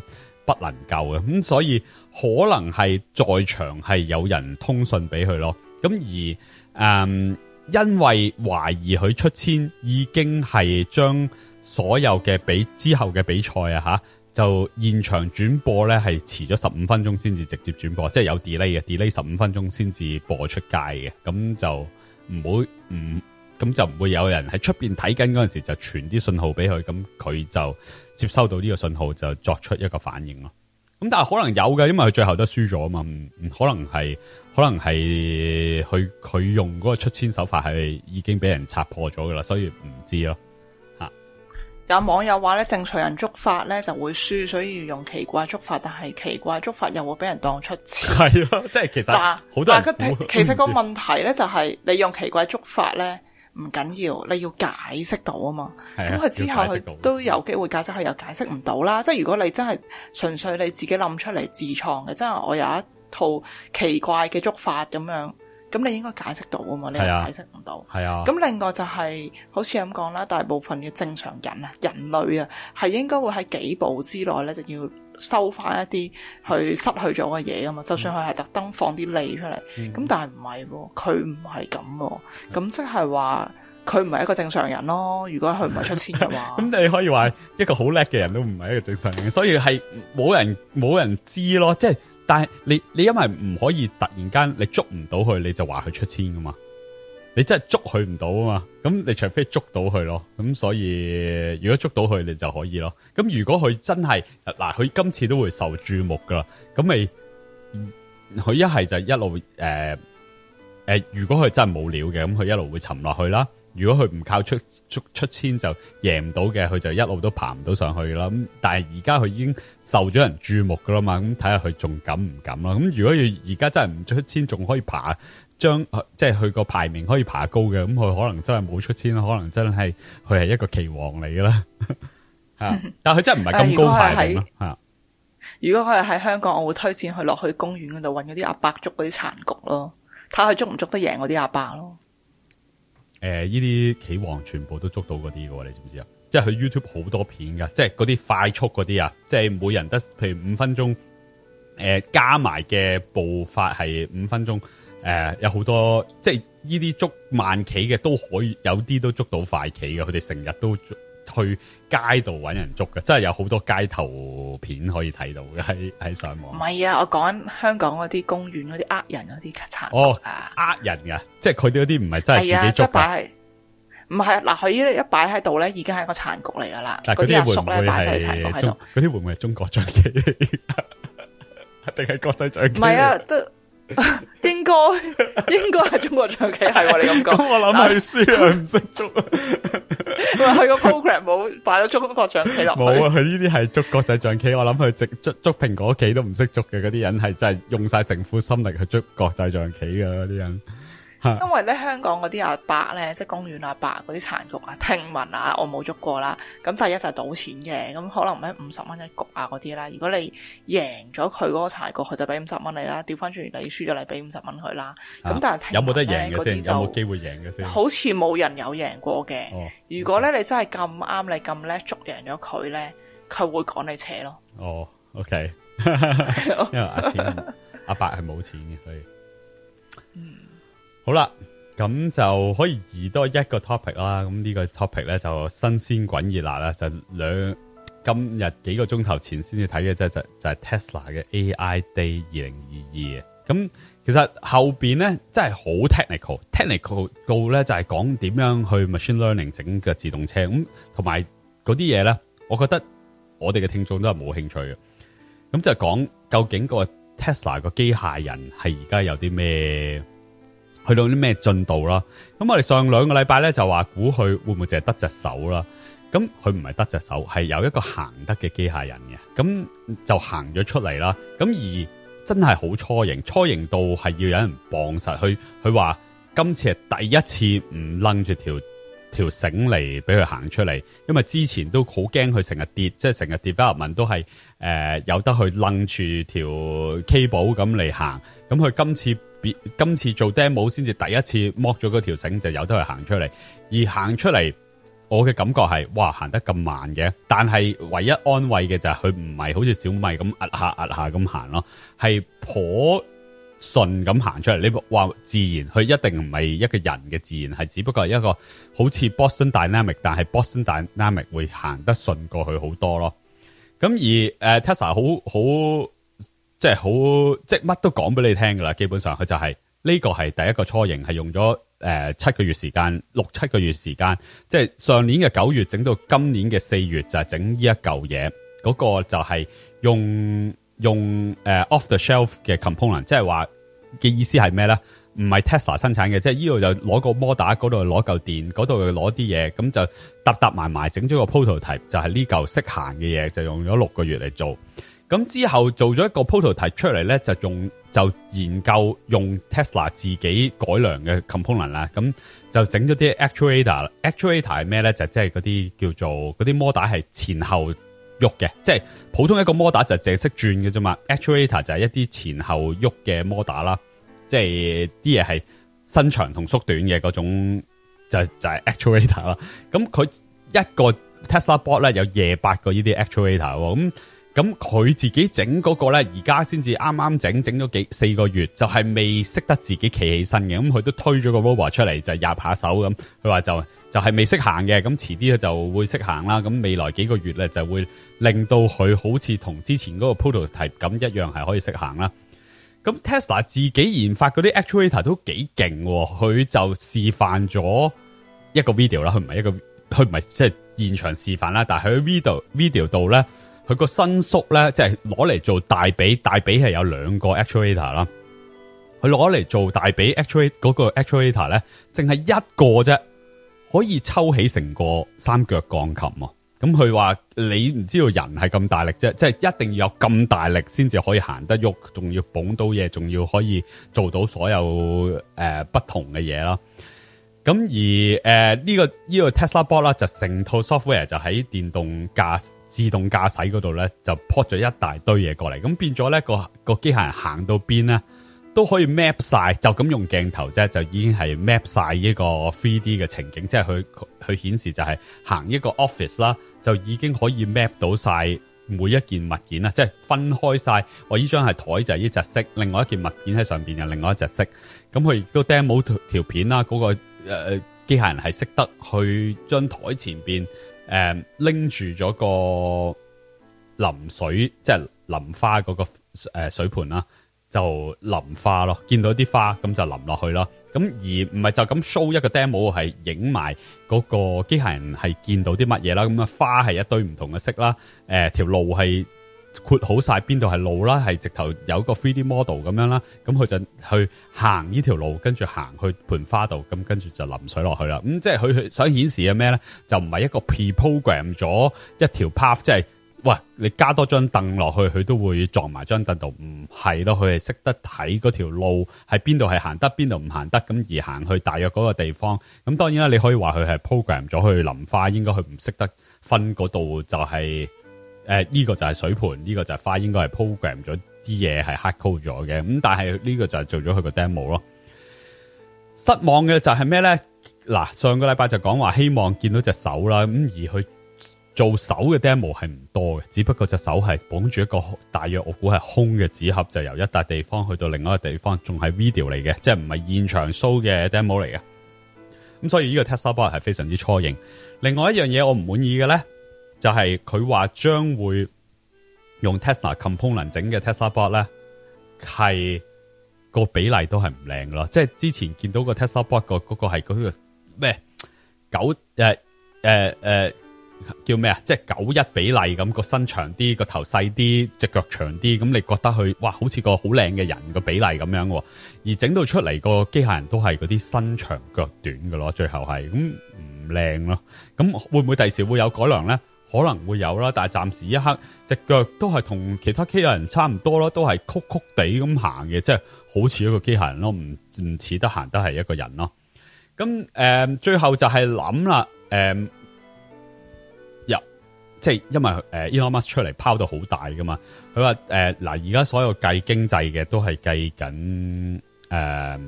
不能夠嘅。咁所以可能係在場係有人通訊俾佢咯。咁而誒、嗯，因為懷疑佢出千，已經係將所有嘅比之後嘅比賽啊，吓就現場轉播呢係遲咗十五分鐘先至直接轉播，即係有 delay 嘅，delay 十五分鐘先至播出街嘅。咁就。唔會，唔，咁就唔會有人喺出邊睇緊嗰陣時就傳啲信號俾佢，咁佢就接收到呢個信號就作出一個反應咯。咁但係可能有嘅，因為佢最後都輸咗啊嘛，可能係可能係佢佢用嗰個出千手法係已經俾人拆破咗噶啦，所以唔知咯。有網友話咧正常人捉法咧就會輸，所以要用奇怪捉法，但係奇怪捉法又會俾人當出貓係咯，即係其實好多人但其實個問題咧就係你用奇怪捉法咧唔緊要，你要解釋到啊嘛。咁佢之後佢都有機會解釋，佢又解釋唔到啦。即係如果你真係純粹你自己諗出嚟自創嘅，真係我有一套奇怪嘅捉法咁樣。咁你應該解釋到啊嘛？你係解釋唔到。係啊。咁、啊、另外就係、是、好似咁講啦，大部分嘅正常人啊，人類啊，係應該會喺幾步之內咧，就要收翻一啲去失去咗嘅嘢啊嘛。就算佢係特登放啲利出嚟，咁、嗯、但係唔係喎，佢唔係咁喎。咁即係話佢唔係一個正常人咯。如果佢唔係出錢嘅話，咁 你可以話一個好叻嘅人都唔係一個正常人。所以係冇人冇人知咯。即係。但係你你因為唔可以突然間你捉唔到佢，你就話佢出千噶嘛。你真係捉佢唔到啊嘛。咁你除非捉到佢咯，咁所以如果捉到佢，你就可以咯。咁如果佢真係嗱，佢、啊、今次都會受注目噶啦，咁咪佢一係就一路誒誒，如果佢真係冇料嘅，咁佢一路會沉落去啦。如果佢唔靠出出出千就贏唔到嘅，佢就一路都爬唔到上去啦。咁但係而家佢已經受咗人注目噶啦嘛，咁睇下佢仲敢唔敢啦。咁如果要而家真係唔出千，仲可以爬，將即係佢個排名可以爬高嘅，咁佢可能真係冇出千，可能真係佢係一個棋王嚟啦。吓、嗯，但係佢真係唔係咁高排名。吓，如果佢係喺香港，我會推薦佢落去公園嗰度搵嗰啲阿伯捉嗰啲殘局咯，睇下佢捉唔捉得贏我啲阿伯咯。誒呢啲棋王全部都捉到嗰啲嘅，你知唔知啊？即係佢 YouTube 好多片㗎，即係嗰啲快速嗰啲啊，即係每人得譬如五分鐘，呃、加埋嘅步法係五分鐘，誒、呃、有好多即係呢啲捉慢棋嘅都可以，有啲都捉到快棋嘅，佢哋成日都捉。去街道搵人捉嘅，真係有好多街頭片可以睇到，喺喺上網。唔係啊，我講香港嗰啲公園嗰啲呃人嗰啲殘哦，呃人嘅，即係佢哋嗰啲唔係真係自己捉嘅。唔係啊，嗱佢呢一擺喺度咧，已經係個殘局嚟噶啦。嗰啲人熟咧擺晒殘局喺度，嗰啲會唔會係中國象棋？定 係國際象棋？唔係啊，都。 應該應該係中國象棋係，你咁講。 我諗係輸，唔 識捉。佢 個 program 冇擺咗中國象棋落。冇啊，佢呢啲係捉國際象棋。 我諗佢直捉捉蘋果棋都唔識捉嘅嗰啲人，係真係用晒成副心力去捉國際象棋㗎。嗰啲人。因為咧香港嗰啲阿伯咧，即係公園阿伯嗰啲殘局啊，聽聞啊，我冇捉過啦。咁第一就係賭錢嘅，咁可能咧五十蚊一局啊嗰啲啦。如果你贏咗佢嗰個殘局，佢就俾五十蚊你啦。調翻轉你輸咗你俾五十蚊佢啦。咁但係聽聞咧，嗰、啊、啲就冇機會贏嘅先。好似冇人有贏過嘅、哦。如果咧、哦、你真係咁啱，你咁叻捉贏咗佢咧，佢會趕你扯咯。哦，OK， 因為阿錢 阿伯係冇錢嘅，所以。好啦，咁就可以移多一個 topic 啦。咁呢個 topic 咧就新鮮滾熱辣啦，就兩今日幾個鐘頭前先至睇嘅，就就係、是、Tesla 嘅 AI Day 二零二二嘅。咁其實後邊咧真係好 technical，technical 到咧就係講點樣去 machine learning 整個自動車。咁同埋嗰啲嘢咧，我覺得我哋嘅聽眾都係冇興趣嘅。咁就係講究竟個 Tesla 個機械人係而家有啲咩？去到啲咩進度啦？咁我哋上兩個禮拜咧就話估佢會唔會淨係得隻手啦？咁佢唔係得隻手，係有一個行得嘅機械人嘅。咁就行咗出嚟啦。咁而真係好雛形，雛形到係要有人傍實佢。佢話今次係第一次唔掕住條條繩嚟俾佢行出嚟，因為之前都好驚佢成日跌，即係成日跌翻入文都係誒、呃、有得去掕住條 cable，咁嚟行。咁佢今次。今次做 demo 先至第一次剝咗嗰條繩，就由得佢行出嚟。而行出嚟，我嘅感覺係哇，行得咁慢嘅。但係唯一安慰嘅就係佢唔係好似小米咁壓下壓下咁行咯，係頗順咁行出嚟。你話自然，佢一定唔係一個人嘅自然，係只不過係一個好似 Boston Dynamic，但係 Boston Dynamic 會行得順，順過佢好多咯。咁而誒 Tesla 好好。即係好，即係乜都講俾你聽噶啦。基本上佢就係、是、呢、這個係第一個初型，係用咗誒七個月時間，六七個月時間。即係上年嘅九月整到今年嘅四月就，就係整呢一嚿嘢。嗰個就係用用誒、呃、off the shelf 嘅 component，即係話嘅意思係咩咧？唔係 Tesla 生產嘅，即係依度就攞個摩打，嗰度攞嚿電，嗰度攞啲嘢，咁就搭搭埋埋整咗個 prototype，就係呢嚿識行嘅嘢，就用咗六個月嚟做。咁之後做咗一個 prototype 出嚟咧，就用就研究用 Tesla 自己改良嘅 component 啦。咁就整咗啲 actuator。actuator 係咩咧？就即係嗰啲叫做嗰啲摩打係前後喐嘅，即係普通一個摩打就淨係識轉嘅啫嘛。actuator 就係一啲前後喐嘅摩打啦，即係啲嘢係伸長同縮短嘅嗰種就，就就係 actuator 啦。咁佢一個 Tesla Bot 咧，有廿八個呢啲 actuator 咁。咁佢自己整嗰個呢，而家先至啱啱整整咗幾四個月，就係、是、未識得自己企起身嘅。咁佢都推咗個 robot 出嚟，就郁下手咁。佢話就就係、是、未識行嘅，咁遲啲咧就會識行啦。咁未來幾個月呢，就會令到佢好似同之前嗰個 Poodle o 係咁一樣，係可以識行啦。咁 Tesla 自己研發嗰啲 actuator 都幾勁，佢就示範咗一個 video 啦。佢唔係一個，佢唔係即係現場示範啦，但係喺 video video 度呢。佢個新叔咧，即係攞嚟做大髀，大髀係有兩個 actuator 啦。佢攞嚟做大髀 actuator 嗰個 actuator 咧，淨係一個啫，可以抽起成個三腳鋼琴啊！咁佢話你唔知道人係咁大力啫，即係一定要有咁大力先至可以行得喐，仲要捧到嘢，仲要可以做到所有誒不同嘅嘢啦。咁而誒呢個呢個 Tesla Bot 啦，就成套 software 就喺電動駕駛。自動駕駛嗰度呢，就撲咗一大堆嘢過嚟，咁變咗呢、個個機械人行到邊呢，都可以 map 晒，就咁用鏡頭啫，就已經係 map 晒呢個 3D 嘅情景，即係佢佢顯示就係行一個 office 啦，就已經可以 map 到晒每一件物件啦，即係分開晒：我依張係台就呢、係、隻色，另外一件物件喺上面，就另外一隻色，咁佢亦都 demo 條片啦，嗰、嗰個誒、呃、機械人係識得去張台前面。誒、嗯，拎住咗個淋水即係淋花嗰個誒水盆啦，就淋花咯，見到啲花咁就淋落去啦，咁而唔係就咁 show 一個 demo 係影埋嗰個機械人係見到啲乜嘢啦。咁啊花係一堆唔同嘅色啦，誒、呃、條路係。括好晒邊度係路啦，係直頭有個 3D model 咁樣啦，咁佢就去行呢條路，跟住行去盆花度，咁跟住就淋水落去啦。咁、嗯、即係佢想顯示嘅咩呢？就唔係一個 preprogram 咗一條 path，即係喂你加多張凳落去，佢都會撞埋張凳度。唔係咯，佢係識得睇嗰條路係邊度係行得，邊度唔行得，咁而行去大約嗰個地方。咁、嗯、當然啦，你可以話佢係 program 咗去淋花，應該佢唔識得分嗰度就係、是。誒、呃，呢、這個就係水盤，呢、這個就係花，應該係 program 咗啲嘢係 hack 咗嘅。咁但係呢個就係做咗佢個 demo 咯。失望嘅就係咩咧？嗱，上個禮拜就講話希望見到隻手啦，咁而佢做手嘅 demo 係唔多嘅，只不過隻手係綁住一個大約我估係空嘅紙盒，就由一笪地方去到另外一個地方，仲係 video 嚟嘅，即係唔係現場 show 嘅 demo 嚟嘅。咁、嗯、所以呢個 TeslaBot 係非常之初型。另外一樣嘢我唔滿意嘅咧。就係佢話將會用 Tesla component 整嘅 Tesla Bot 咧，係個比例都係唔靚咯。即係之前見到個 Tesla Bot、嗰個嗰、嗰個係嗰個咩九誒誒誒叫咩啊？即係九一比例咁個身長啲個頭細啲隻腳長啲咁，你覺得佢哇好似個好靚嘅人，嗰個比例咁樣，而整到出嚟個機械人都係嗰啲身長腳短嘅咯，最後係咁唔靚咯。咁會唔會第時會有改良咧？可能會有啦，但係暫時一刻隻腳都係同其他機械人差唔多啦，都係曲曲地咁行嘅，即係好似一個機械人咯，唔唔似得行得係一個人咯。咁誒、呃，最後就係諗啦，誒、呃、入即係因為誒 Elon Musk 出嚟拋到好大㗎嘛，佢話誒嗱，而、呃、家所有計經濟嘅都係計緊誒誒、呃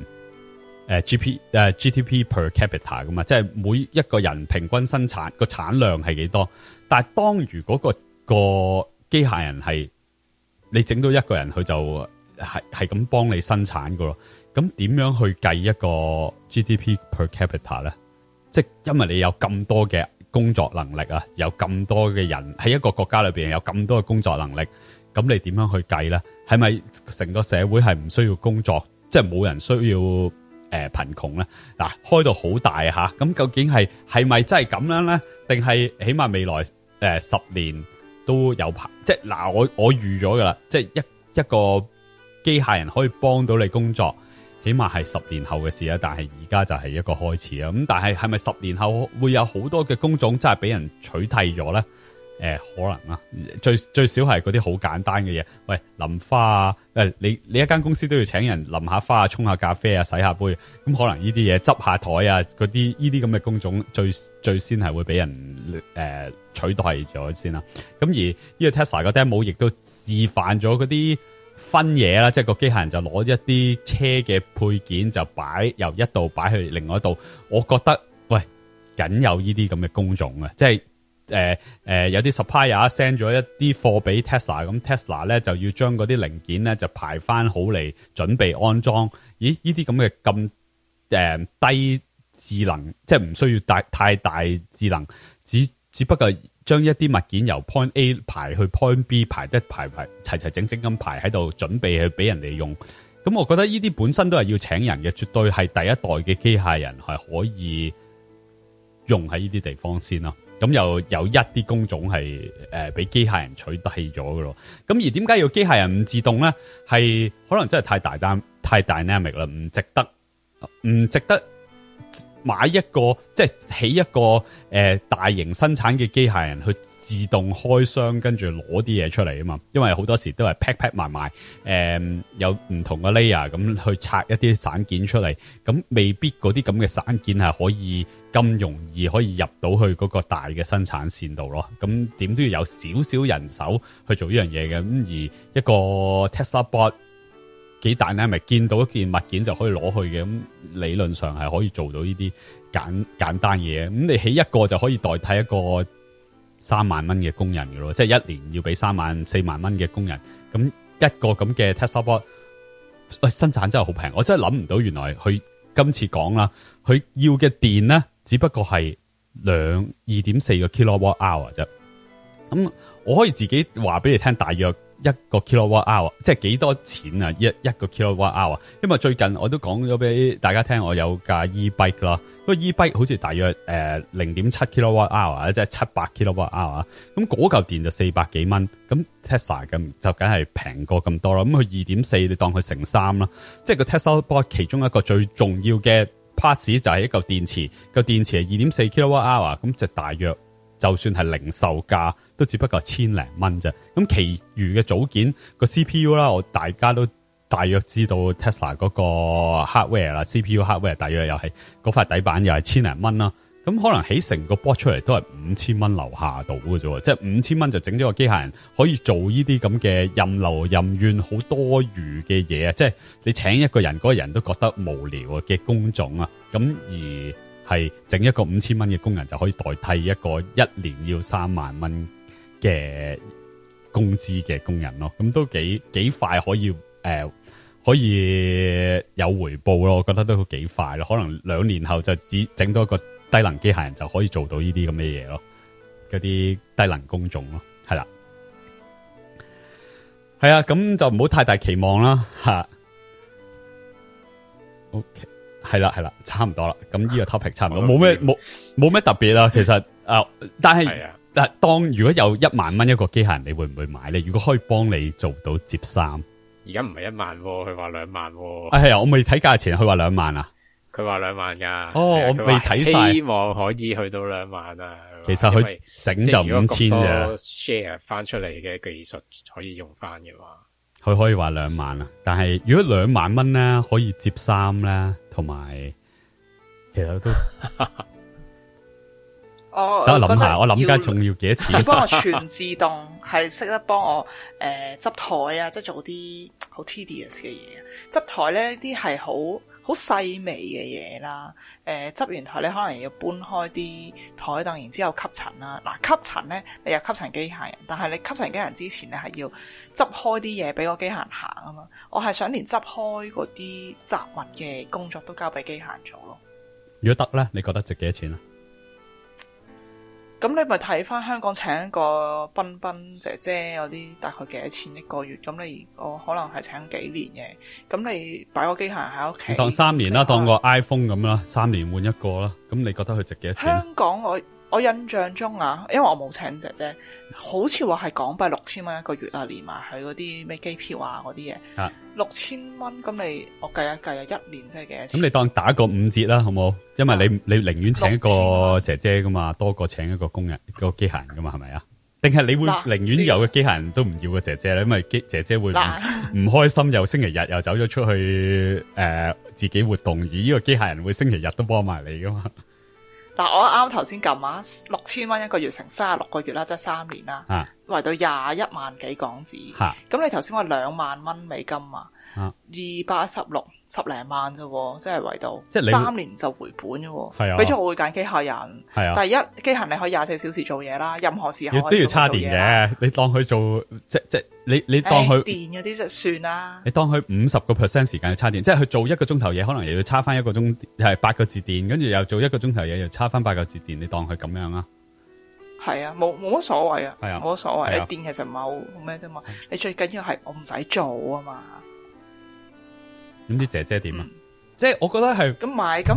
呃、G D P、呃、G D P per capita 㗎嘛，即係每一個人平均生產個產量係幾多？但係，當如果個個機械人係你整到一個人，佢就係係咁幫你生產噶咯。咁點樣去計一個 GDP per capita 咧即係因為你有咁多嘅工作能力啊，有咁多嘅人喺一個國家裏邊有咁多嘅工作能力，咁你點樣去計咧係咪成個社會係唔需要工作？即係冇人需要？誒、呃，貧窮啦，嗱、啊，開到好大吓，咁究竟係係咪真係咁樣咧？定係起碼未來誒、呃、十年都有排，即係嗱、啊，我我預咗噶啦，即係一一個機械人可以幫到你工作，起碼係十年後嘅事啦。但係而家就係一個開始啊。咁但係係咪十年後會有好多嘅工種真係俾人取締咗咧？誒，可能啊，最最少係嗰啲好簡單嘅嘢。喂，淋花啊，誒、呃，你你一間公司都要請人淋下花啊，沖下咖啡啊，洗下杯。咁可能呢啲嘢執下枱，啊，嗰啲呢啲咁嘅工種最最先係會俾人誒、呃、取代咗先啦、啊。咁而呢個 Tesla 個 demo 亦都示範咗嗰啲分嘢啦，即係個機械人就攞一啲車嘅配件就擺由一度擺去另外一度。我覺得喂，僅有呢啲咁嘅工種啊，即係。誒、呃、誒、呃，有啲 supplier send 咗一啲貨俾 Tesla，咁 Tesla 咧就要將嗰啲零件咧就排翻好嚟準備安裝。咦？呢啲咁嘅咁誒低智能，即係唔需要大太大智能，只只不過將一啲物件由 point A 排去 point B 排得排排齊齊整整咁排喺度，準備去俾人哋用。咁我覺得呢啲本身都係要請人嘅，絕對係第一代嘅機械人係可以用喺呢啲地方先囉。.咁又有，有一啲工種係誒，俾、呃、機械人取代咗嘅咯。咁而點解要機械人唔自動咧？係可能真係太大膽、太 dynamic 啦，唔值得，唔值得。值買一個即係起一個誒、呃、大型生產嘅機械人去自動開箱，跟住攞啲嘢出嚟啊嘛！因為好多時都係 pack pack 埋埋，誒、呃、有唔同嘅 layer 咁、嗯、去拆一啲散件出嚟，咁、嗯、未必嗰啲咁嘅散件係可以咁容易可以入到去嗰個大嘅生產線度咯。咁、嗯、點都要有少少人手去做呢樣嘢嘅，咁、嗯、而一個 TeslaBot。幾大咧？咪見到一件物件就可以攞去嘅，咁理論上係可以做到呢啲簡簡單嘢。咁你起一個就可以代替一個三萬蚊嘅工人嘅咯，即係一年要俾三萬四萬蚊嘅工人。咁一個咁嘅 Tesla Bot，喂、哎，生產真係好平。我真係諗唔到，原來佢今次講啦，佢要嘅電咧，只不過係兩二點四個 kilowatt hour 啫。咁我可以自己話俾你聽，大約。一個 kilowatt hour 即係幾多錢啊？一一個 kilowatt hour，因為最近我都講咗俾大家聽，我有架 e bike 啦。嗰、嗰個 e bike 好似大約誒零、呃、點七 kilowatt hour，即係七百 kilowatt hour。咁嗰嚿電就四百幾蚊。咁 Tesla 咁就梗係平過咁多啦。咁佢二點四，你當佢乘三啦。即係個 Tesla Bot 其中一個最重要嘅 part 就係一嚿電池。嚿電池係二點四 kilowatt hour，咁就大約就算係零售價。都只不過千零蚊啫，咁其餘嘅組件，那個 C P U 啦，我大家都大約知道 Tesla 嗰個 hardware 啦，C P U hardware 大約又係嗰塊底板又係千零蚊啦，咁可能起成個波出嚟都係五千蚊樓下到嘅啫，即係五千蚊就整、是、咗個機械人可以做呢啲咁嘅任勞任怨好多餘嘅嘢啊！即、就、係、是、你請一個人嗰、那個人都覺得無聊嘅工種啊，咁而係整一個五千蚊嘅工人就可以代替一個一年要三萬蚊。嘅工資嘅工人咯，咁都幾幾快可以誒、呃，可以有回報咯，我覺得都幾快咯，可能兩年後就只整到一個低能機械人就可以做到呢啲咁嘅嘢咯，嗰啲低能工種咯，係啦，係啊，咁就唔好太大期望啦，吓、啊，OK，係啦係啦，差唔多啦，咁呢個 topic 差唔多冇咩冇冇咩特別啦， 其實啊、呃，但係。但當如果有一萬蚊一個機械人，你會唔會買咧？如果可以幫你做到接衫，而家唔係一萬，佢話兩萬。啊係啊，我未睇價錢，佢話兩萬啊。佢話兩萬噶。哦，我未睇晒。希望可以去到兩萬啊。其實佢整就五千啫。share 翻出嚟嘅技術可以用翻嘅話，佢可以話兩萬啊。但係如果兩萬蚊咧，可以接衫咧，同埋其實都，等我諗下，我諗更仲重要幾多錢？你幫我全自動，係 識得幫我誒執台啊，即、就、係、是、做啲好 tedious 嘅嘢。執台咧啲係好好細微嘅嘢啦。誒、呃，執完台你可能要搬開啲台凳，然之後吸塵啦。嗱，吸塵咧你又吸塵機器人，但係你吸塵機器人之前你係要執開啲嘢俾個機器人行啊嘛。我係想連執開嗰啲雜物嘅工作都交俾機器人做咯。如果得咧，你覺得值幾多錢啊？咁你咪睇翻香港請一個賓賓姐姐嗰啲大概幾多錢一個月？咁你我可能係請幾年嘅，咁你擺個機械喺屋企，當三年啦，當個 iPhone 咁啦，三年換一個啦。咁你覺得佢值幾多錢？香港我。我印象中啊，因為我冇請姐姐，好似話係港幣六千蚊一個月啊，連埋佢嗰啲咩機票啊嗰啲嘢。六千蚊咁你我計一計啊，一年即係幾多錢？咁你當打個五折啦，好唔好？因為你你，你寧願請一個姐姐噶嘛，多過請一個工人一個機械人噶嘛，係咪啊？定係你會寧願有個機械人都唔要個姐姐咧？因為姐姐姐會唔、啊、開心，又星期日又走咗出去誒、呃，自己活動而呢個機械人會星期日都幫埋你噶嘛？但我啱啱頭先撳啊，六千蚊一個月乘三十六個月啦，即係三年啦，圍、啊、到廿一萬幾港紙。咁、啊、你頭先話兩萬蚊美金啊，二百一十六。十零萬啫，即係唯到，即係三年就回本嘅。俾咗、啊、我會揀機械人，第、啊、一機械人你可以廿四小時做嘢啦，任何時候可以，都要插電嘅，你當佢做即即，你你當佢電嗰啲就算啦。你當佢五十個 percent 時間要插電，嗯、即係佢做一個鐘頭嘢，可能又要插翻一個鐘係八個字電，跟住又做一個鐘頭嘢，又插翻八個字電。你當佢咁樣啊？係啊，冇冇乜所謂啊？係啊，冇乜所謂。你電其實冇咩啫嘛，你最緊要係我唔使做啊嘛。咁啲姐姐點啊？即、嗯、係、就是、我覺得係咁買咁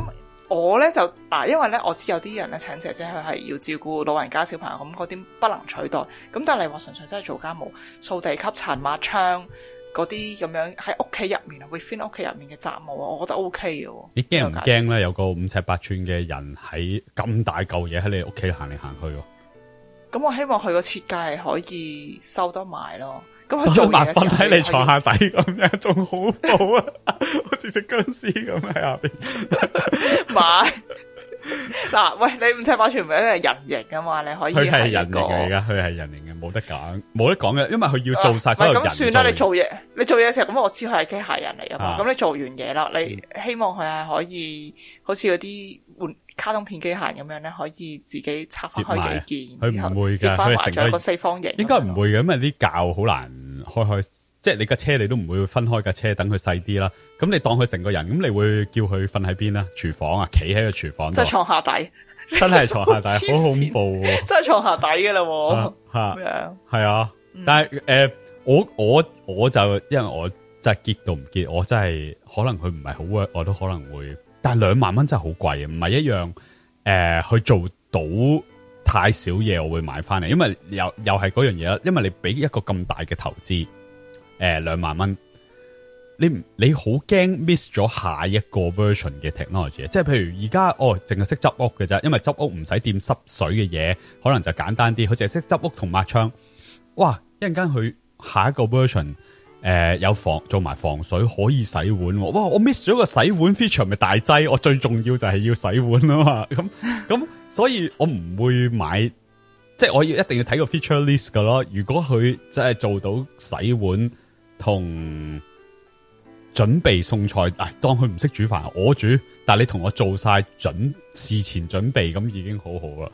我咧就啊，因為咧我知有啲人咧請姐姐佢係要照顧老人家小朋友，咁嗰啲不能取代。咁但係你話純粹真係做家務、掃地、吸塵、抹窗嗰啲咁樣喺屋企入面啊，會分屋企入面嘅雜務啊，我覺得 O K 嘅。你驚唔驚咧？有個五尺八寸嘅人喺咁大嚿嘢喺你屋企行嚟行去？咁我希望佢個設計係可以收得埋咯。仲埋瞓喺你床下底咁樣，仲好恐怖啊？好似隻僵屍咁喺下邊買。 嗱， 喂，你唔使話全部都係人形㗎嘛，你可以係人形嘅，佢係人形嘅，冇得講，冇得講嘅，因為佢要做晒所有咁、啊、算啦，你做嘢，你做嘢嘅時候咁，我知佢係機械人嚟噶嘛。咁、啊、你做完嘢啦，你希望佢係可以、嗯、好似嗰啲換卡通片機械咁樣咧，可以自己拆開幾件，佢然後折翻埋咗一個四方形。應該唔會嘅，因為啲鉸好難開開。即係你架車，你都唔會分開架車等佢細啲啦。咁你當佢成個人，咁你會叫佢瞓喺邊咧？廚房啊，企喺個廚房，即係床下底，真係床下底，好 恐怖、啊，真係床下底嘅啦。吓，係啊，啊 yeah. 啊嗯、但係誒、呃，我我我就因為我真係結到唔結，我真係可能佢唔係好 work，我都可能會。但係兩萬蚊真係好貴啊，唔係一樣誒、呃，去做到太少嘢，我會買翻嚟。因為又又係嗰樣嘢啦，因為你俾一個咁大嘅投資。誒、呃，兩萬蚊，你你好驚 miss 咗下一個 version 嘅 technology？即係譬如而家哦，淨係識執屋嘅啫，因為執屋唔使掂濕水嘅嘢，可能就簡單啲。佢淨係識執屋同抹窗。哇，一陣間佢下一個 version 誒、呃，有防做埋防水，可以洗碗、哦。哇，我 miss 咗個洗碗 feature 咪大劑？我最重要就係要洗碗啊嘛。咁咁，所以我唔會買，即係我要一定要睇個 feature list 噶咯。如果佢真係做到洗碗。同準備餸菜，啊，當佢唔識煮飯，我煮，但係你同我做晒準事前準備，咁已經好好啦，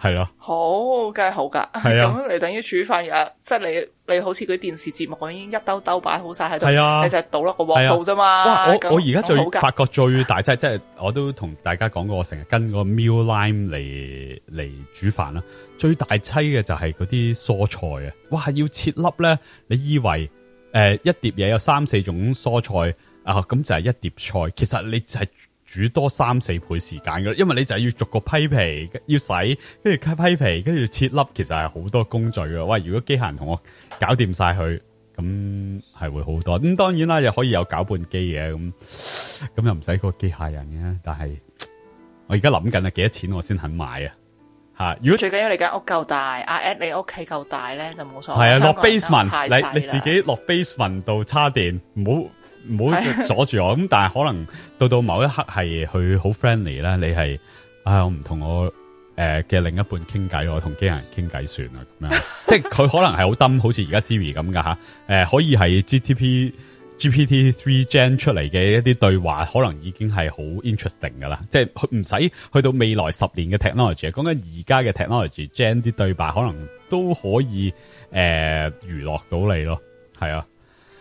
係咯、啊，好梗係好噶，係啊，咁你等於煮飯啊即係你你好似佢電視節目我已經一兜兜擺好晒喺度，係啊，你就倒落個鍋套啫嘛、啊。哇，我我而家最發覺最大劑，即即係我都同大家講過，我成日跟個 meal line 嚟嚟煮飯啦。最大劑嘅就係嗰啲蔬菜啊，哇，要切粒咧，你以為？誒、呃，一碟嘢有三四種蔬菜啊，咁、嗯、就係一碟菜。其實你就係煮多三四倍時間噶啦，因為你就係要逐個批皮，要洗，跟住批皮，跟住切粒，其實係好多工序噶。喂，如果機械人同我搞掂晒佢，咁係會好多。咁、嗯、當然啦，又可以有攪拌機嘅，咁咁又唔使個機械人嘅。但係我而家諗緊啊，幾多錢我先肯買啊？T- 啊！如果最緊要你間屋夠大，阿 At 你屋企夠大咧，就冇所謂。係啊，落 basement，你你自己落 basement 度插電，唔好唔好阻住我。咁 但係可能到到某一刻係佢好 friendly 咧，你係啊，我唔同我誒嘅另一半傾偈，我同機械人傾偈算啦。咁樣， 即係佢可能係好 dumb，好似而家 Siri 咁噶吓。誒、啊，可以係 GTP。GPT Three Gen 出嚟嘅一啲對話，可能已經係好 interesting 噶啦，即係佢唔使去到未來十年嘅 technology，講緊而家嘅 technology，Gen 啲對白可能都可以誒娛樂到你咯，係啊。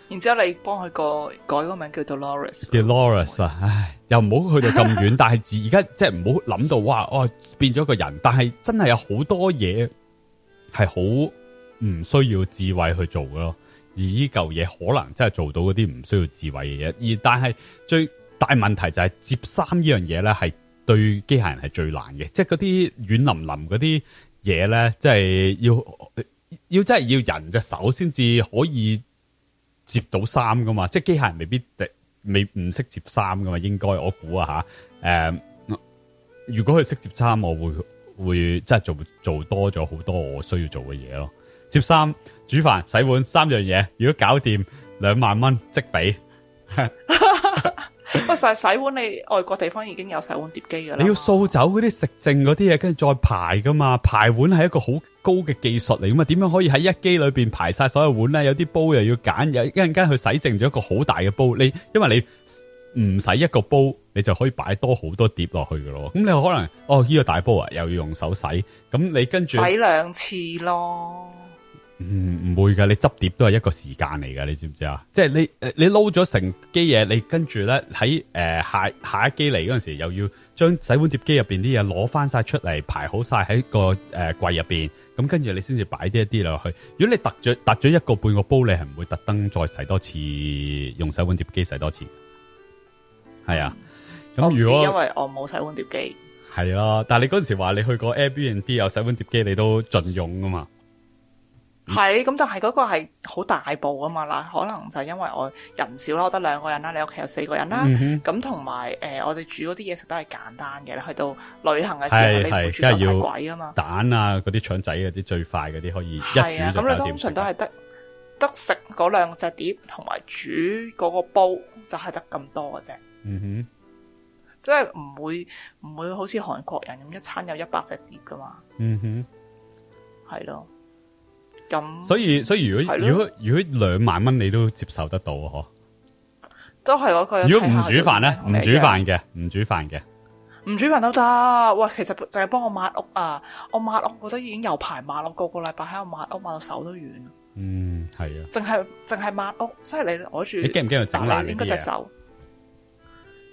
然之後你幫佢個改個名叫做 Dolores，叫 Dolores 啊，唉，又唔好去到咁遠， 但係而家即係唔好諗到哇，哦，變咗個人，但係真係有好多嘢係好唔需要智慧去做噶咯。而呢嚿嘢可能真係做到嗰啲唔需要智慧嘅嘢，而但係最大問題就係、是、接衫呢樣嘢咧，係對機械人係最難嘅，即係嗰啲軟腍腍嗰啲嘢咧，即係要要真係要人隻手先至可以接到衫㗎嘛，即係機械人未必未唔識接衫㗎嘛，應該我估啊吓，誒、呃，如果佢識接衫，我會會即係做做多咗好多我需要做嘅嘢咯。接衫、煮飯、洗碗三樣嘢，如果搞掂兩萬蚊即俾。 洗碗你，你外國地方已經有洗碗碟機噶啦。你要掃走嗰啲食剩嗰啲嘢，跟住再排噶嘛？排碗係一個好高嘅技術嚟，咁嘛點樣可以喺一機裏邊排晒所有碗咧？有啲煲又要揀，有一陣間去洗剩咗一個好大嘅煲，你因為你唔使一個煲，你就可以擺多好多碟落去噶咯。咁你可能哦呢個大煲啊，又要用手洗，咁你跟住洗兩次咯。唔、嗯、唔會噶，你執碟都係一個時間嚟噶，你知唔知啊？即係你誒，你撈咗成機嘢，你跟住咧喺誒下下一機嚟嗰陣時，又要將洗碗碟機入邊啲嘢攞翻晒出嚟，排好晒喺個誒櫃入邊，咁、呃嗯、跟住你先至擺啲一啲落去。如果你特咗特咗一個半個煲，你係唔會特登再洗多次用洗碗碟機洗多次。係、嗯、啊，咁、嗯、如果因為我冇洗碗碟機，係啊，但係你嗰陣時話你去過 Airbnb 有洗碗碟機，你都盡用噶嘛？係咁，但係嗰個係好大部啊嘛啦，可能就係因為我人少啦，我得兩個人啦，你屋企有四個人啦，咁同埋誒，我哋煮嗰啲嘢食都係簡單嘅。去到旅行嘅時候，你煮得鬼啊嘛！蛋啊，嗰啲腸仔嗰啲最快嗰啲可以一煮。係啊，咁你通常都係得得食嗰兩隻碟，同埋煮嗰個煲，就係得咁多嘅啫。嗯哼，即係唔會唔會好似韓國人咁一餐有一百隻碟噶嘛？嗯哼，係咯。咁所以，所以如果如果如果兩萬蚊你都接受得到啊？嗬，都係嗰個人。如果唔煮飯咧，唔煮飯嘅，唔煮飯嘅，唔煮飯都得。哇，其實淨係幫我抹屋啊，我抹屋我都已經有排抹咯，個個禮拜喺度抹屋，抹到手都軟。嗯，係啊。淨係淨係抹屋，即係你攞住，你驚唔驚？整爛嗰隻手？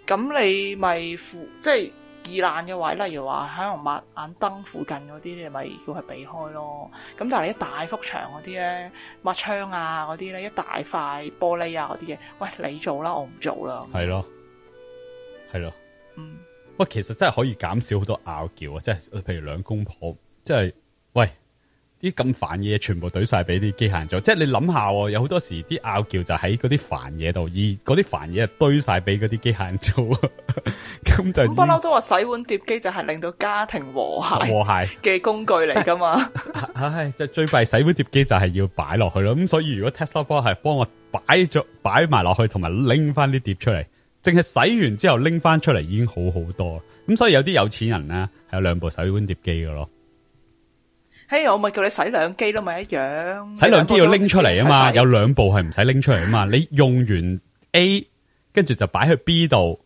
咁你咪負即係。易爛嘅位，例如話可能抹眼燈附近嗰啲，你咪要佢避開咯。咁但係一大幅牆嗰啲咧，抹窗啊嗰啲咧，一大塊玻璃啊嗰啲嘅，喂，你做啦，我唔做啦。係咯，係咯。嗯，喂，其實真係可以減少好多拗撬啊！即係，譬如兩公婆，即係。啲咁煩嘢全部堆晒俾啲機械人做，即係你諗下，有好多時啲拗撬就喺嗰啲煩嘢度，而嗰啲煩嘢堆晒俾嗰啲機械人做，咁 就不嬲都話洗碗碟機就係令到家庭和諧和諧嘅工具嚟噶嘛？係 就、 哎哎、最快洗碗碟機就係要擺落去咯，咁所以如果 Tesla Bot 係幫我擺咗擺埋落去，同埋拎翻啲碟出嚟，淨係洗完之後拎翻出嚟已經好好多。咁所以有啲有錢人咧係有兩部洗碗碟機嘅咯。嘿、hey，我咪叫你洗兩機咯，咪一樣。洗兩機要拎出嚟啊嘛，有兩部係唔使拎出嚟啊嘛。你用完 A，跟住就擺去 B 度，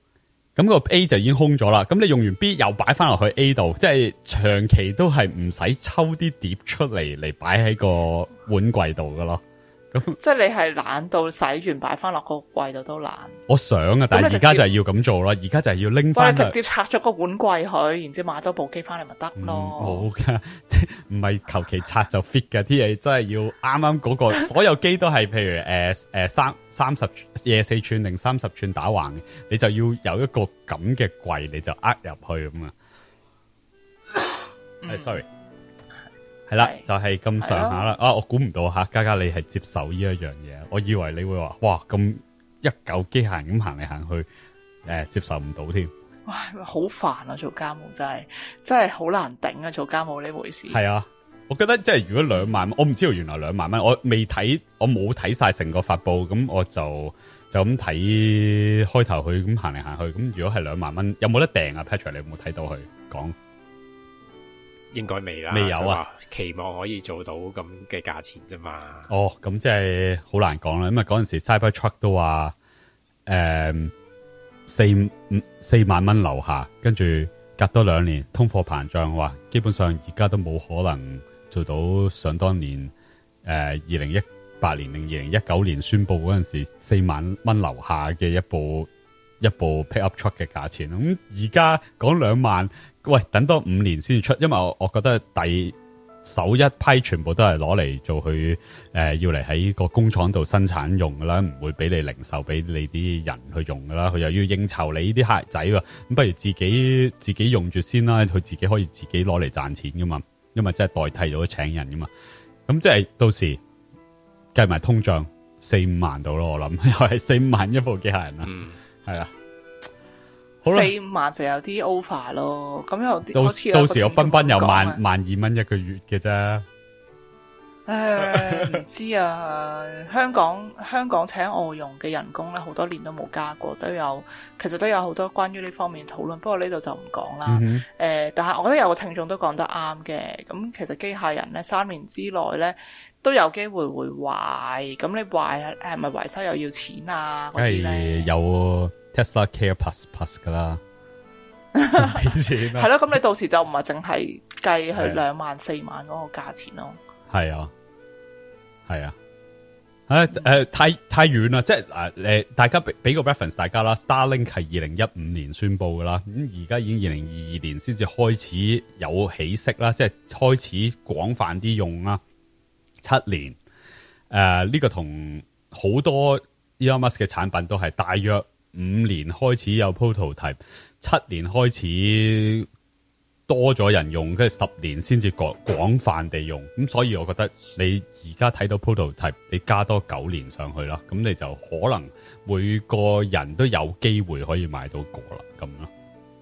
咁個 A 就已經空咗啦。咁你用完 B 又擺翻落去 A 度，即係長期都係唔使抽啲碟出嚟嚟擺喺個碗櫃度噶咯。 即係你係懶到洗完擺翻落個櫃度都懶，我想啊，但係而家就係要咁做啦，而家就係要拎翻直接拆咗個碗櫃去，然之後買咗部機翻嚟咪得咯。好、嗯、噶， 即係唔係求其拆就 fit 嘅，啲 嘢真係要啱啱嗰個，所有機都係譬如誒誒、呃、三三十嘢四寸定三十寸打橫，你就要有一個咁嘅櫃，你就呃入去咁啊。誒、 哎、 ，sorry。係啦，就係咁上下啦。啊，我估唔到吓，嘉嘉你係接受呢一樣嘢。我以為你會話，哇，咁一舊機械咁行嚟行去，誒、欸，接受唔到添。哇，好煩啊，做家務真係真係好難頂啊，做家務呢回事。係啊，我覺得即係如果兩萬蚊，我唔知道原來兩萬蚊，我未睇，我冇睇晒成個發布，咁我就就咁睇開頭佢咁行嚟行去。咁如果係兩萬蚊，有冇得訂啊？Patrick，你有冇睇到佢講？應該未啦，未有啊！期望可以做到咁嘅價錢啫嘛。哦，咁即係好難講啦。因為嗰陣時 Cybertruck 都話，誒四五四萬蚊樓下，跟住隔多兩年通貨膨脹，話基本上而家都冇可能做到想當年誒二零一八年定二零一九年宣佈嗰陣時四萬蚊樓下嘅一部一部 pickup truck 嘅價錢。咁而家講兩萬。喂，等多五年先出，因為我覺得第首一批全部都係攞嚟做佢誒，要嚟喺個工廠度生產用噶啦，唔會俾你零售俾你啲人去用噶啦。佢又要應酬你啲客仔喎，咁不如自己自己用住先啦。佢自己可以自己攞嚟賺錢噶嘛，因為真係代替咗請人噶嘛。咁即係到時計埋通脹四五萬到咯，我諗又係四五萬一部機械人啦，係、嗯、啊。四五萬就有啲 over 咯，咁又到有到時我斌斌，又萬萬二蚊一個月嘅啫。誒，唔知啊， 香港香港請外傭嘅人工咧，好多年都冇加過，都有其實都有好多關於呢方面討論，不過呢度就唔講啦誒、嗯呃，但係我覺得有個聽眾都講得啱嘅，咁其實機械人咧三年之內咧，都有機會會壞，咁你壞係咪維修又要錢啊？嗰啲有 Tesla Care Pass Pass 噶啦，係 咯錢、啊，咁 你到時就唔係淨係計佢兩萬四萬嗰個價錢咯。係啊，係啊，誒、啊、誒、呃，太太遠啦，即係嗱誒，大家俾俾個 reference 大家啦，Starlink 係二零一五年宣布噶啦，咁而家已經二零二二年先至開始有起色啦，即係開始廣泛啲用啦。七年，誒、呃、呢、這個同好多 e o m a s k 嘅產品都係大約五年開始有 prototype，七年開始多咗人用，跟住十年先至廣廣泛地用。咁所以我覺得你而家睇到 prototype，你加多九年上去啦，咁你就可能每個人都有機會可以買到個啦，咁咯。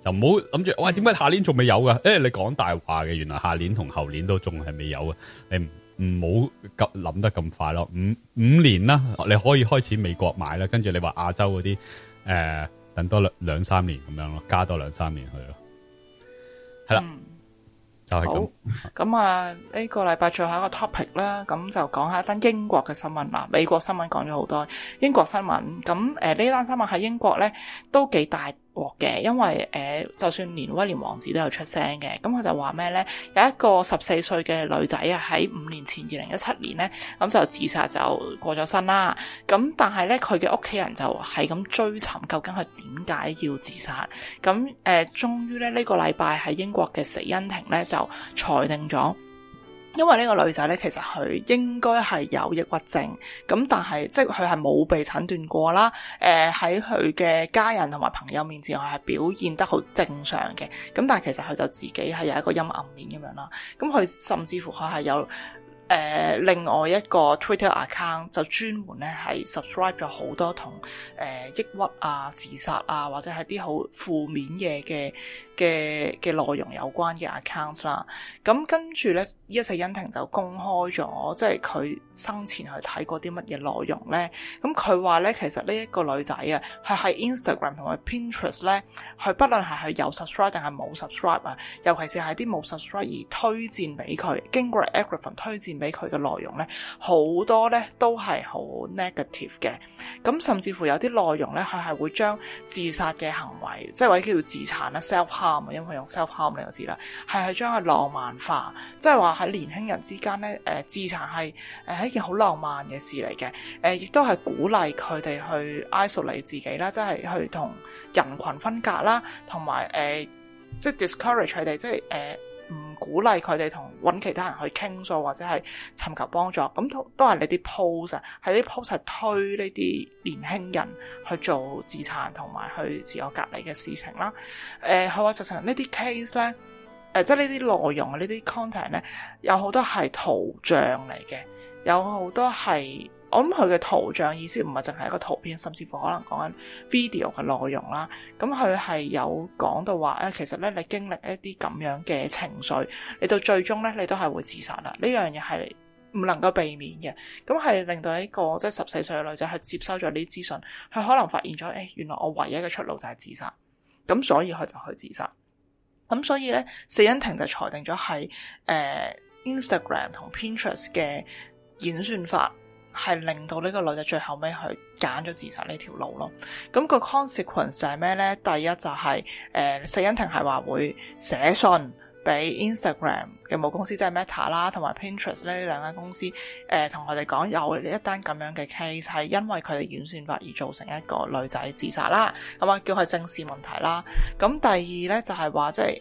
就唔好諗住，哇，點解下年仲未有噶？誒、欸，你講大話嘅，原來下年同後年都仲係未有啊，你。唔好諗諗得咁快咯，五五年啦，你可以開始美國買啦，跟住你話亞洲嗰啲，誒、呃，等多兩兩三年咁樣咯，加多兩三年去咯，係啦、嗯，就係、是、咁。咁啊，呢、 這個禮拜最後一個 topic 啦，咁就講一下單英國嘅新聞啦。美國新聞講咗好多，英國新聞，咁誒呢單新聞喺英國咧都幾大。嘅，因為誒、呃，就算連威廉王子都有出聲嘅，咁佢就話咩呢？有一個十四歲嘅女仔啊，喺五年前二零一七年了了呢，咁就自殺就過咗身啦。咁但係呢，佢嘅屋企人就係咁追尋究竟佢點解要自殺。咁誒，終於呢，呢個禮拜喺英國嘅死因庭呢，就裁定咗。因為呢個女仔呢，其實佢應該係有抑鬱症，咁但係即係佢係冇被診斷過啦。誒、呃，喺佢嘅家人同埋朋友面前，佢係表現得好正常嘅。咁但係其實佢就自己係有一個陰暗面咁樣啦。咁佢甚至乎佢係有。誒、呃、另外一個 Twitter account 就專門咧，係 subscribe 咗好多同誒、呃、抑鬱啊、自殺啊、或者係啲好負面嘢嘅嘅嘅內容有關嘅 accounts 啦。咁、嗯、跟住咧，伊世恩庭就公開咗，即係佢生前去睇過啲乜嘢內容咧。咁佢話咧，其實呢一個女仔啊，佢係 Instagram 同埋 Pinterest 咧，佢不論係係有 subscribe 定係冇 subscribe 啊，尤其是係啲冇 subscribe 而推薦俾佢，經過 algorithm 推薦。俾佢嘅內容咧，好多咧都係好 negative 嘅。咁甚至乎有啲內容咧，佢係會將自殺嘅行為，即係或者叫自殘啦，self harm，因為用 self harm 呢個字啦，係去將佢浪漫化，即係話喺年輕人之間咧、呃，自殘係誒係一件好浪漫嘅事嚟嘅、呃。亦都係鼓勵佢哋去 isolate 自己啦，即係去同人群分隔啦，同埋誒即係 discourage 佢哋，即係誒唔鼓勵佢哋同揾其他人去傾訴或者係尋求幫助，咁都都係你啲 post 啊，係啲 post 係推呢啲年輕人去做自殘同埋去自我隔離嘅事情啦。誒、呃，佢話實實呢啲 case 咧、呃，即係呢啲內容啊，呢啲 content 咧，有好多係圖像嚟嘅，有好多係。我諗佢嘅圖像意思唔係淨係一個圖片，甚至乎可能講緊 video 嘅內容啦。咁佢係有講到話其實咧，你經歷一啲咁樣嘅情緒，你到最終咧，你都係會自殺啦。呢樣嘢係唔能夠避免嘅，咁係令到一個即係十四歲嘅女仔去接收咗呢啲資訊，佢可能發現咗誒、哎，原來我唯一嘅出路就係自殺，咁所以佢就去自殺。咁所以咧，死因庭就裁定咗係誒 Instagram 同 Pinterest 嘅演算法。係令到呢個女仔最後尾去揀咗自殺呢條路咯。咁、那個 consequence 係咩咧？第一就係、是、誒、呃、石恩婷係話會寫信俾 Instagram。有冇公司即係 Meta 啦，同埋 Pinterest 咧，呢兩間公司誒同佢哋講有一單咁樣嘅 case，係因為佢哋演算法而造成一個女仔自殺啦，咁啊叫佢正視問題啦。咁、啊、第二咧就係話即係誒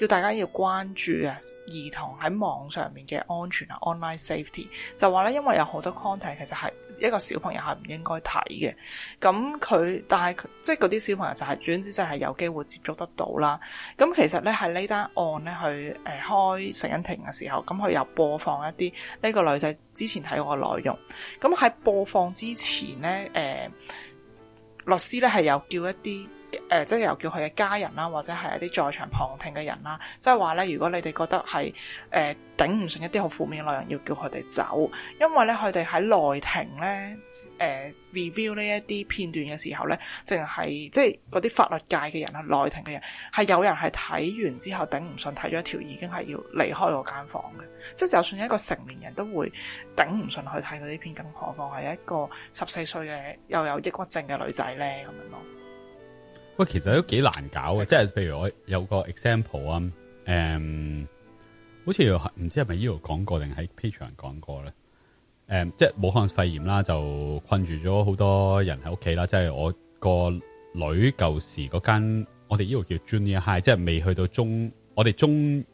叫大家要關注啊兒童喺網上面嘅安全啊 online safety，就話咧因為有好多 content 其實係一個小朋友係唔應該睇嘅。咁佢但係即係嗰啲小朋友就係總之就係有機會接觸得到啦。咁、啊、其實咧係呢單案咧去誒、呃、開。停一停嘅時候，咁佢又播放一啲呢個女仔之前睇過嘅內容。咁喺播放之前咧，誒，律師咧係有叫一啲。誒、呃，即係又叫佢嘅家人啦，或者係一啲在場旁聽嘅人啦，即係話咧，如果你哋覺得係誒、呃、頂唔順一啲好負面內容，要叫佢哋走，因為咧佢哋喺內庭咧誒、呃、review 呢一啲片段嘅時候咧，淨係即係嗰啲法律界嘅人啦，內庭嘅人係有人係睇完之後頂唔順，睇咗一條已經係要離開嗰間房嘅，即係就算一個成年人都會頂唔順去睇嗰啲片，更何況係一個十四歲嘅又有抑鬱症嘅女仔咧咁樣咯。其實都幾難搞嘅，即係譬如我有個 example 啊，誒、嗯，好似唔知係咪呢度講過定喺 Patreon 講過咧，誒、嗯，即係武漢肺炎啦，就困住咗好多人喺屋企啦，即係我個女舊時嗰間，我哋呢度叫 Junior High，即係未去到中，我哋中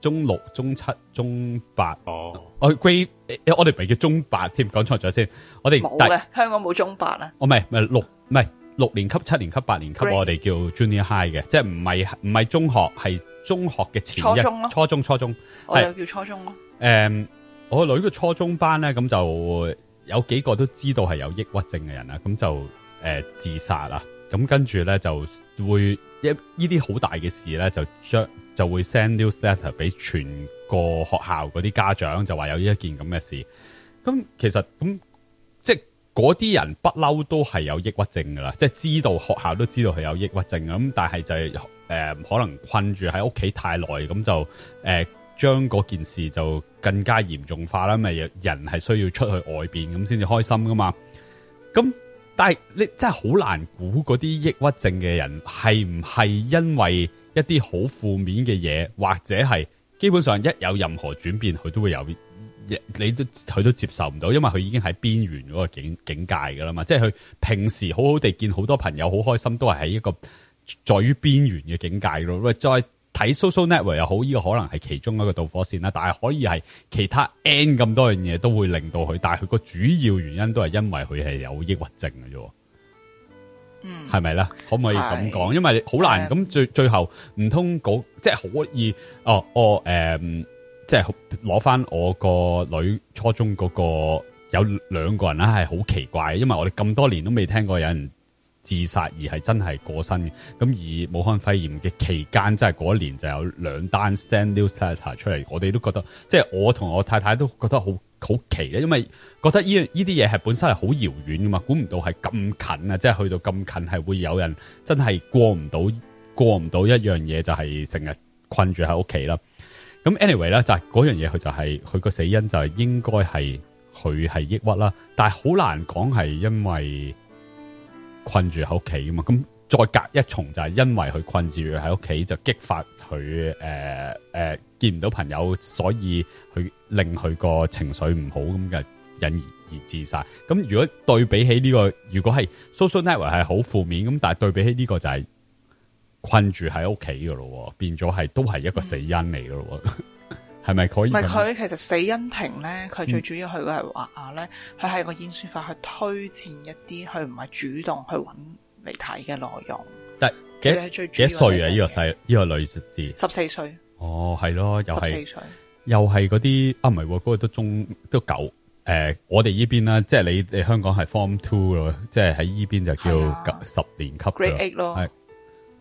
中六、中七、中八哦，哦我我哋唔係叫中八添，講錯咗先，我哋冇香港冇中八啊，我唔係唔係六唔係。六年級、七年級、八年級，Right. 我哋叫 junior high 嘅，即係唔係唔係中學，係中學嘅前一初中咯，初中、啊、初中初中，我就叫初中咯、啊。誒、嗯，我女嘅初中班咧，咁就有幾個都知道係有抑鬱症嘅人啦，咁就誒、呃、自殺啦。咁跟住咧就會一呢啲好大嘅事咧，就將就會 send news letter 俾全個學校嗰啲家長，就話有呢一件咁嘅事。咁其實咁。嗰啲人不嬲都係有抑鬱症噶啦，即係知道學校都知道佢有抑鬱症咁，但係就係誒可能困住喺屋企太耐，咁就誒將嗰件事就更加嚴重化啦。咪人係需要出去外邊咁先至開心噶嘛。咁但係你真係好難估嗰啲抑鬱症嘅人係唔係因為一啲好負面嘅嘢，或者係基本上一有任何轉變佢都會有。你都佢都接受唔到，因為佢已經喺邊緣嗰個境境界噶啦嘛，即係佢平時好好地見好多朋友好開心，都係喺一個在於邊緣嘅境界咯。喂，再睇 social network 又好，呢、這個可能係其中一個導火線啦。但係可以係其他 n 咁多樣嘢都會令到佢，但係佢個主要原因都係因為佢係有抑鬱症㗎啫。嗯，係咪啦？可唔可以咁講？因為好難咁、嗯、最最後唔通講，即係可以哦哦誒。嗯即係攞翻我個女初中嗰個有兩個人咧係好奇怪，因為我哋咁多年都未聽過有人自殺而係真係過身嘅。咁而武漢肺炎嘅期間，即係嗰一年就有兩單 send news letter 出嚟，我哋都覺得即係、就是、我同我太太都覺得好好奇，因為覺得呢呢啲嘢係本身係好遙遠噶嘛，估唔到係咁近啊！即係去到咁近，係會有人真係過唔到過唔到一樣嘢，就係成日困住喺屋企啦。咁 anyway 咧就係嗰樣嘢，佢就係佢個死因就係應該係佢係抑鬱啦，但係好難講係因為困住喺屋企啊嘛，咁再隔一重就係因為佢困住喺屋企就激發佢誒誒見唔到朋友，所以佢令佢個情緒唔好咁嘅引而而自殺。咁如果對比起呢個，如果係 social network 係好負面咁，但係對比起呢個就係。困住喺屋企噶咯，變咗係都係一個死因嚟噶咯，係、嗯、咪 可，可以？唔係佢其實死因庭咧，佢最主要佢係話咧，佢、嗯、係個演算法去推薦一啲佢唔係主動去揾嚟睇嘅內容。但係佢係最主要幾歲啊？呢、這個細呢、這個女士十四歲。哦，係咯，又係十四歲，又係嗰啲啊？唔係嗰個都中都九誒、呃，我哋呢邊啦，即係你，你香港係 Form Two 咯，即係喺呢邊就叫十年級 ,10 年級 Grade Eight 咯。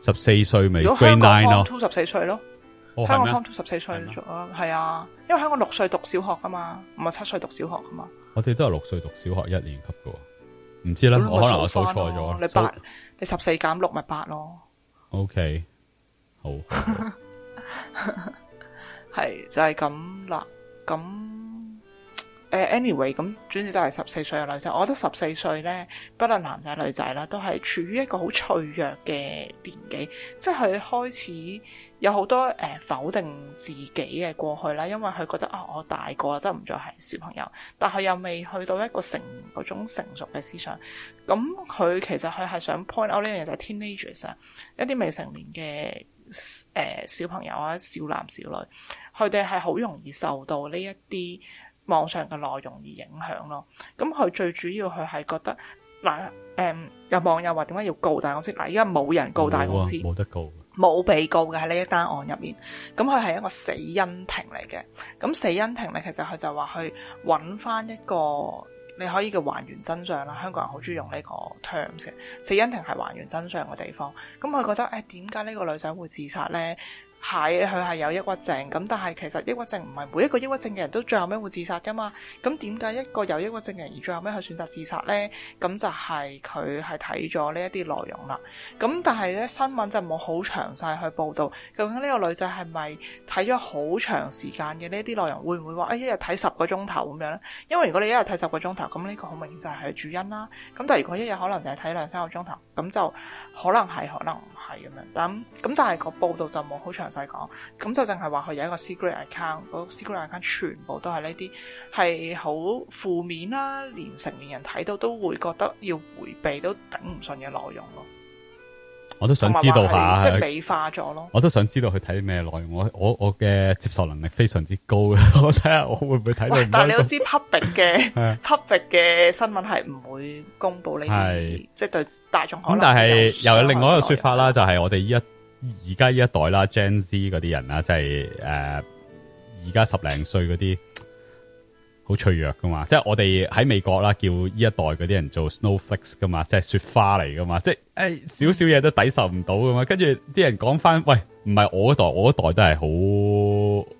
十四歲未？如果香港 count to 十四歲咯，哦，香港 count to 十四歲咗，係啊，啊，因為香港六歲讀小學噶嘛，唔係七歲讀小學噶嘛，我哋都係六歲讀小學一年級噶，唔知啦，啊、我可能我數錯咗，你八，你十四減六咪八咯，OK，好，好，係 就係咁啦，咁。anyway 咁，總之都係十四歲嘅女仔，我覺得十四歲咧，不論男仔女仔啦，都係處於一個好脆弱嘅年紀，即係佢開始有好多、呃、否定自己嘅過去啦，因為佢覺得啊，我大個真係唔再係小朋友，但係又未去到一個成嗰種成熟嘅思想，咁佢其實佢係想 point out 呢樣嘢就係 teenagers 啊，一啲未成年嘅、呃、小朋友啊，少男少女，佢哋係好容易受到呢一啲網上嘅內容而影響咯，咁佢最主要佢係覺得嗱，誒、啊嗯，有網友話點解要告大公司？嗱、啊，依家冇人告大公司，冇、啊、得告，冇被告嘅喺呢一單案入面。咁佢係一個死因庭嚟嘅，咁死因庭咧，其實佢就話去揾翻一個你可以叫還原真相啦，香港人好中意用呢個 terms 嘅，死因庭係還原真相嘅地方。咁佢覺得誒，點解呢個女仔會自殺呢？係，佢係有抑鬱症咁，但係其實抑鬱症唔係每一個抑鬱症嘅人都最後尾會自殺噶嘛。咁點解一個有抑鬱症嘅人而最後尾去選擇自殺呢？咁就係佢係睇咗呢一啲內容啦。咁但係咧，新聞就冇好詳細去報導究竟呢個女仔係咪睇咗好長時間嘅呢啲內容會唔會話、哎、一日睇十個鐘頭咁樣呢？因為如果你一日睇十個鐘頭，咁呢個好明顯就係佢主因啦。咁但係如果一日可能就係睇兩三個鐘頭，咁就可能係可能。係咁樣，咁但係個報道就冇好詳細講，咁就淨係話佢有一個 secret account，嗰 secret account 全部都係呢啲係好負面啦，連成年人睇到都會覺得要回避都頂唔順嘅內容咯。我都想知道下，即係美化咗咯。我都想知道佢睇咩內容，我我我嘅接受能力非常之高嘅， 我睇下我會唔會睇到。但係你都知 u b p i c 嘅 u b p i c 嘅新聞係唔會公布呢啲，即係對。咁但係又有另外一個說法啦，就係、是呃就是、我哋依一而家呢一代啦，Gen Z 嗰啲人啦，即係誒而家十零歲嗰啲好脆弱噶嘛，即係我哋喺美國啦，叫依一代嗰啲人做 Snowflake 噶嘛，即係雪花嚟噶嘛，即係誒少少嘢都抵受唔到噶嘛，跟住啲人講翻，喂，唔係我嗰代，我嗰代都係好。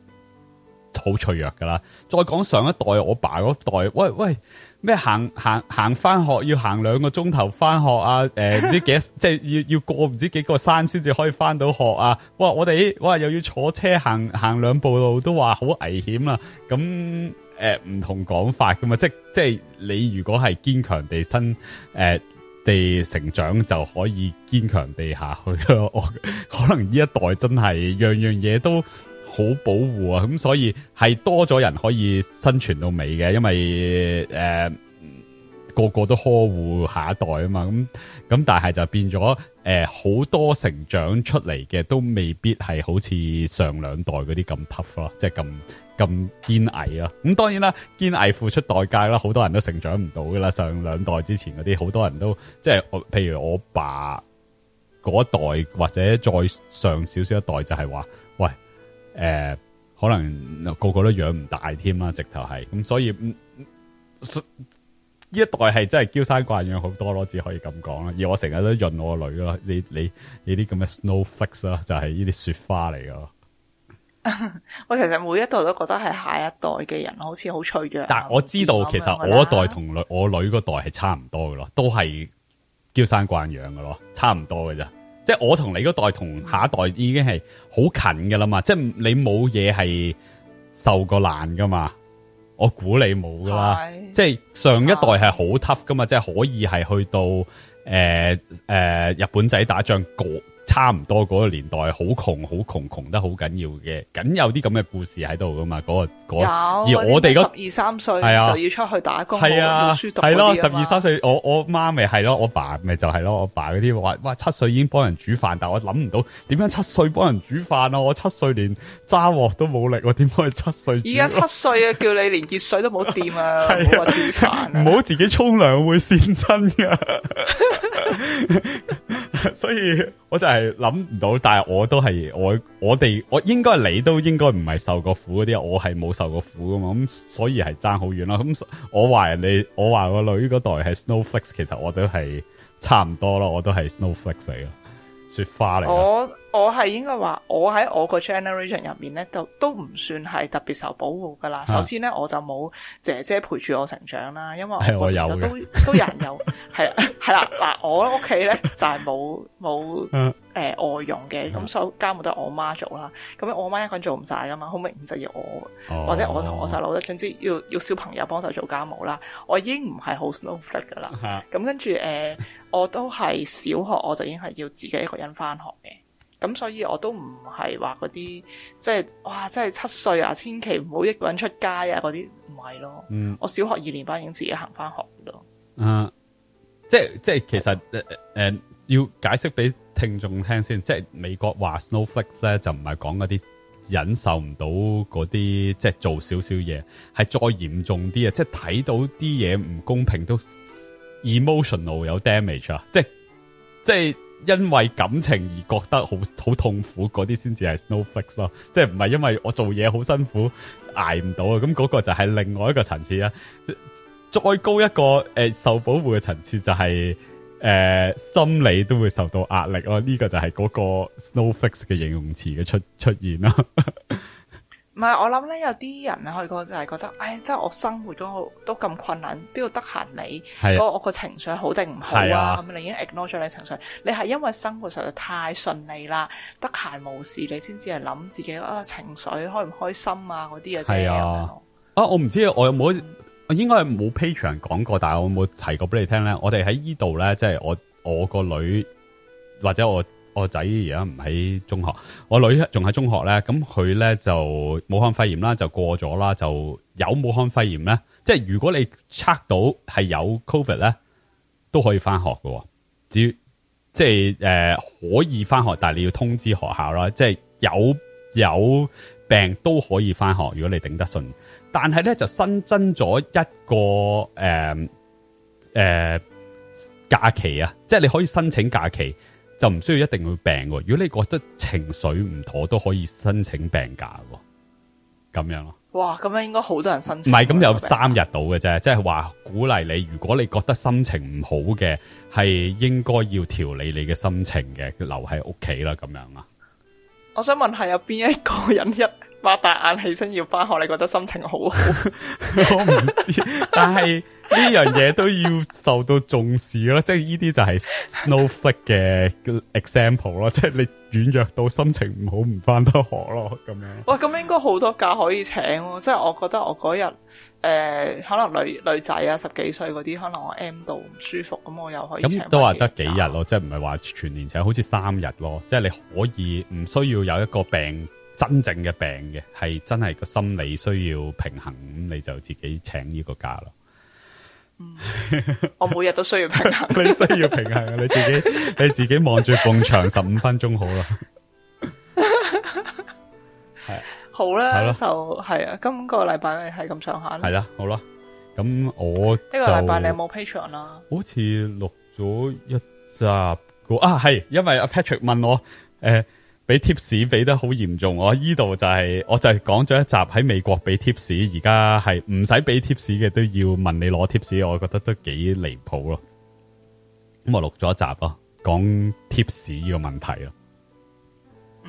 好脆弱噶啦！再講上一代，我爸嗰代，喂喂，咩行行行翻學要行兩個鐘頭翻學啊？誒，唔知幾即係要要過唔知幾個山先至可以翻到學啊？哇！我哋哇又要坐車行行兩步路都話好危險啊！咁誒唔同講法噶嘛，即即係你如果係堅強地生誒地成長，就可以堅強地下去咯。我可能呢一代真係樣樣嘢都。好保護啊，咁所以係多咗人可以生存到尾嘅，因為誒、呃、個個都呵護下一代啊嘛。咁咁，但係就變咗誒好多成長出嚟嘅都未必係好似上兩代嗰啲咁 tough 咯，即係咁咁堅毅啊咁、嗯、當然啦，堅毅付出代價啦，好多人都成長唔到㗎喇。上兩代之前嗰啲，好多人都即係我，譬如我爸嗰一代或者再上少少一代就，就係話喂。誒、呃，可能個個都養唔大添啦，直頭係咁，所以呢一代係真係嬌生慣養好多咯，只可以咁講啦。而我成日都潤我個女啦，你你你啲咁嘅 snow f i x 啦，就係呢啲雪花嚟噶。 我其實每一代都覺得係下一代嘅人好似好脆弱。但係我知道，知道，其實我一代同我女個代係差唔多噶咯，都係嬌生慣養噶咯，差唔多噶咋。即係我同你嗰代同下一代已經係好近㗎啦嘛，即係你冇嘢係受過難噶嘛，我估你冇啦。是即係上一代係好 tough 噶嘛，即係可以係去到誒誒、呃呃、日本仔打仗差唔多嗰個年代，好窮，好窮，窮得好緊要嘅，梗有啲咁嘅故事喺度噶嘛？嗰、那個，嗰、那個、有而我哋十二三歲，12, 歲啊、就要出去打工，係啊，冇書係咯、啊，十二三歲，我我媽咪係咯，我爸咪就係、是、咯，我爸嗰啲話，哇七歲已經幫人煮飯，但我諗唔到點樣七歲幫人煮飯咯、啊，我七歲連揸鑊都冇力，點可以七歲、啊？而家七歲啊，叫你連熱水都冇掂啊，煮飯、 啊，唔好自己沖涼、啊、會跣親噶， 所以。我就係諗唔到，但係我都係我我哋我應該你都應該唔係受過苦嗰啲，我係冇受過苦噶嘛，咁、嗯、所以係爭好遠啦。咁我話人哋，我話個女嗰代係 Snowflake，其實我都係差唔多咯，我都係 Snowflake 嚟咯，雪花嚟。我係應該話，我喺我個 generation 入面咧，都都唔算係特別受保護噶啦。首先咧，我就冇姐姐陪住我成長啦，因為我，都是我有都都有人有係係 啦。嗱，就是啊呃嗯、我屋企咧就係冇冇誒外傭嘅，咁所以家務都係我媽做啦。咁我媽一個人做唔晒噶嘛，好明顯就要我、哦、或者我同我細佬，總之要要小朋友幫手做家務啦。我已經唔係好 snowflake 噶啦，咁、啊、跟住誒、呃，我都係小學我就已經係要自己一個人翻學嘅。咁所以我都唔係話嗰啲，即係哇，即係七歲啊，千祈唔好一個人出街啊，嗰啲唔係咯。嗯，我小學二年班已經自己行翻學咯。嗯、啊，即係即係其實誒、呃、要解釋俾聽眾聽先，即係美國話 snowflake 咧、啊、就唔係講嗰啲忍受唔到嗰啲，即係做少少嘢係再嚴重啲啊，即係睇到啲嘢唔公平都 emotional 有 damage 啊，即係即係。因為感情而覺得好好痛苦嗰啲先至係 snowflake 咯，即係唔係因為我做嘢好辛苦挨唔到啊，咁嗰個就係另外一個層次啦。再高一個誒、呃、受保護嘅層次就係、是、誒、呃、心理都會受到壓力咯，呢、這個就係嗰個 snowflake 嘅形容詞嘅出出現啦。 唔係，我諗咧有啲人啊去過就係覺得，唉、哎，真係我生活中好都咁困難，邊度得閒你？我我個情緒好定唔好啊？咁、啊、你已經 ignore 咗你情緒，你係因為生活實在太順利啦，得閒無事，你先至係諗自己啊情緒開唔開心啊嗰啲嘢。係啊，是是啊我唔知我有冇，嗯、我應該係冇 page 人講過，但係我冇提過俾你聽咧。我哋喺依度咧，即、就、係、是、我我個女或者我。我仔而家唔喺中學，我女仲喺中學咧。咁佢咧就武漢肺炎啦，就過咗啦。就有武漢肺炎咧，即係如果你測到係有 Covid 咧，都可以翻學嘅。只即係誒、呃、可以翻學，但係你要通知學校啦。即係有有病都可以翻學，如果你頂得順。但係咧就新增咗一個誒誒、呃呃、假期啊，即係你可以申請假期。就唔需要一定會病。如果你覺得情緒唔妥，都可以申請病假。咁樣咯。哇，咁樣應該好多人申請。唔係，咁有三日到嘅啫，即係話鼓勵你。如果你覺得心情唔好嘅，係應該要調理你嘅心情嘅，留喺屋企啦。咁樣啊？我想問下，有邊一個人一擘大眼起身要翻學，你覺得心情好？ 我唔知， 但係。呢樣嘢都要受到重視咯，就是、 即係呢啲就係 snowflake 嘅 example 咯，即係你軟弱到心情唔好唔返得學咯，咁樣。哇，咁應該好多假可以請，即係我覺得我嗰日誒，可能女女仔啊，十幾歲嗰啲，可能我 M 到唔舒服，咁我又可以請。咁都話得幾日咯，即係唔係話全年請，好似三日咯，即係你可以唔需要有一個病真正嘅病嘅，係真係個心理需要平衡，咁你就自己請呢個假咯。嗯、我每日都需要平衡， 你需要平衡 你自己，你自己望住牆十五分鐘好啦。係、 啊、好啦，就係啊，今個禮拜係咁上下啦。係啦，好啦，咁我呢個禮拜，你有冇 Patreon 啊？好似錄咗一集啊，係因為阿 Patrick 問我誒。呃俾貼士俾得好嚴重，我依度就係、是、我就係講咗一集喺美國俾貼士，而家係唔使俾貼士嘅都要問你攞貼士，我覺得都幾離譜咯。咁我錄咗一集咯，講貼士呢個問題咯，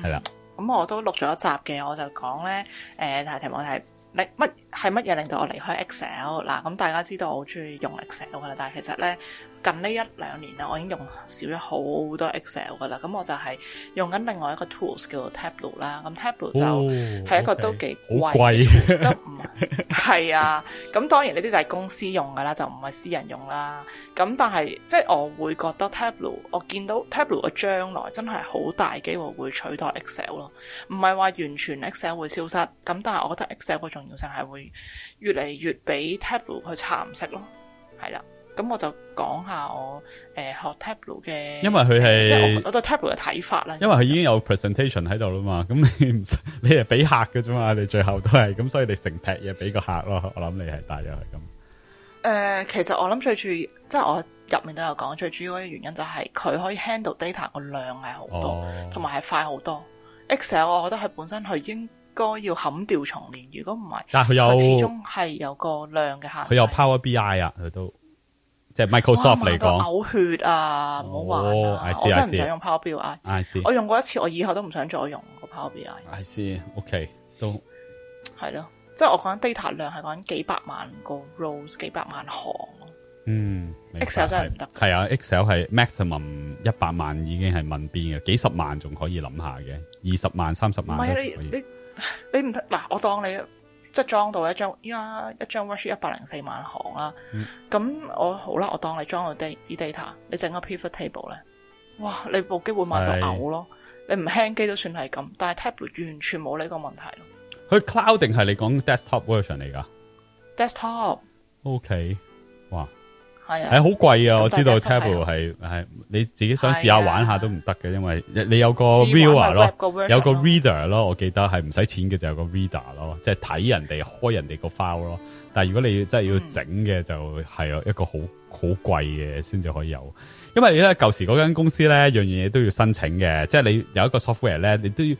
係啦。咁、嗯、我都錄咗一集嘅，我就講咧，誒、呃，大題目我睇你乜係乜嘢令到我離開 Excel 嗱？咁大家知道我好中意用 Excel 噶啦，但係其實咧。近呢一兩年啦，我已經用少咗好多 Excel 噶啦，咁我就係用緊另外一個 tools 叫做 Tableau 啦、哦，咁 Tableau 就係、是、一個都幾貴，tools，貴，都唔係啊。咁當然呢啲就係公司用噶啦，就唔係私人用啦。咁但係即係我會覺得 Tableau，我見到 Tableau 嘅將來真係好大機會會取代 Excel 咯，唔係話完全 Excel 會消失。咁但係我覺得 Excel 個重要性係會越嚟越俾 Tableau 去蠶食咯，係啦、啊。咁我就講下我誒、呃、學 Tableau 嘅，因為佢係即我我對 Tableau 嘅睇法啦。因為佢已經有 presentation 喺度啦嘛，咁、嗯、你唔使你係俾客嘅啫嘛，你最後都係咁，所以你成劈嘢俾個客咯。我諗你係大約係咁。誒、呃，其實我諗最主要，即係我入面都有講，最主要嘅原因就係佢可以 handle data 個量係好多，同埋係快好多。Excel 我覺得佢本身佢應該要砍掉重練，如果唔係，但佢有始終係有個量嘅限制。佢有 Power BI 啊，佢都。即係 Microsoft 嚟講，嘔血啊！唔好話，哦、I see, I see. 我真唔想用 Power BI。我用過一次，我以後都唔想再用個 Power BI。I see，OK，都係咯。即係我講 data 量係講幾百萬個 rows，幾百萬行，嗯，Excel 真係唔得。係啊，Excel 係 maximum 一百萬已經係問邊嘅，幾十萬仲可以諗下嘅，二十萬、三十萬。唔係你你你唔嗱？我當你。即係裝到一張依家一張 Wish 一百零四萬行啦，啊，咁、嗯、我好啦，我當你裝到啲 data，你整個 pivot table 咧，哇，你部機會慢到嘔咯，你唔輕機都算係咁，但係 table 完全冇呢個問題咯。佢 cloud 定係你講 desktop version 嚟噶？desktop。O K，okay. 哇。係好貴啊！我知道 table 係係你自己想試下玩下都唔得嘅，因為你有個 viewer 咯，有個 reader 咯、嗯，我記得係唔使錢嘅就有個 reader 咯，即係睇人哋開人哋個 file 咯。但係如果你真係要整嘅，就係有一個好好貴嘅先至可以有。因為你咧舊時嗰間公司咧樣樣嘢都要申請嘅，即係你有一個 software 咧，你都要。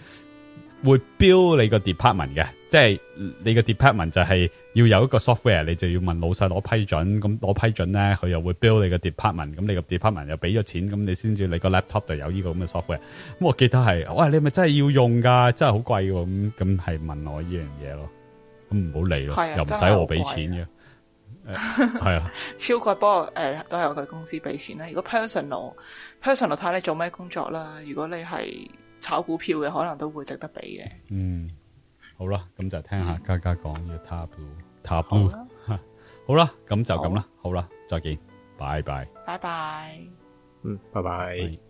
會 build 你個 department 嘅，即係你個 department 就係要有一個 software，你就要問老細攞批准，咁攞批准咧，佢又會 build 你個 department，咁你個 department 又俾咗錢，咁你先至你個 laptop 就有呢個咁嘅 software。咁我記得係，喂、哎、你咪真係要用噶，真係好貴喎，咁咁係問我呢樣嘢咯，咁唔好理咯，又唔使我俾錢嘅，係啊， 超過不過誒，都係我嘅公司俾錢啦。如果 personal，personal 睇下 personal 你做咩工作啦，如果你係。炒股票嘅可能都會值得俾嘅。嗯，好啦，咁就聽下嘉嘉講嘅。table table。好啦，咁就咁啦，好啦，再見，拜拜，拜拜，嗯，拜拜。Bye.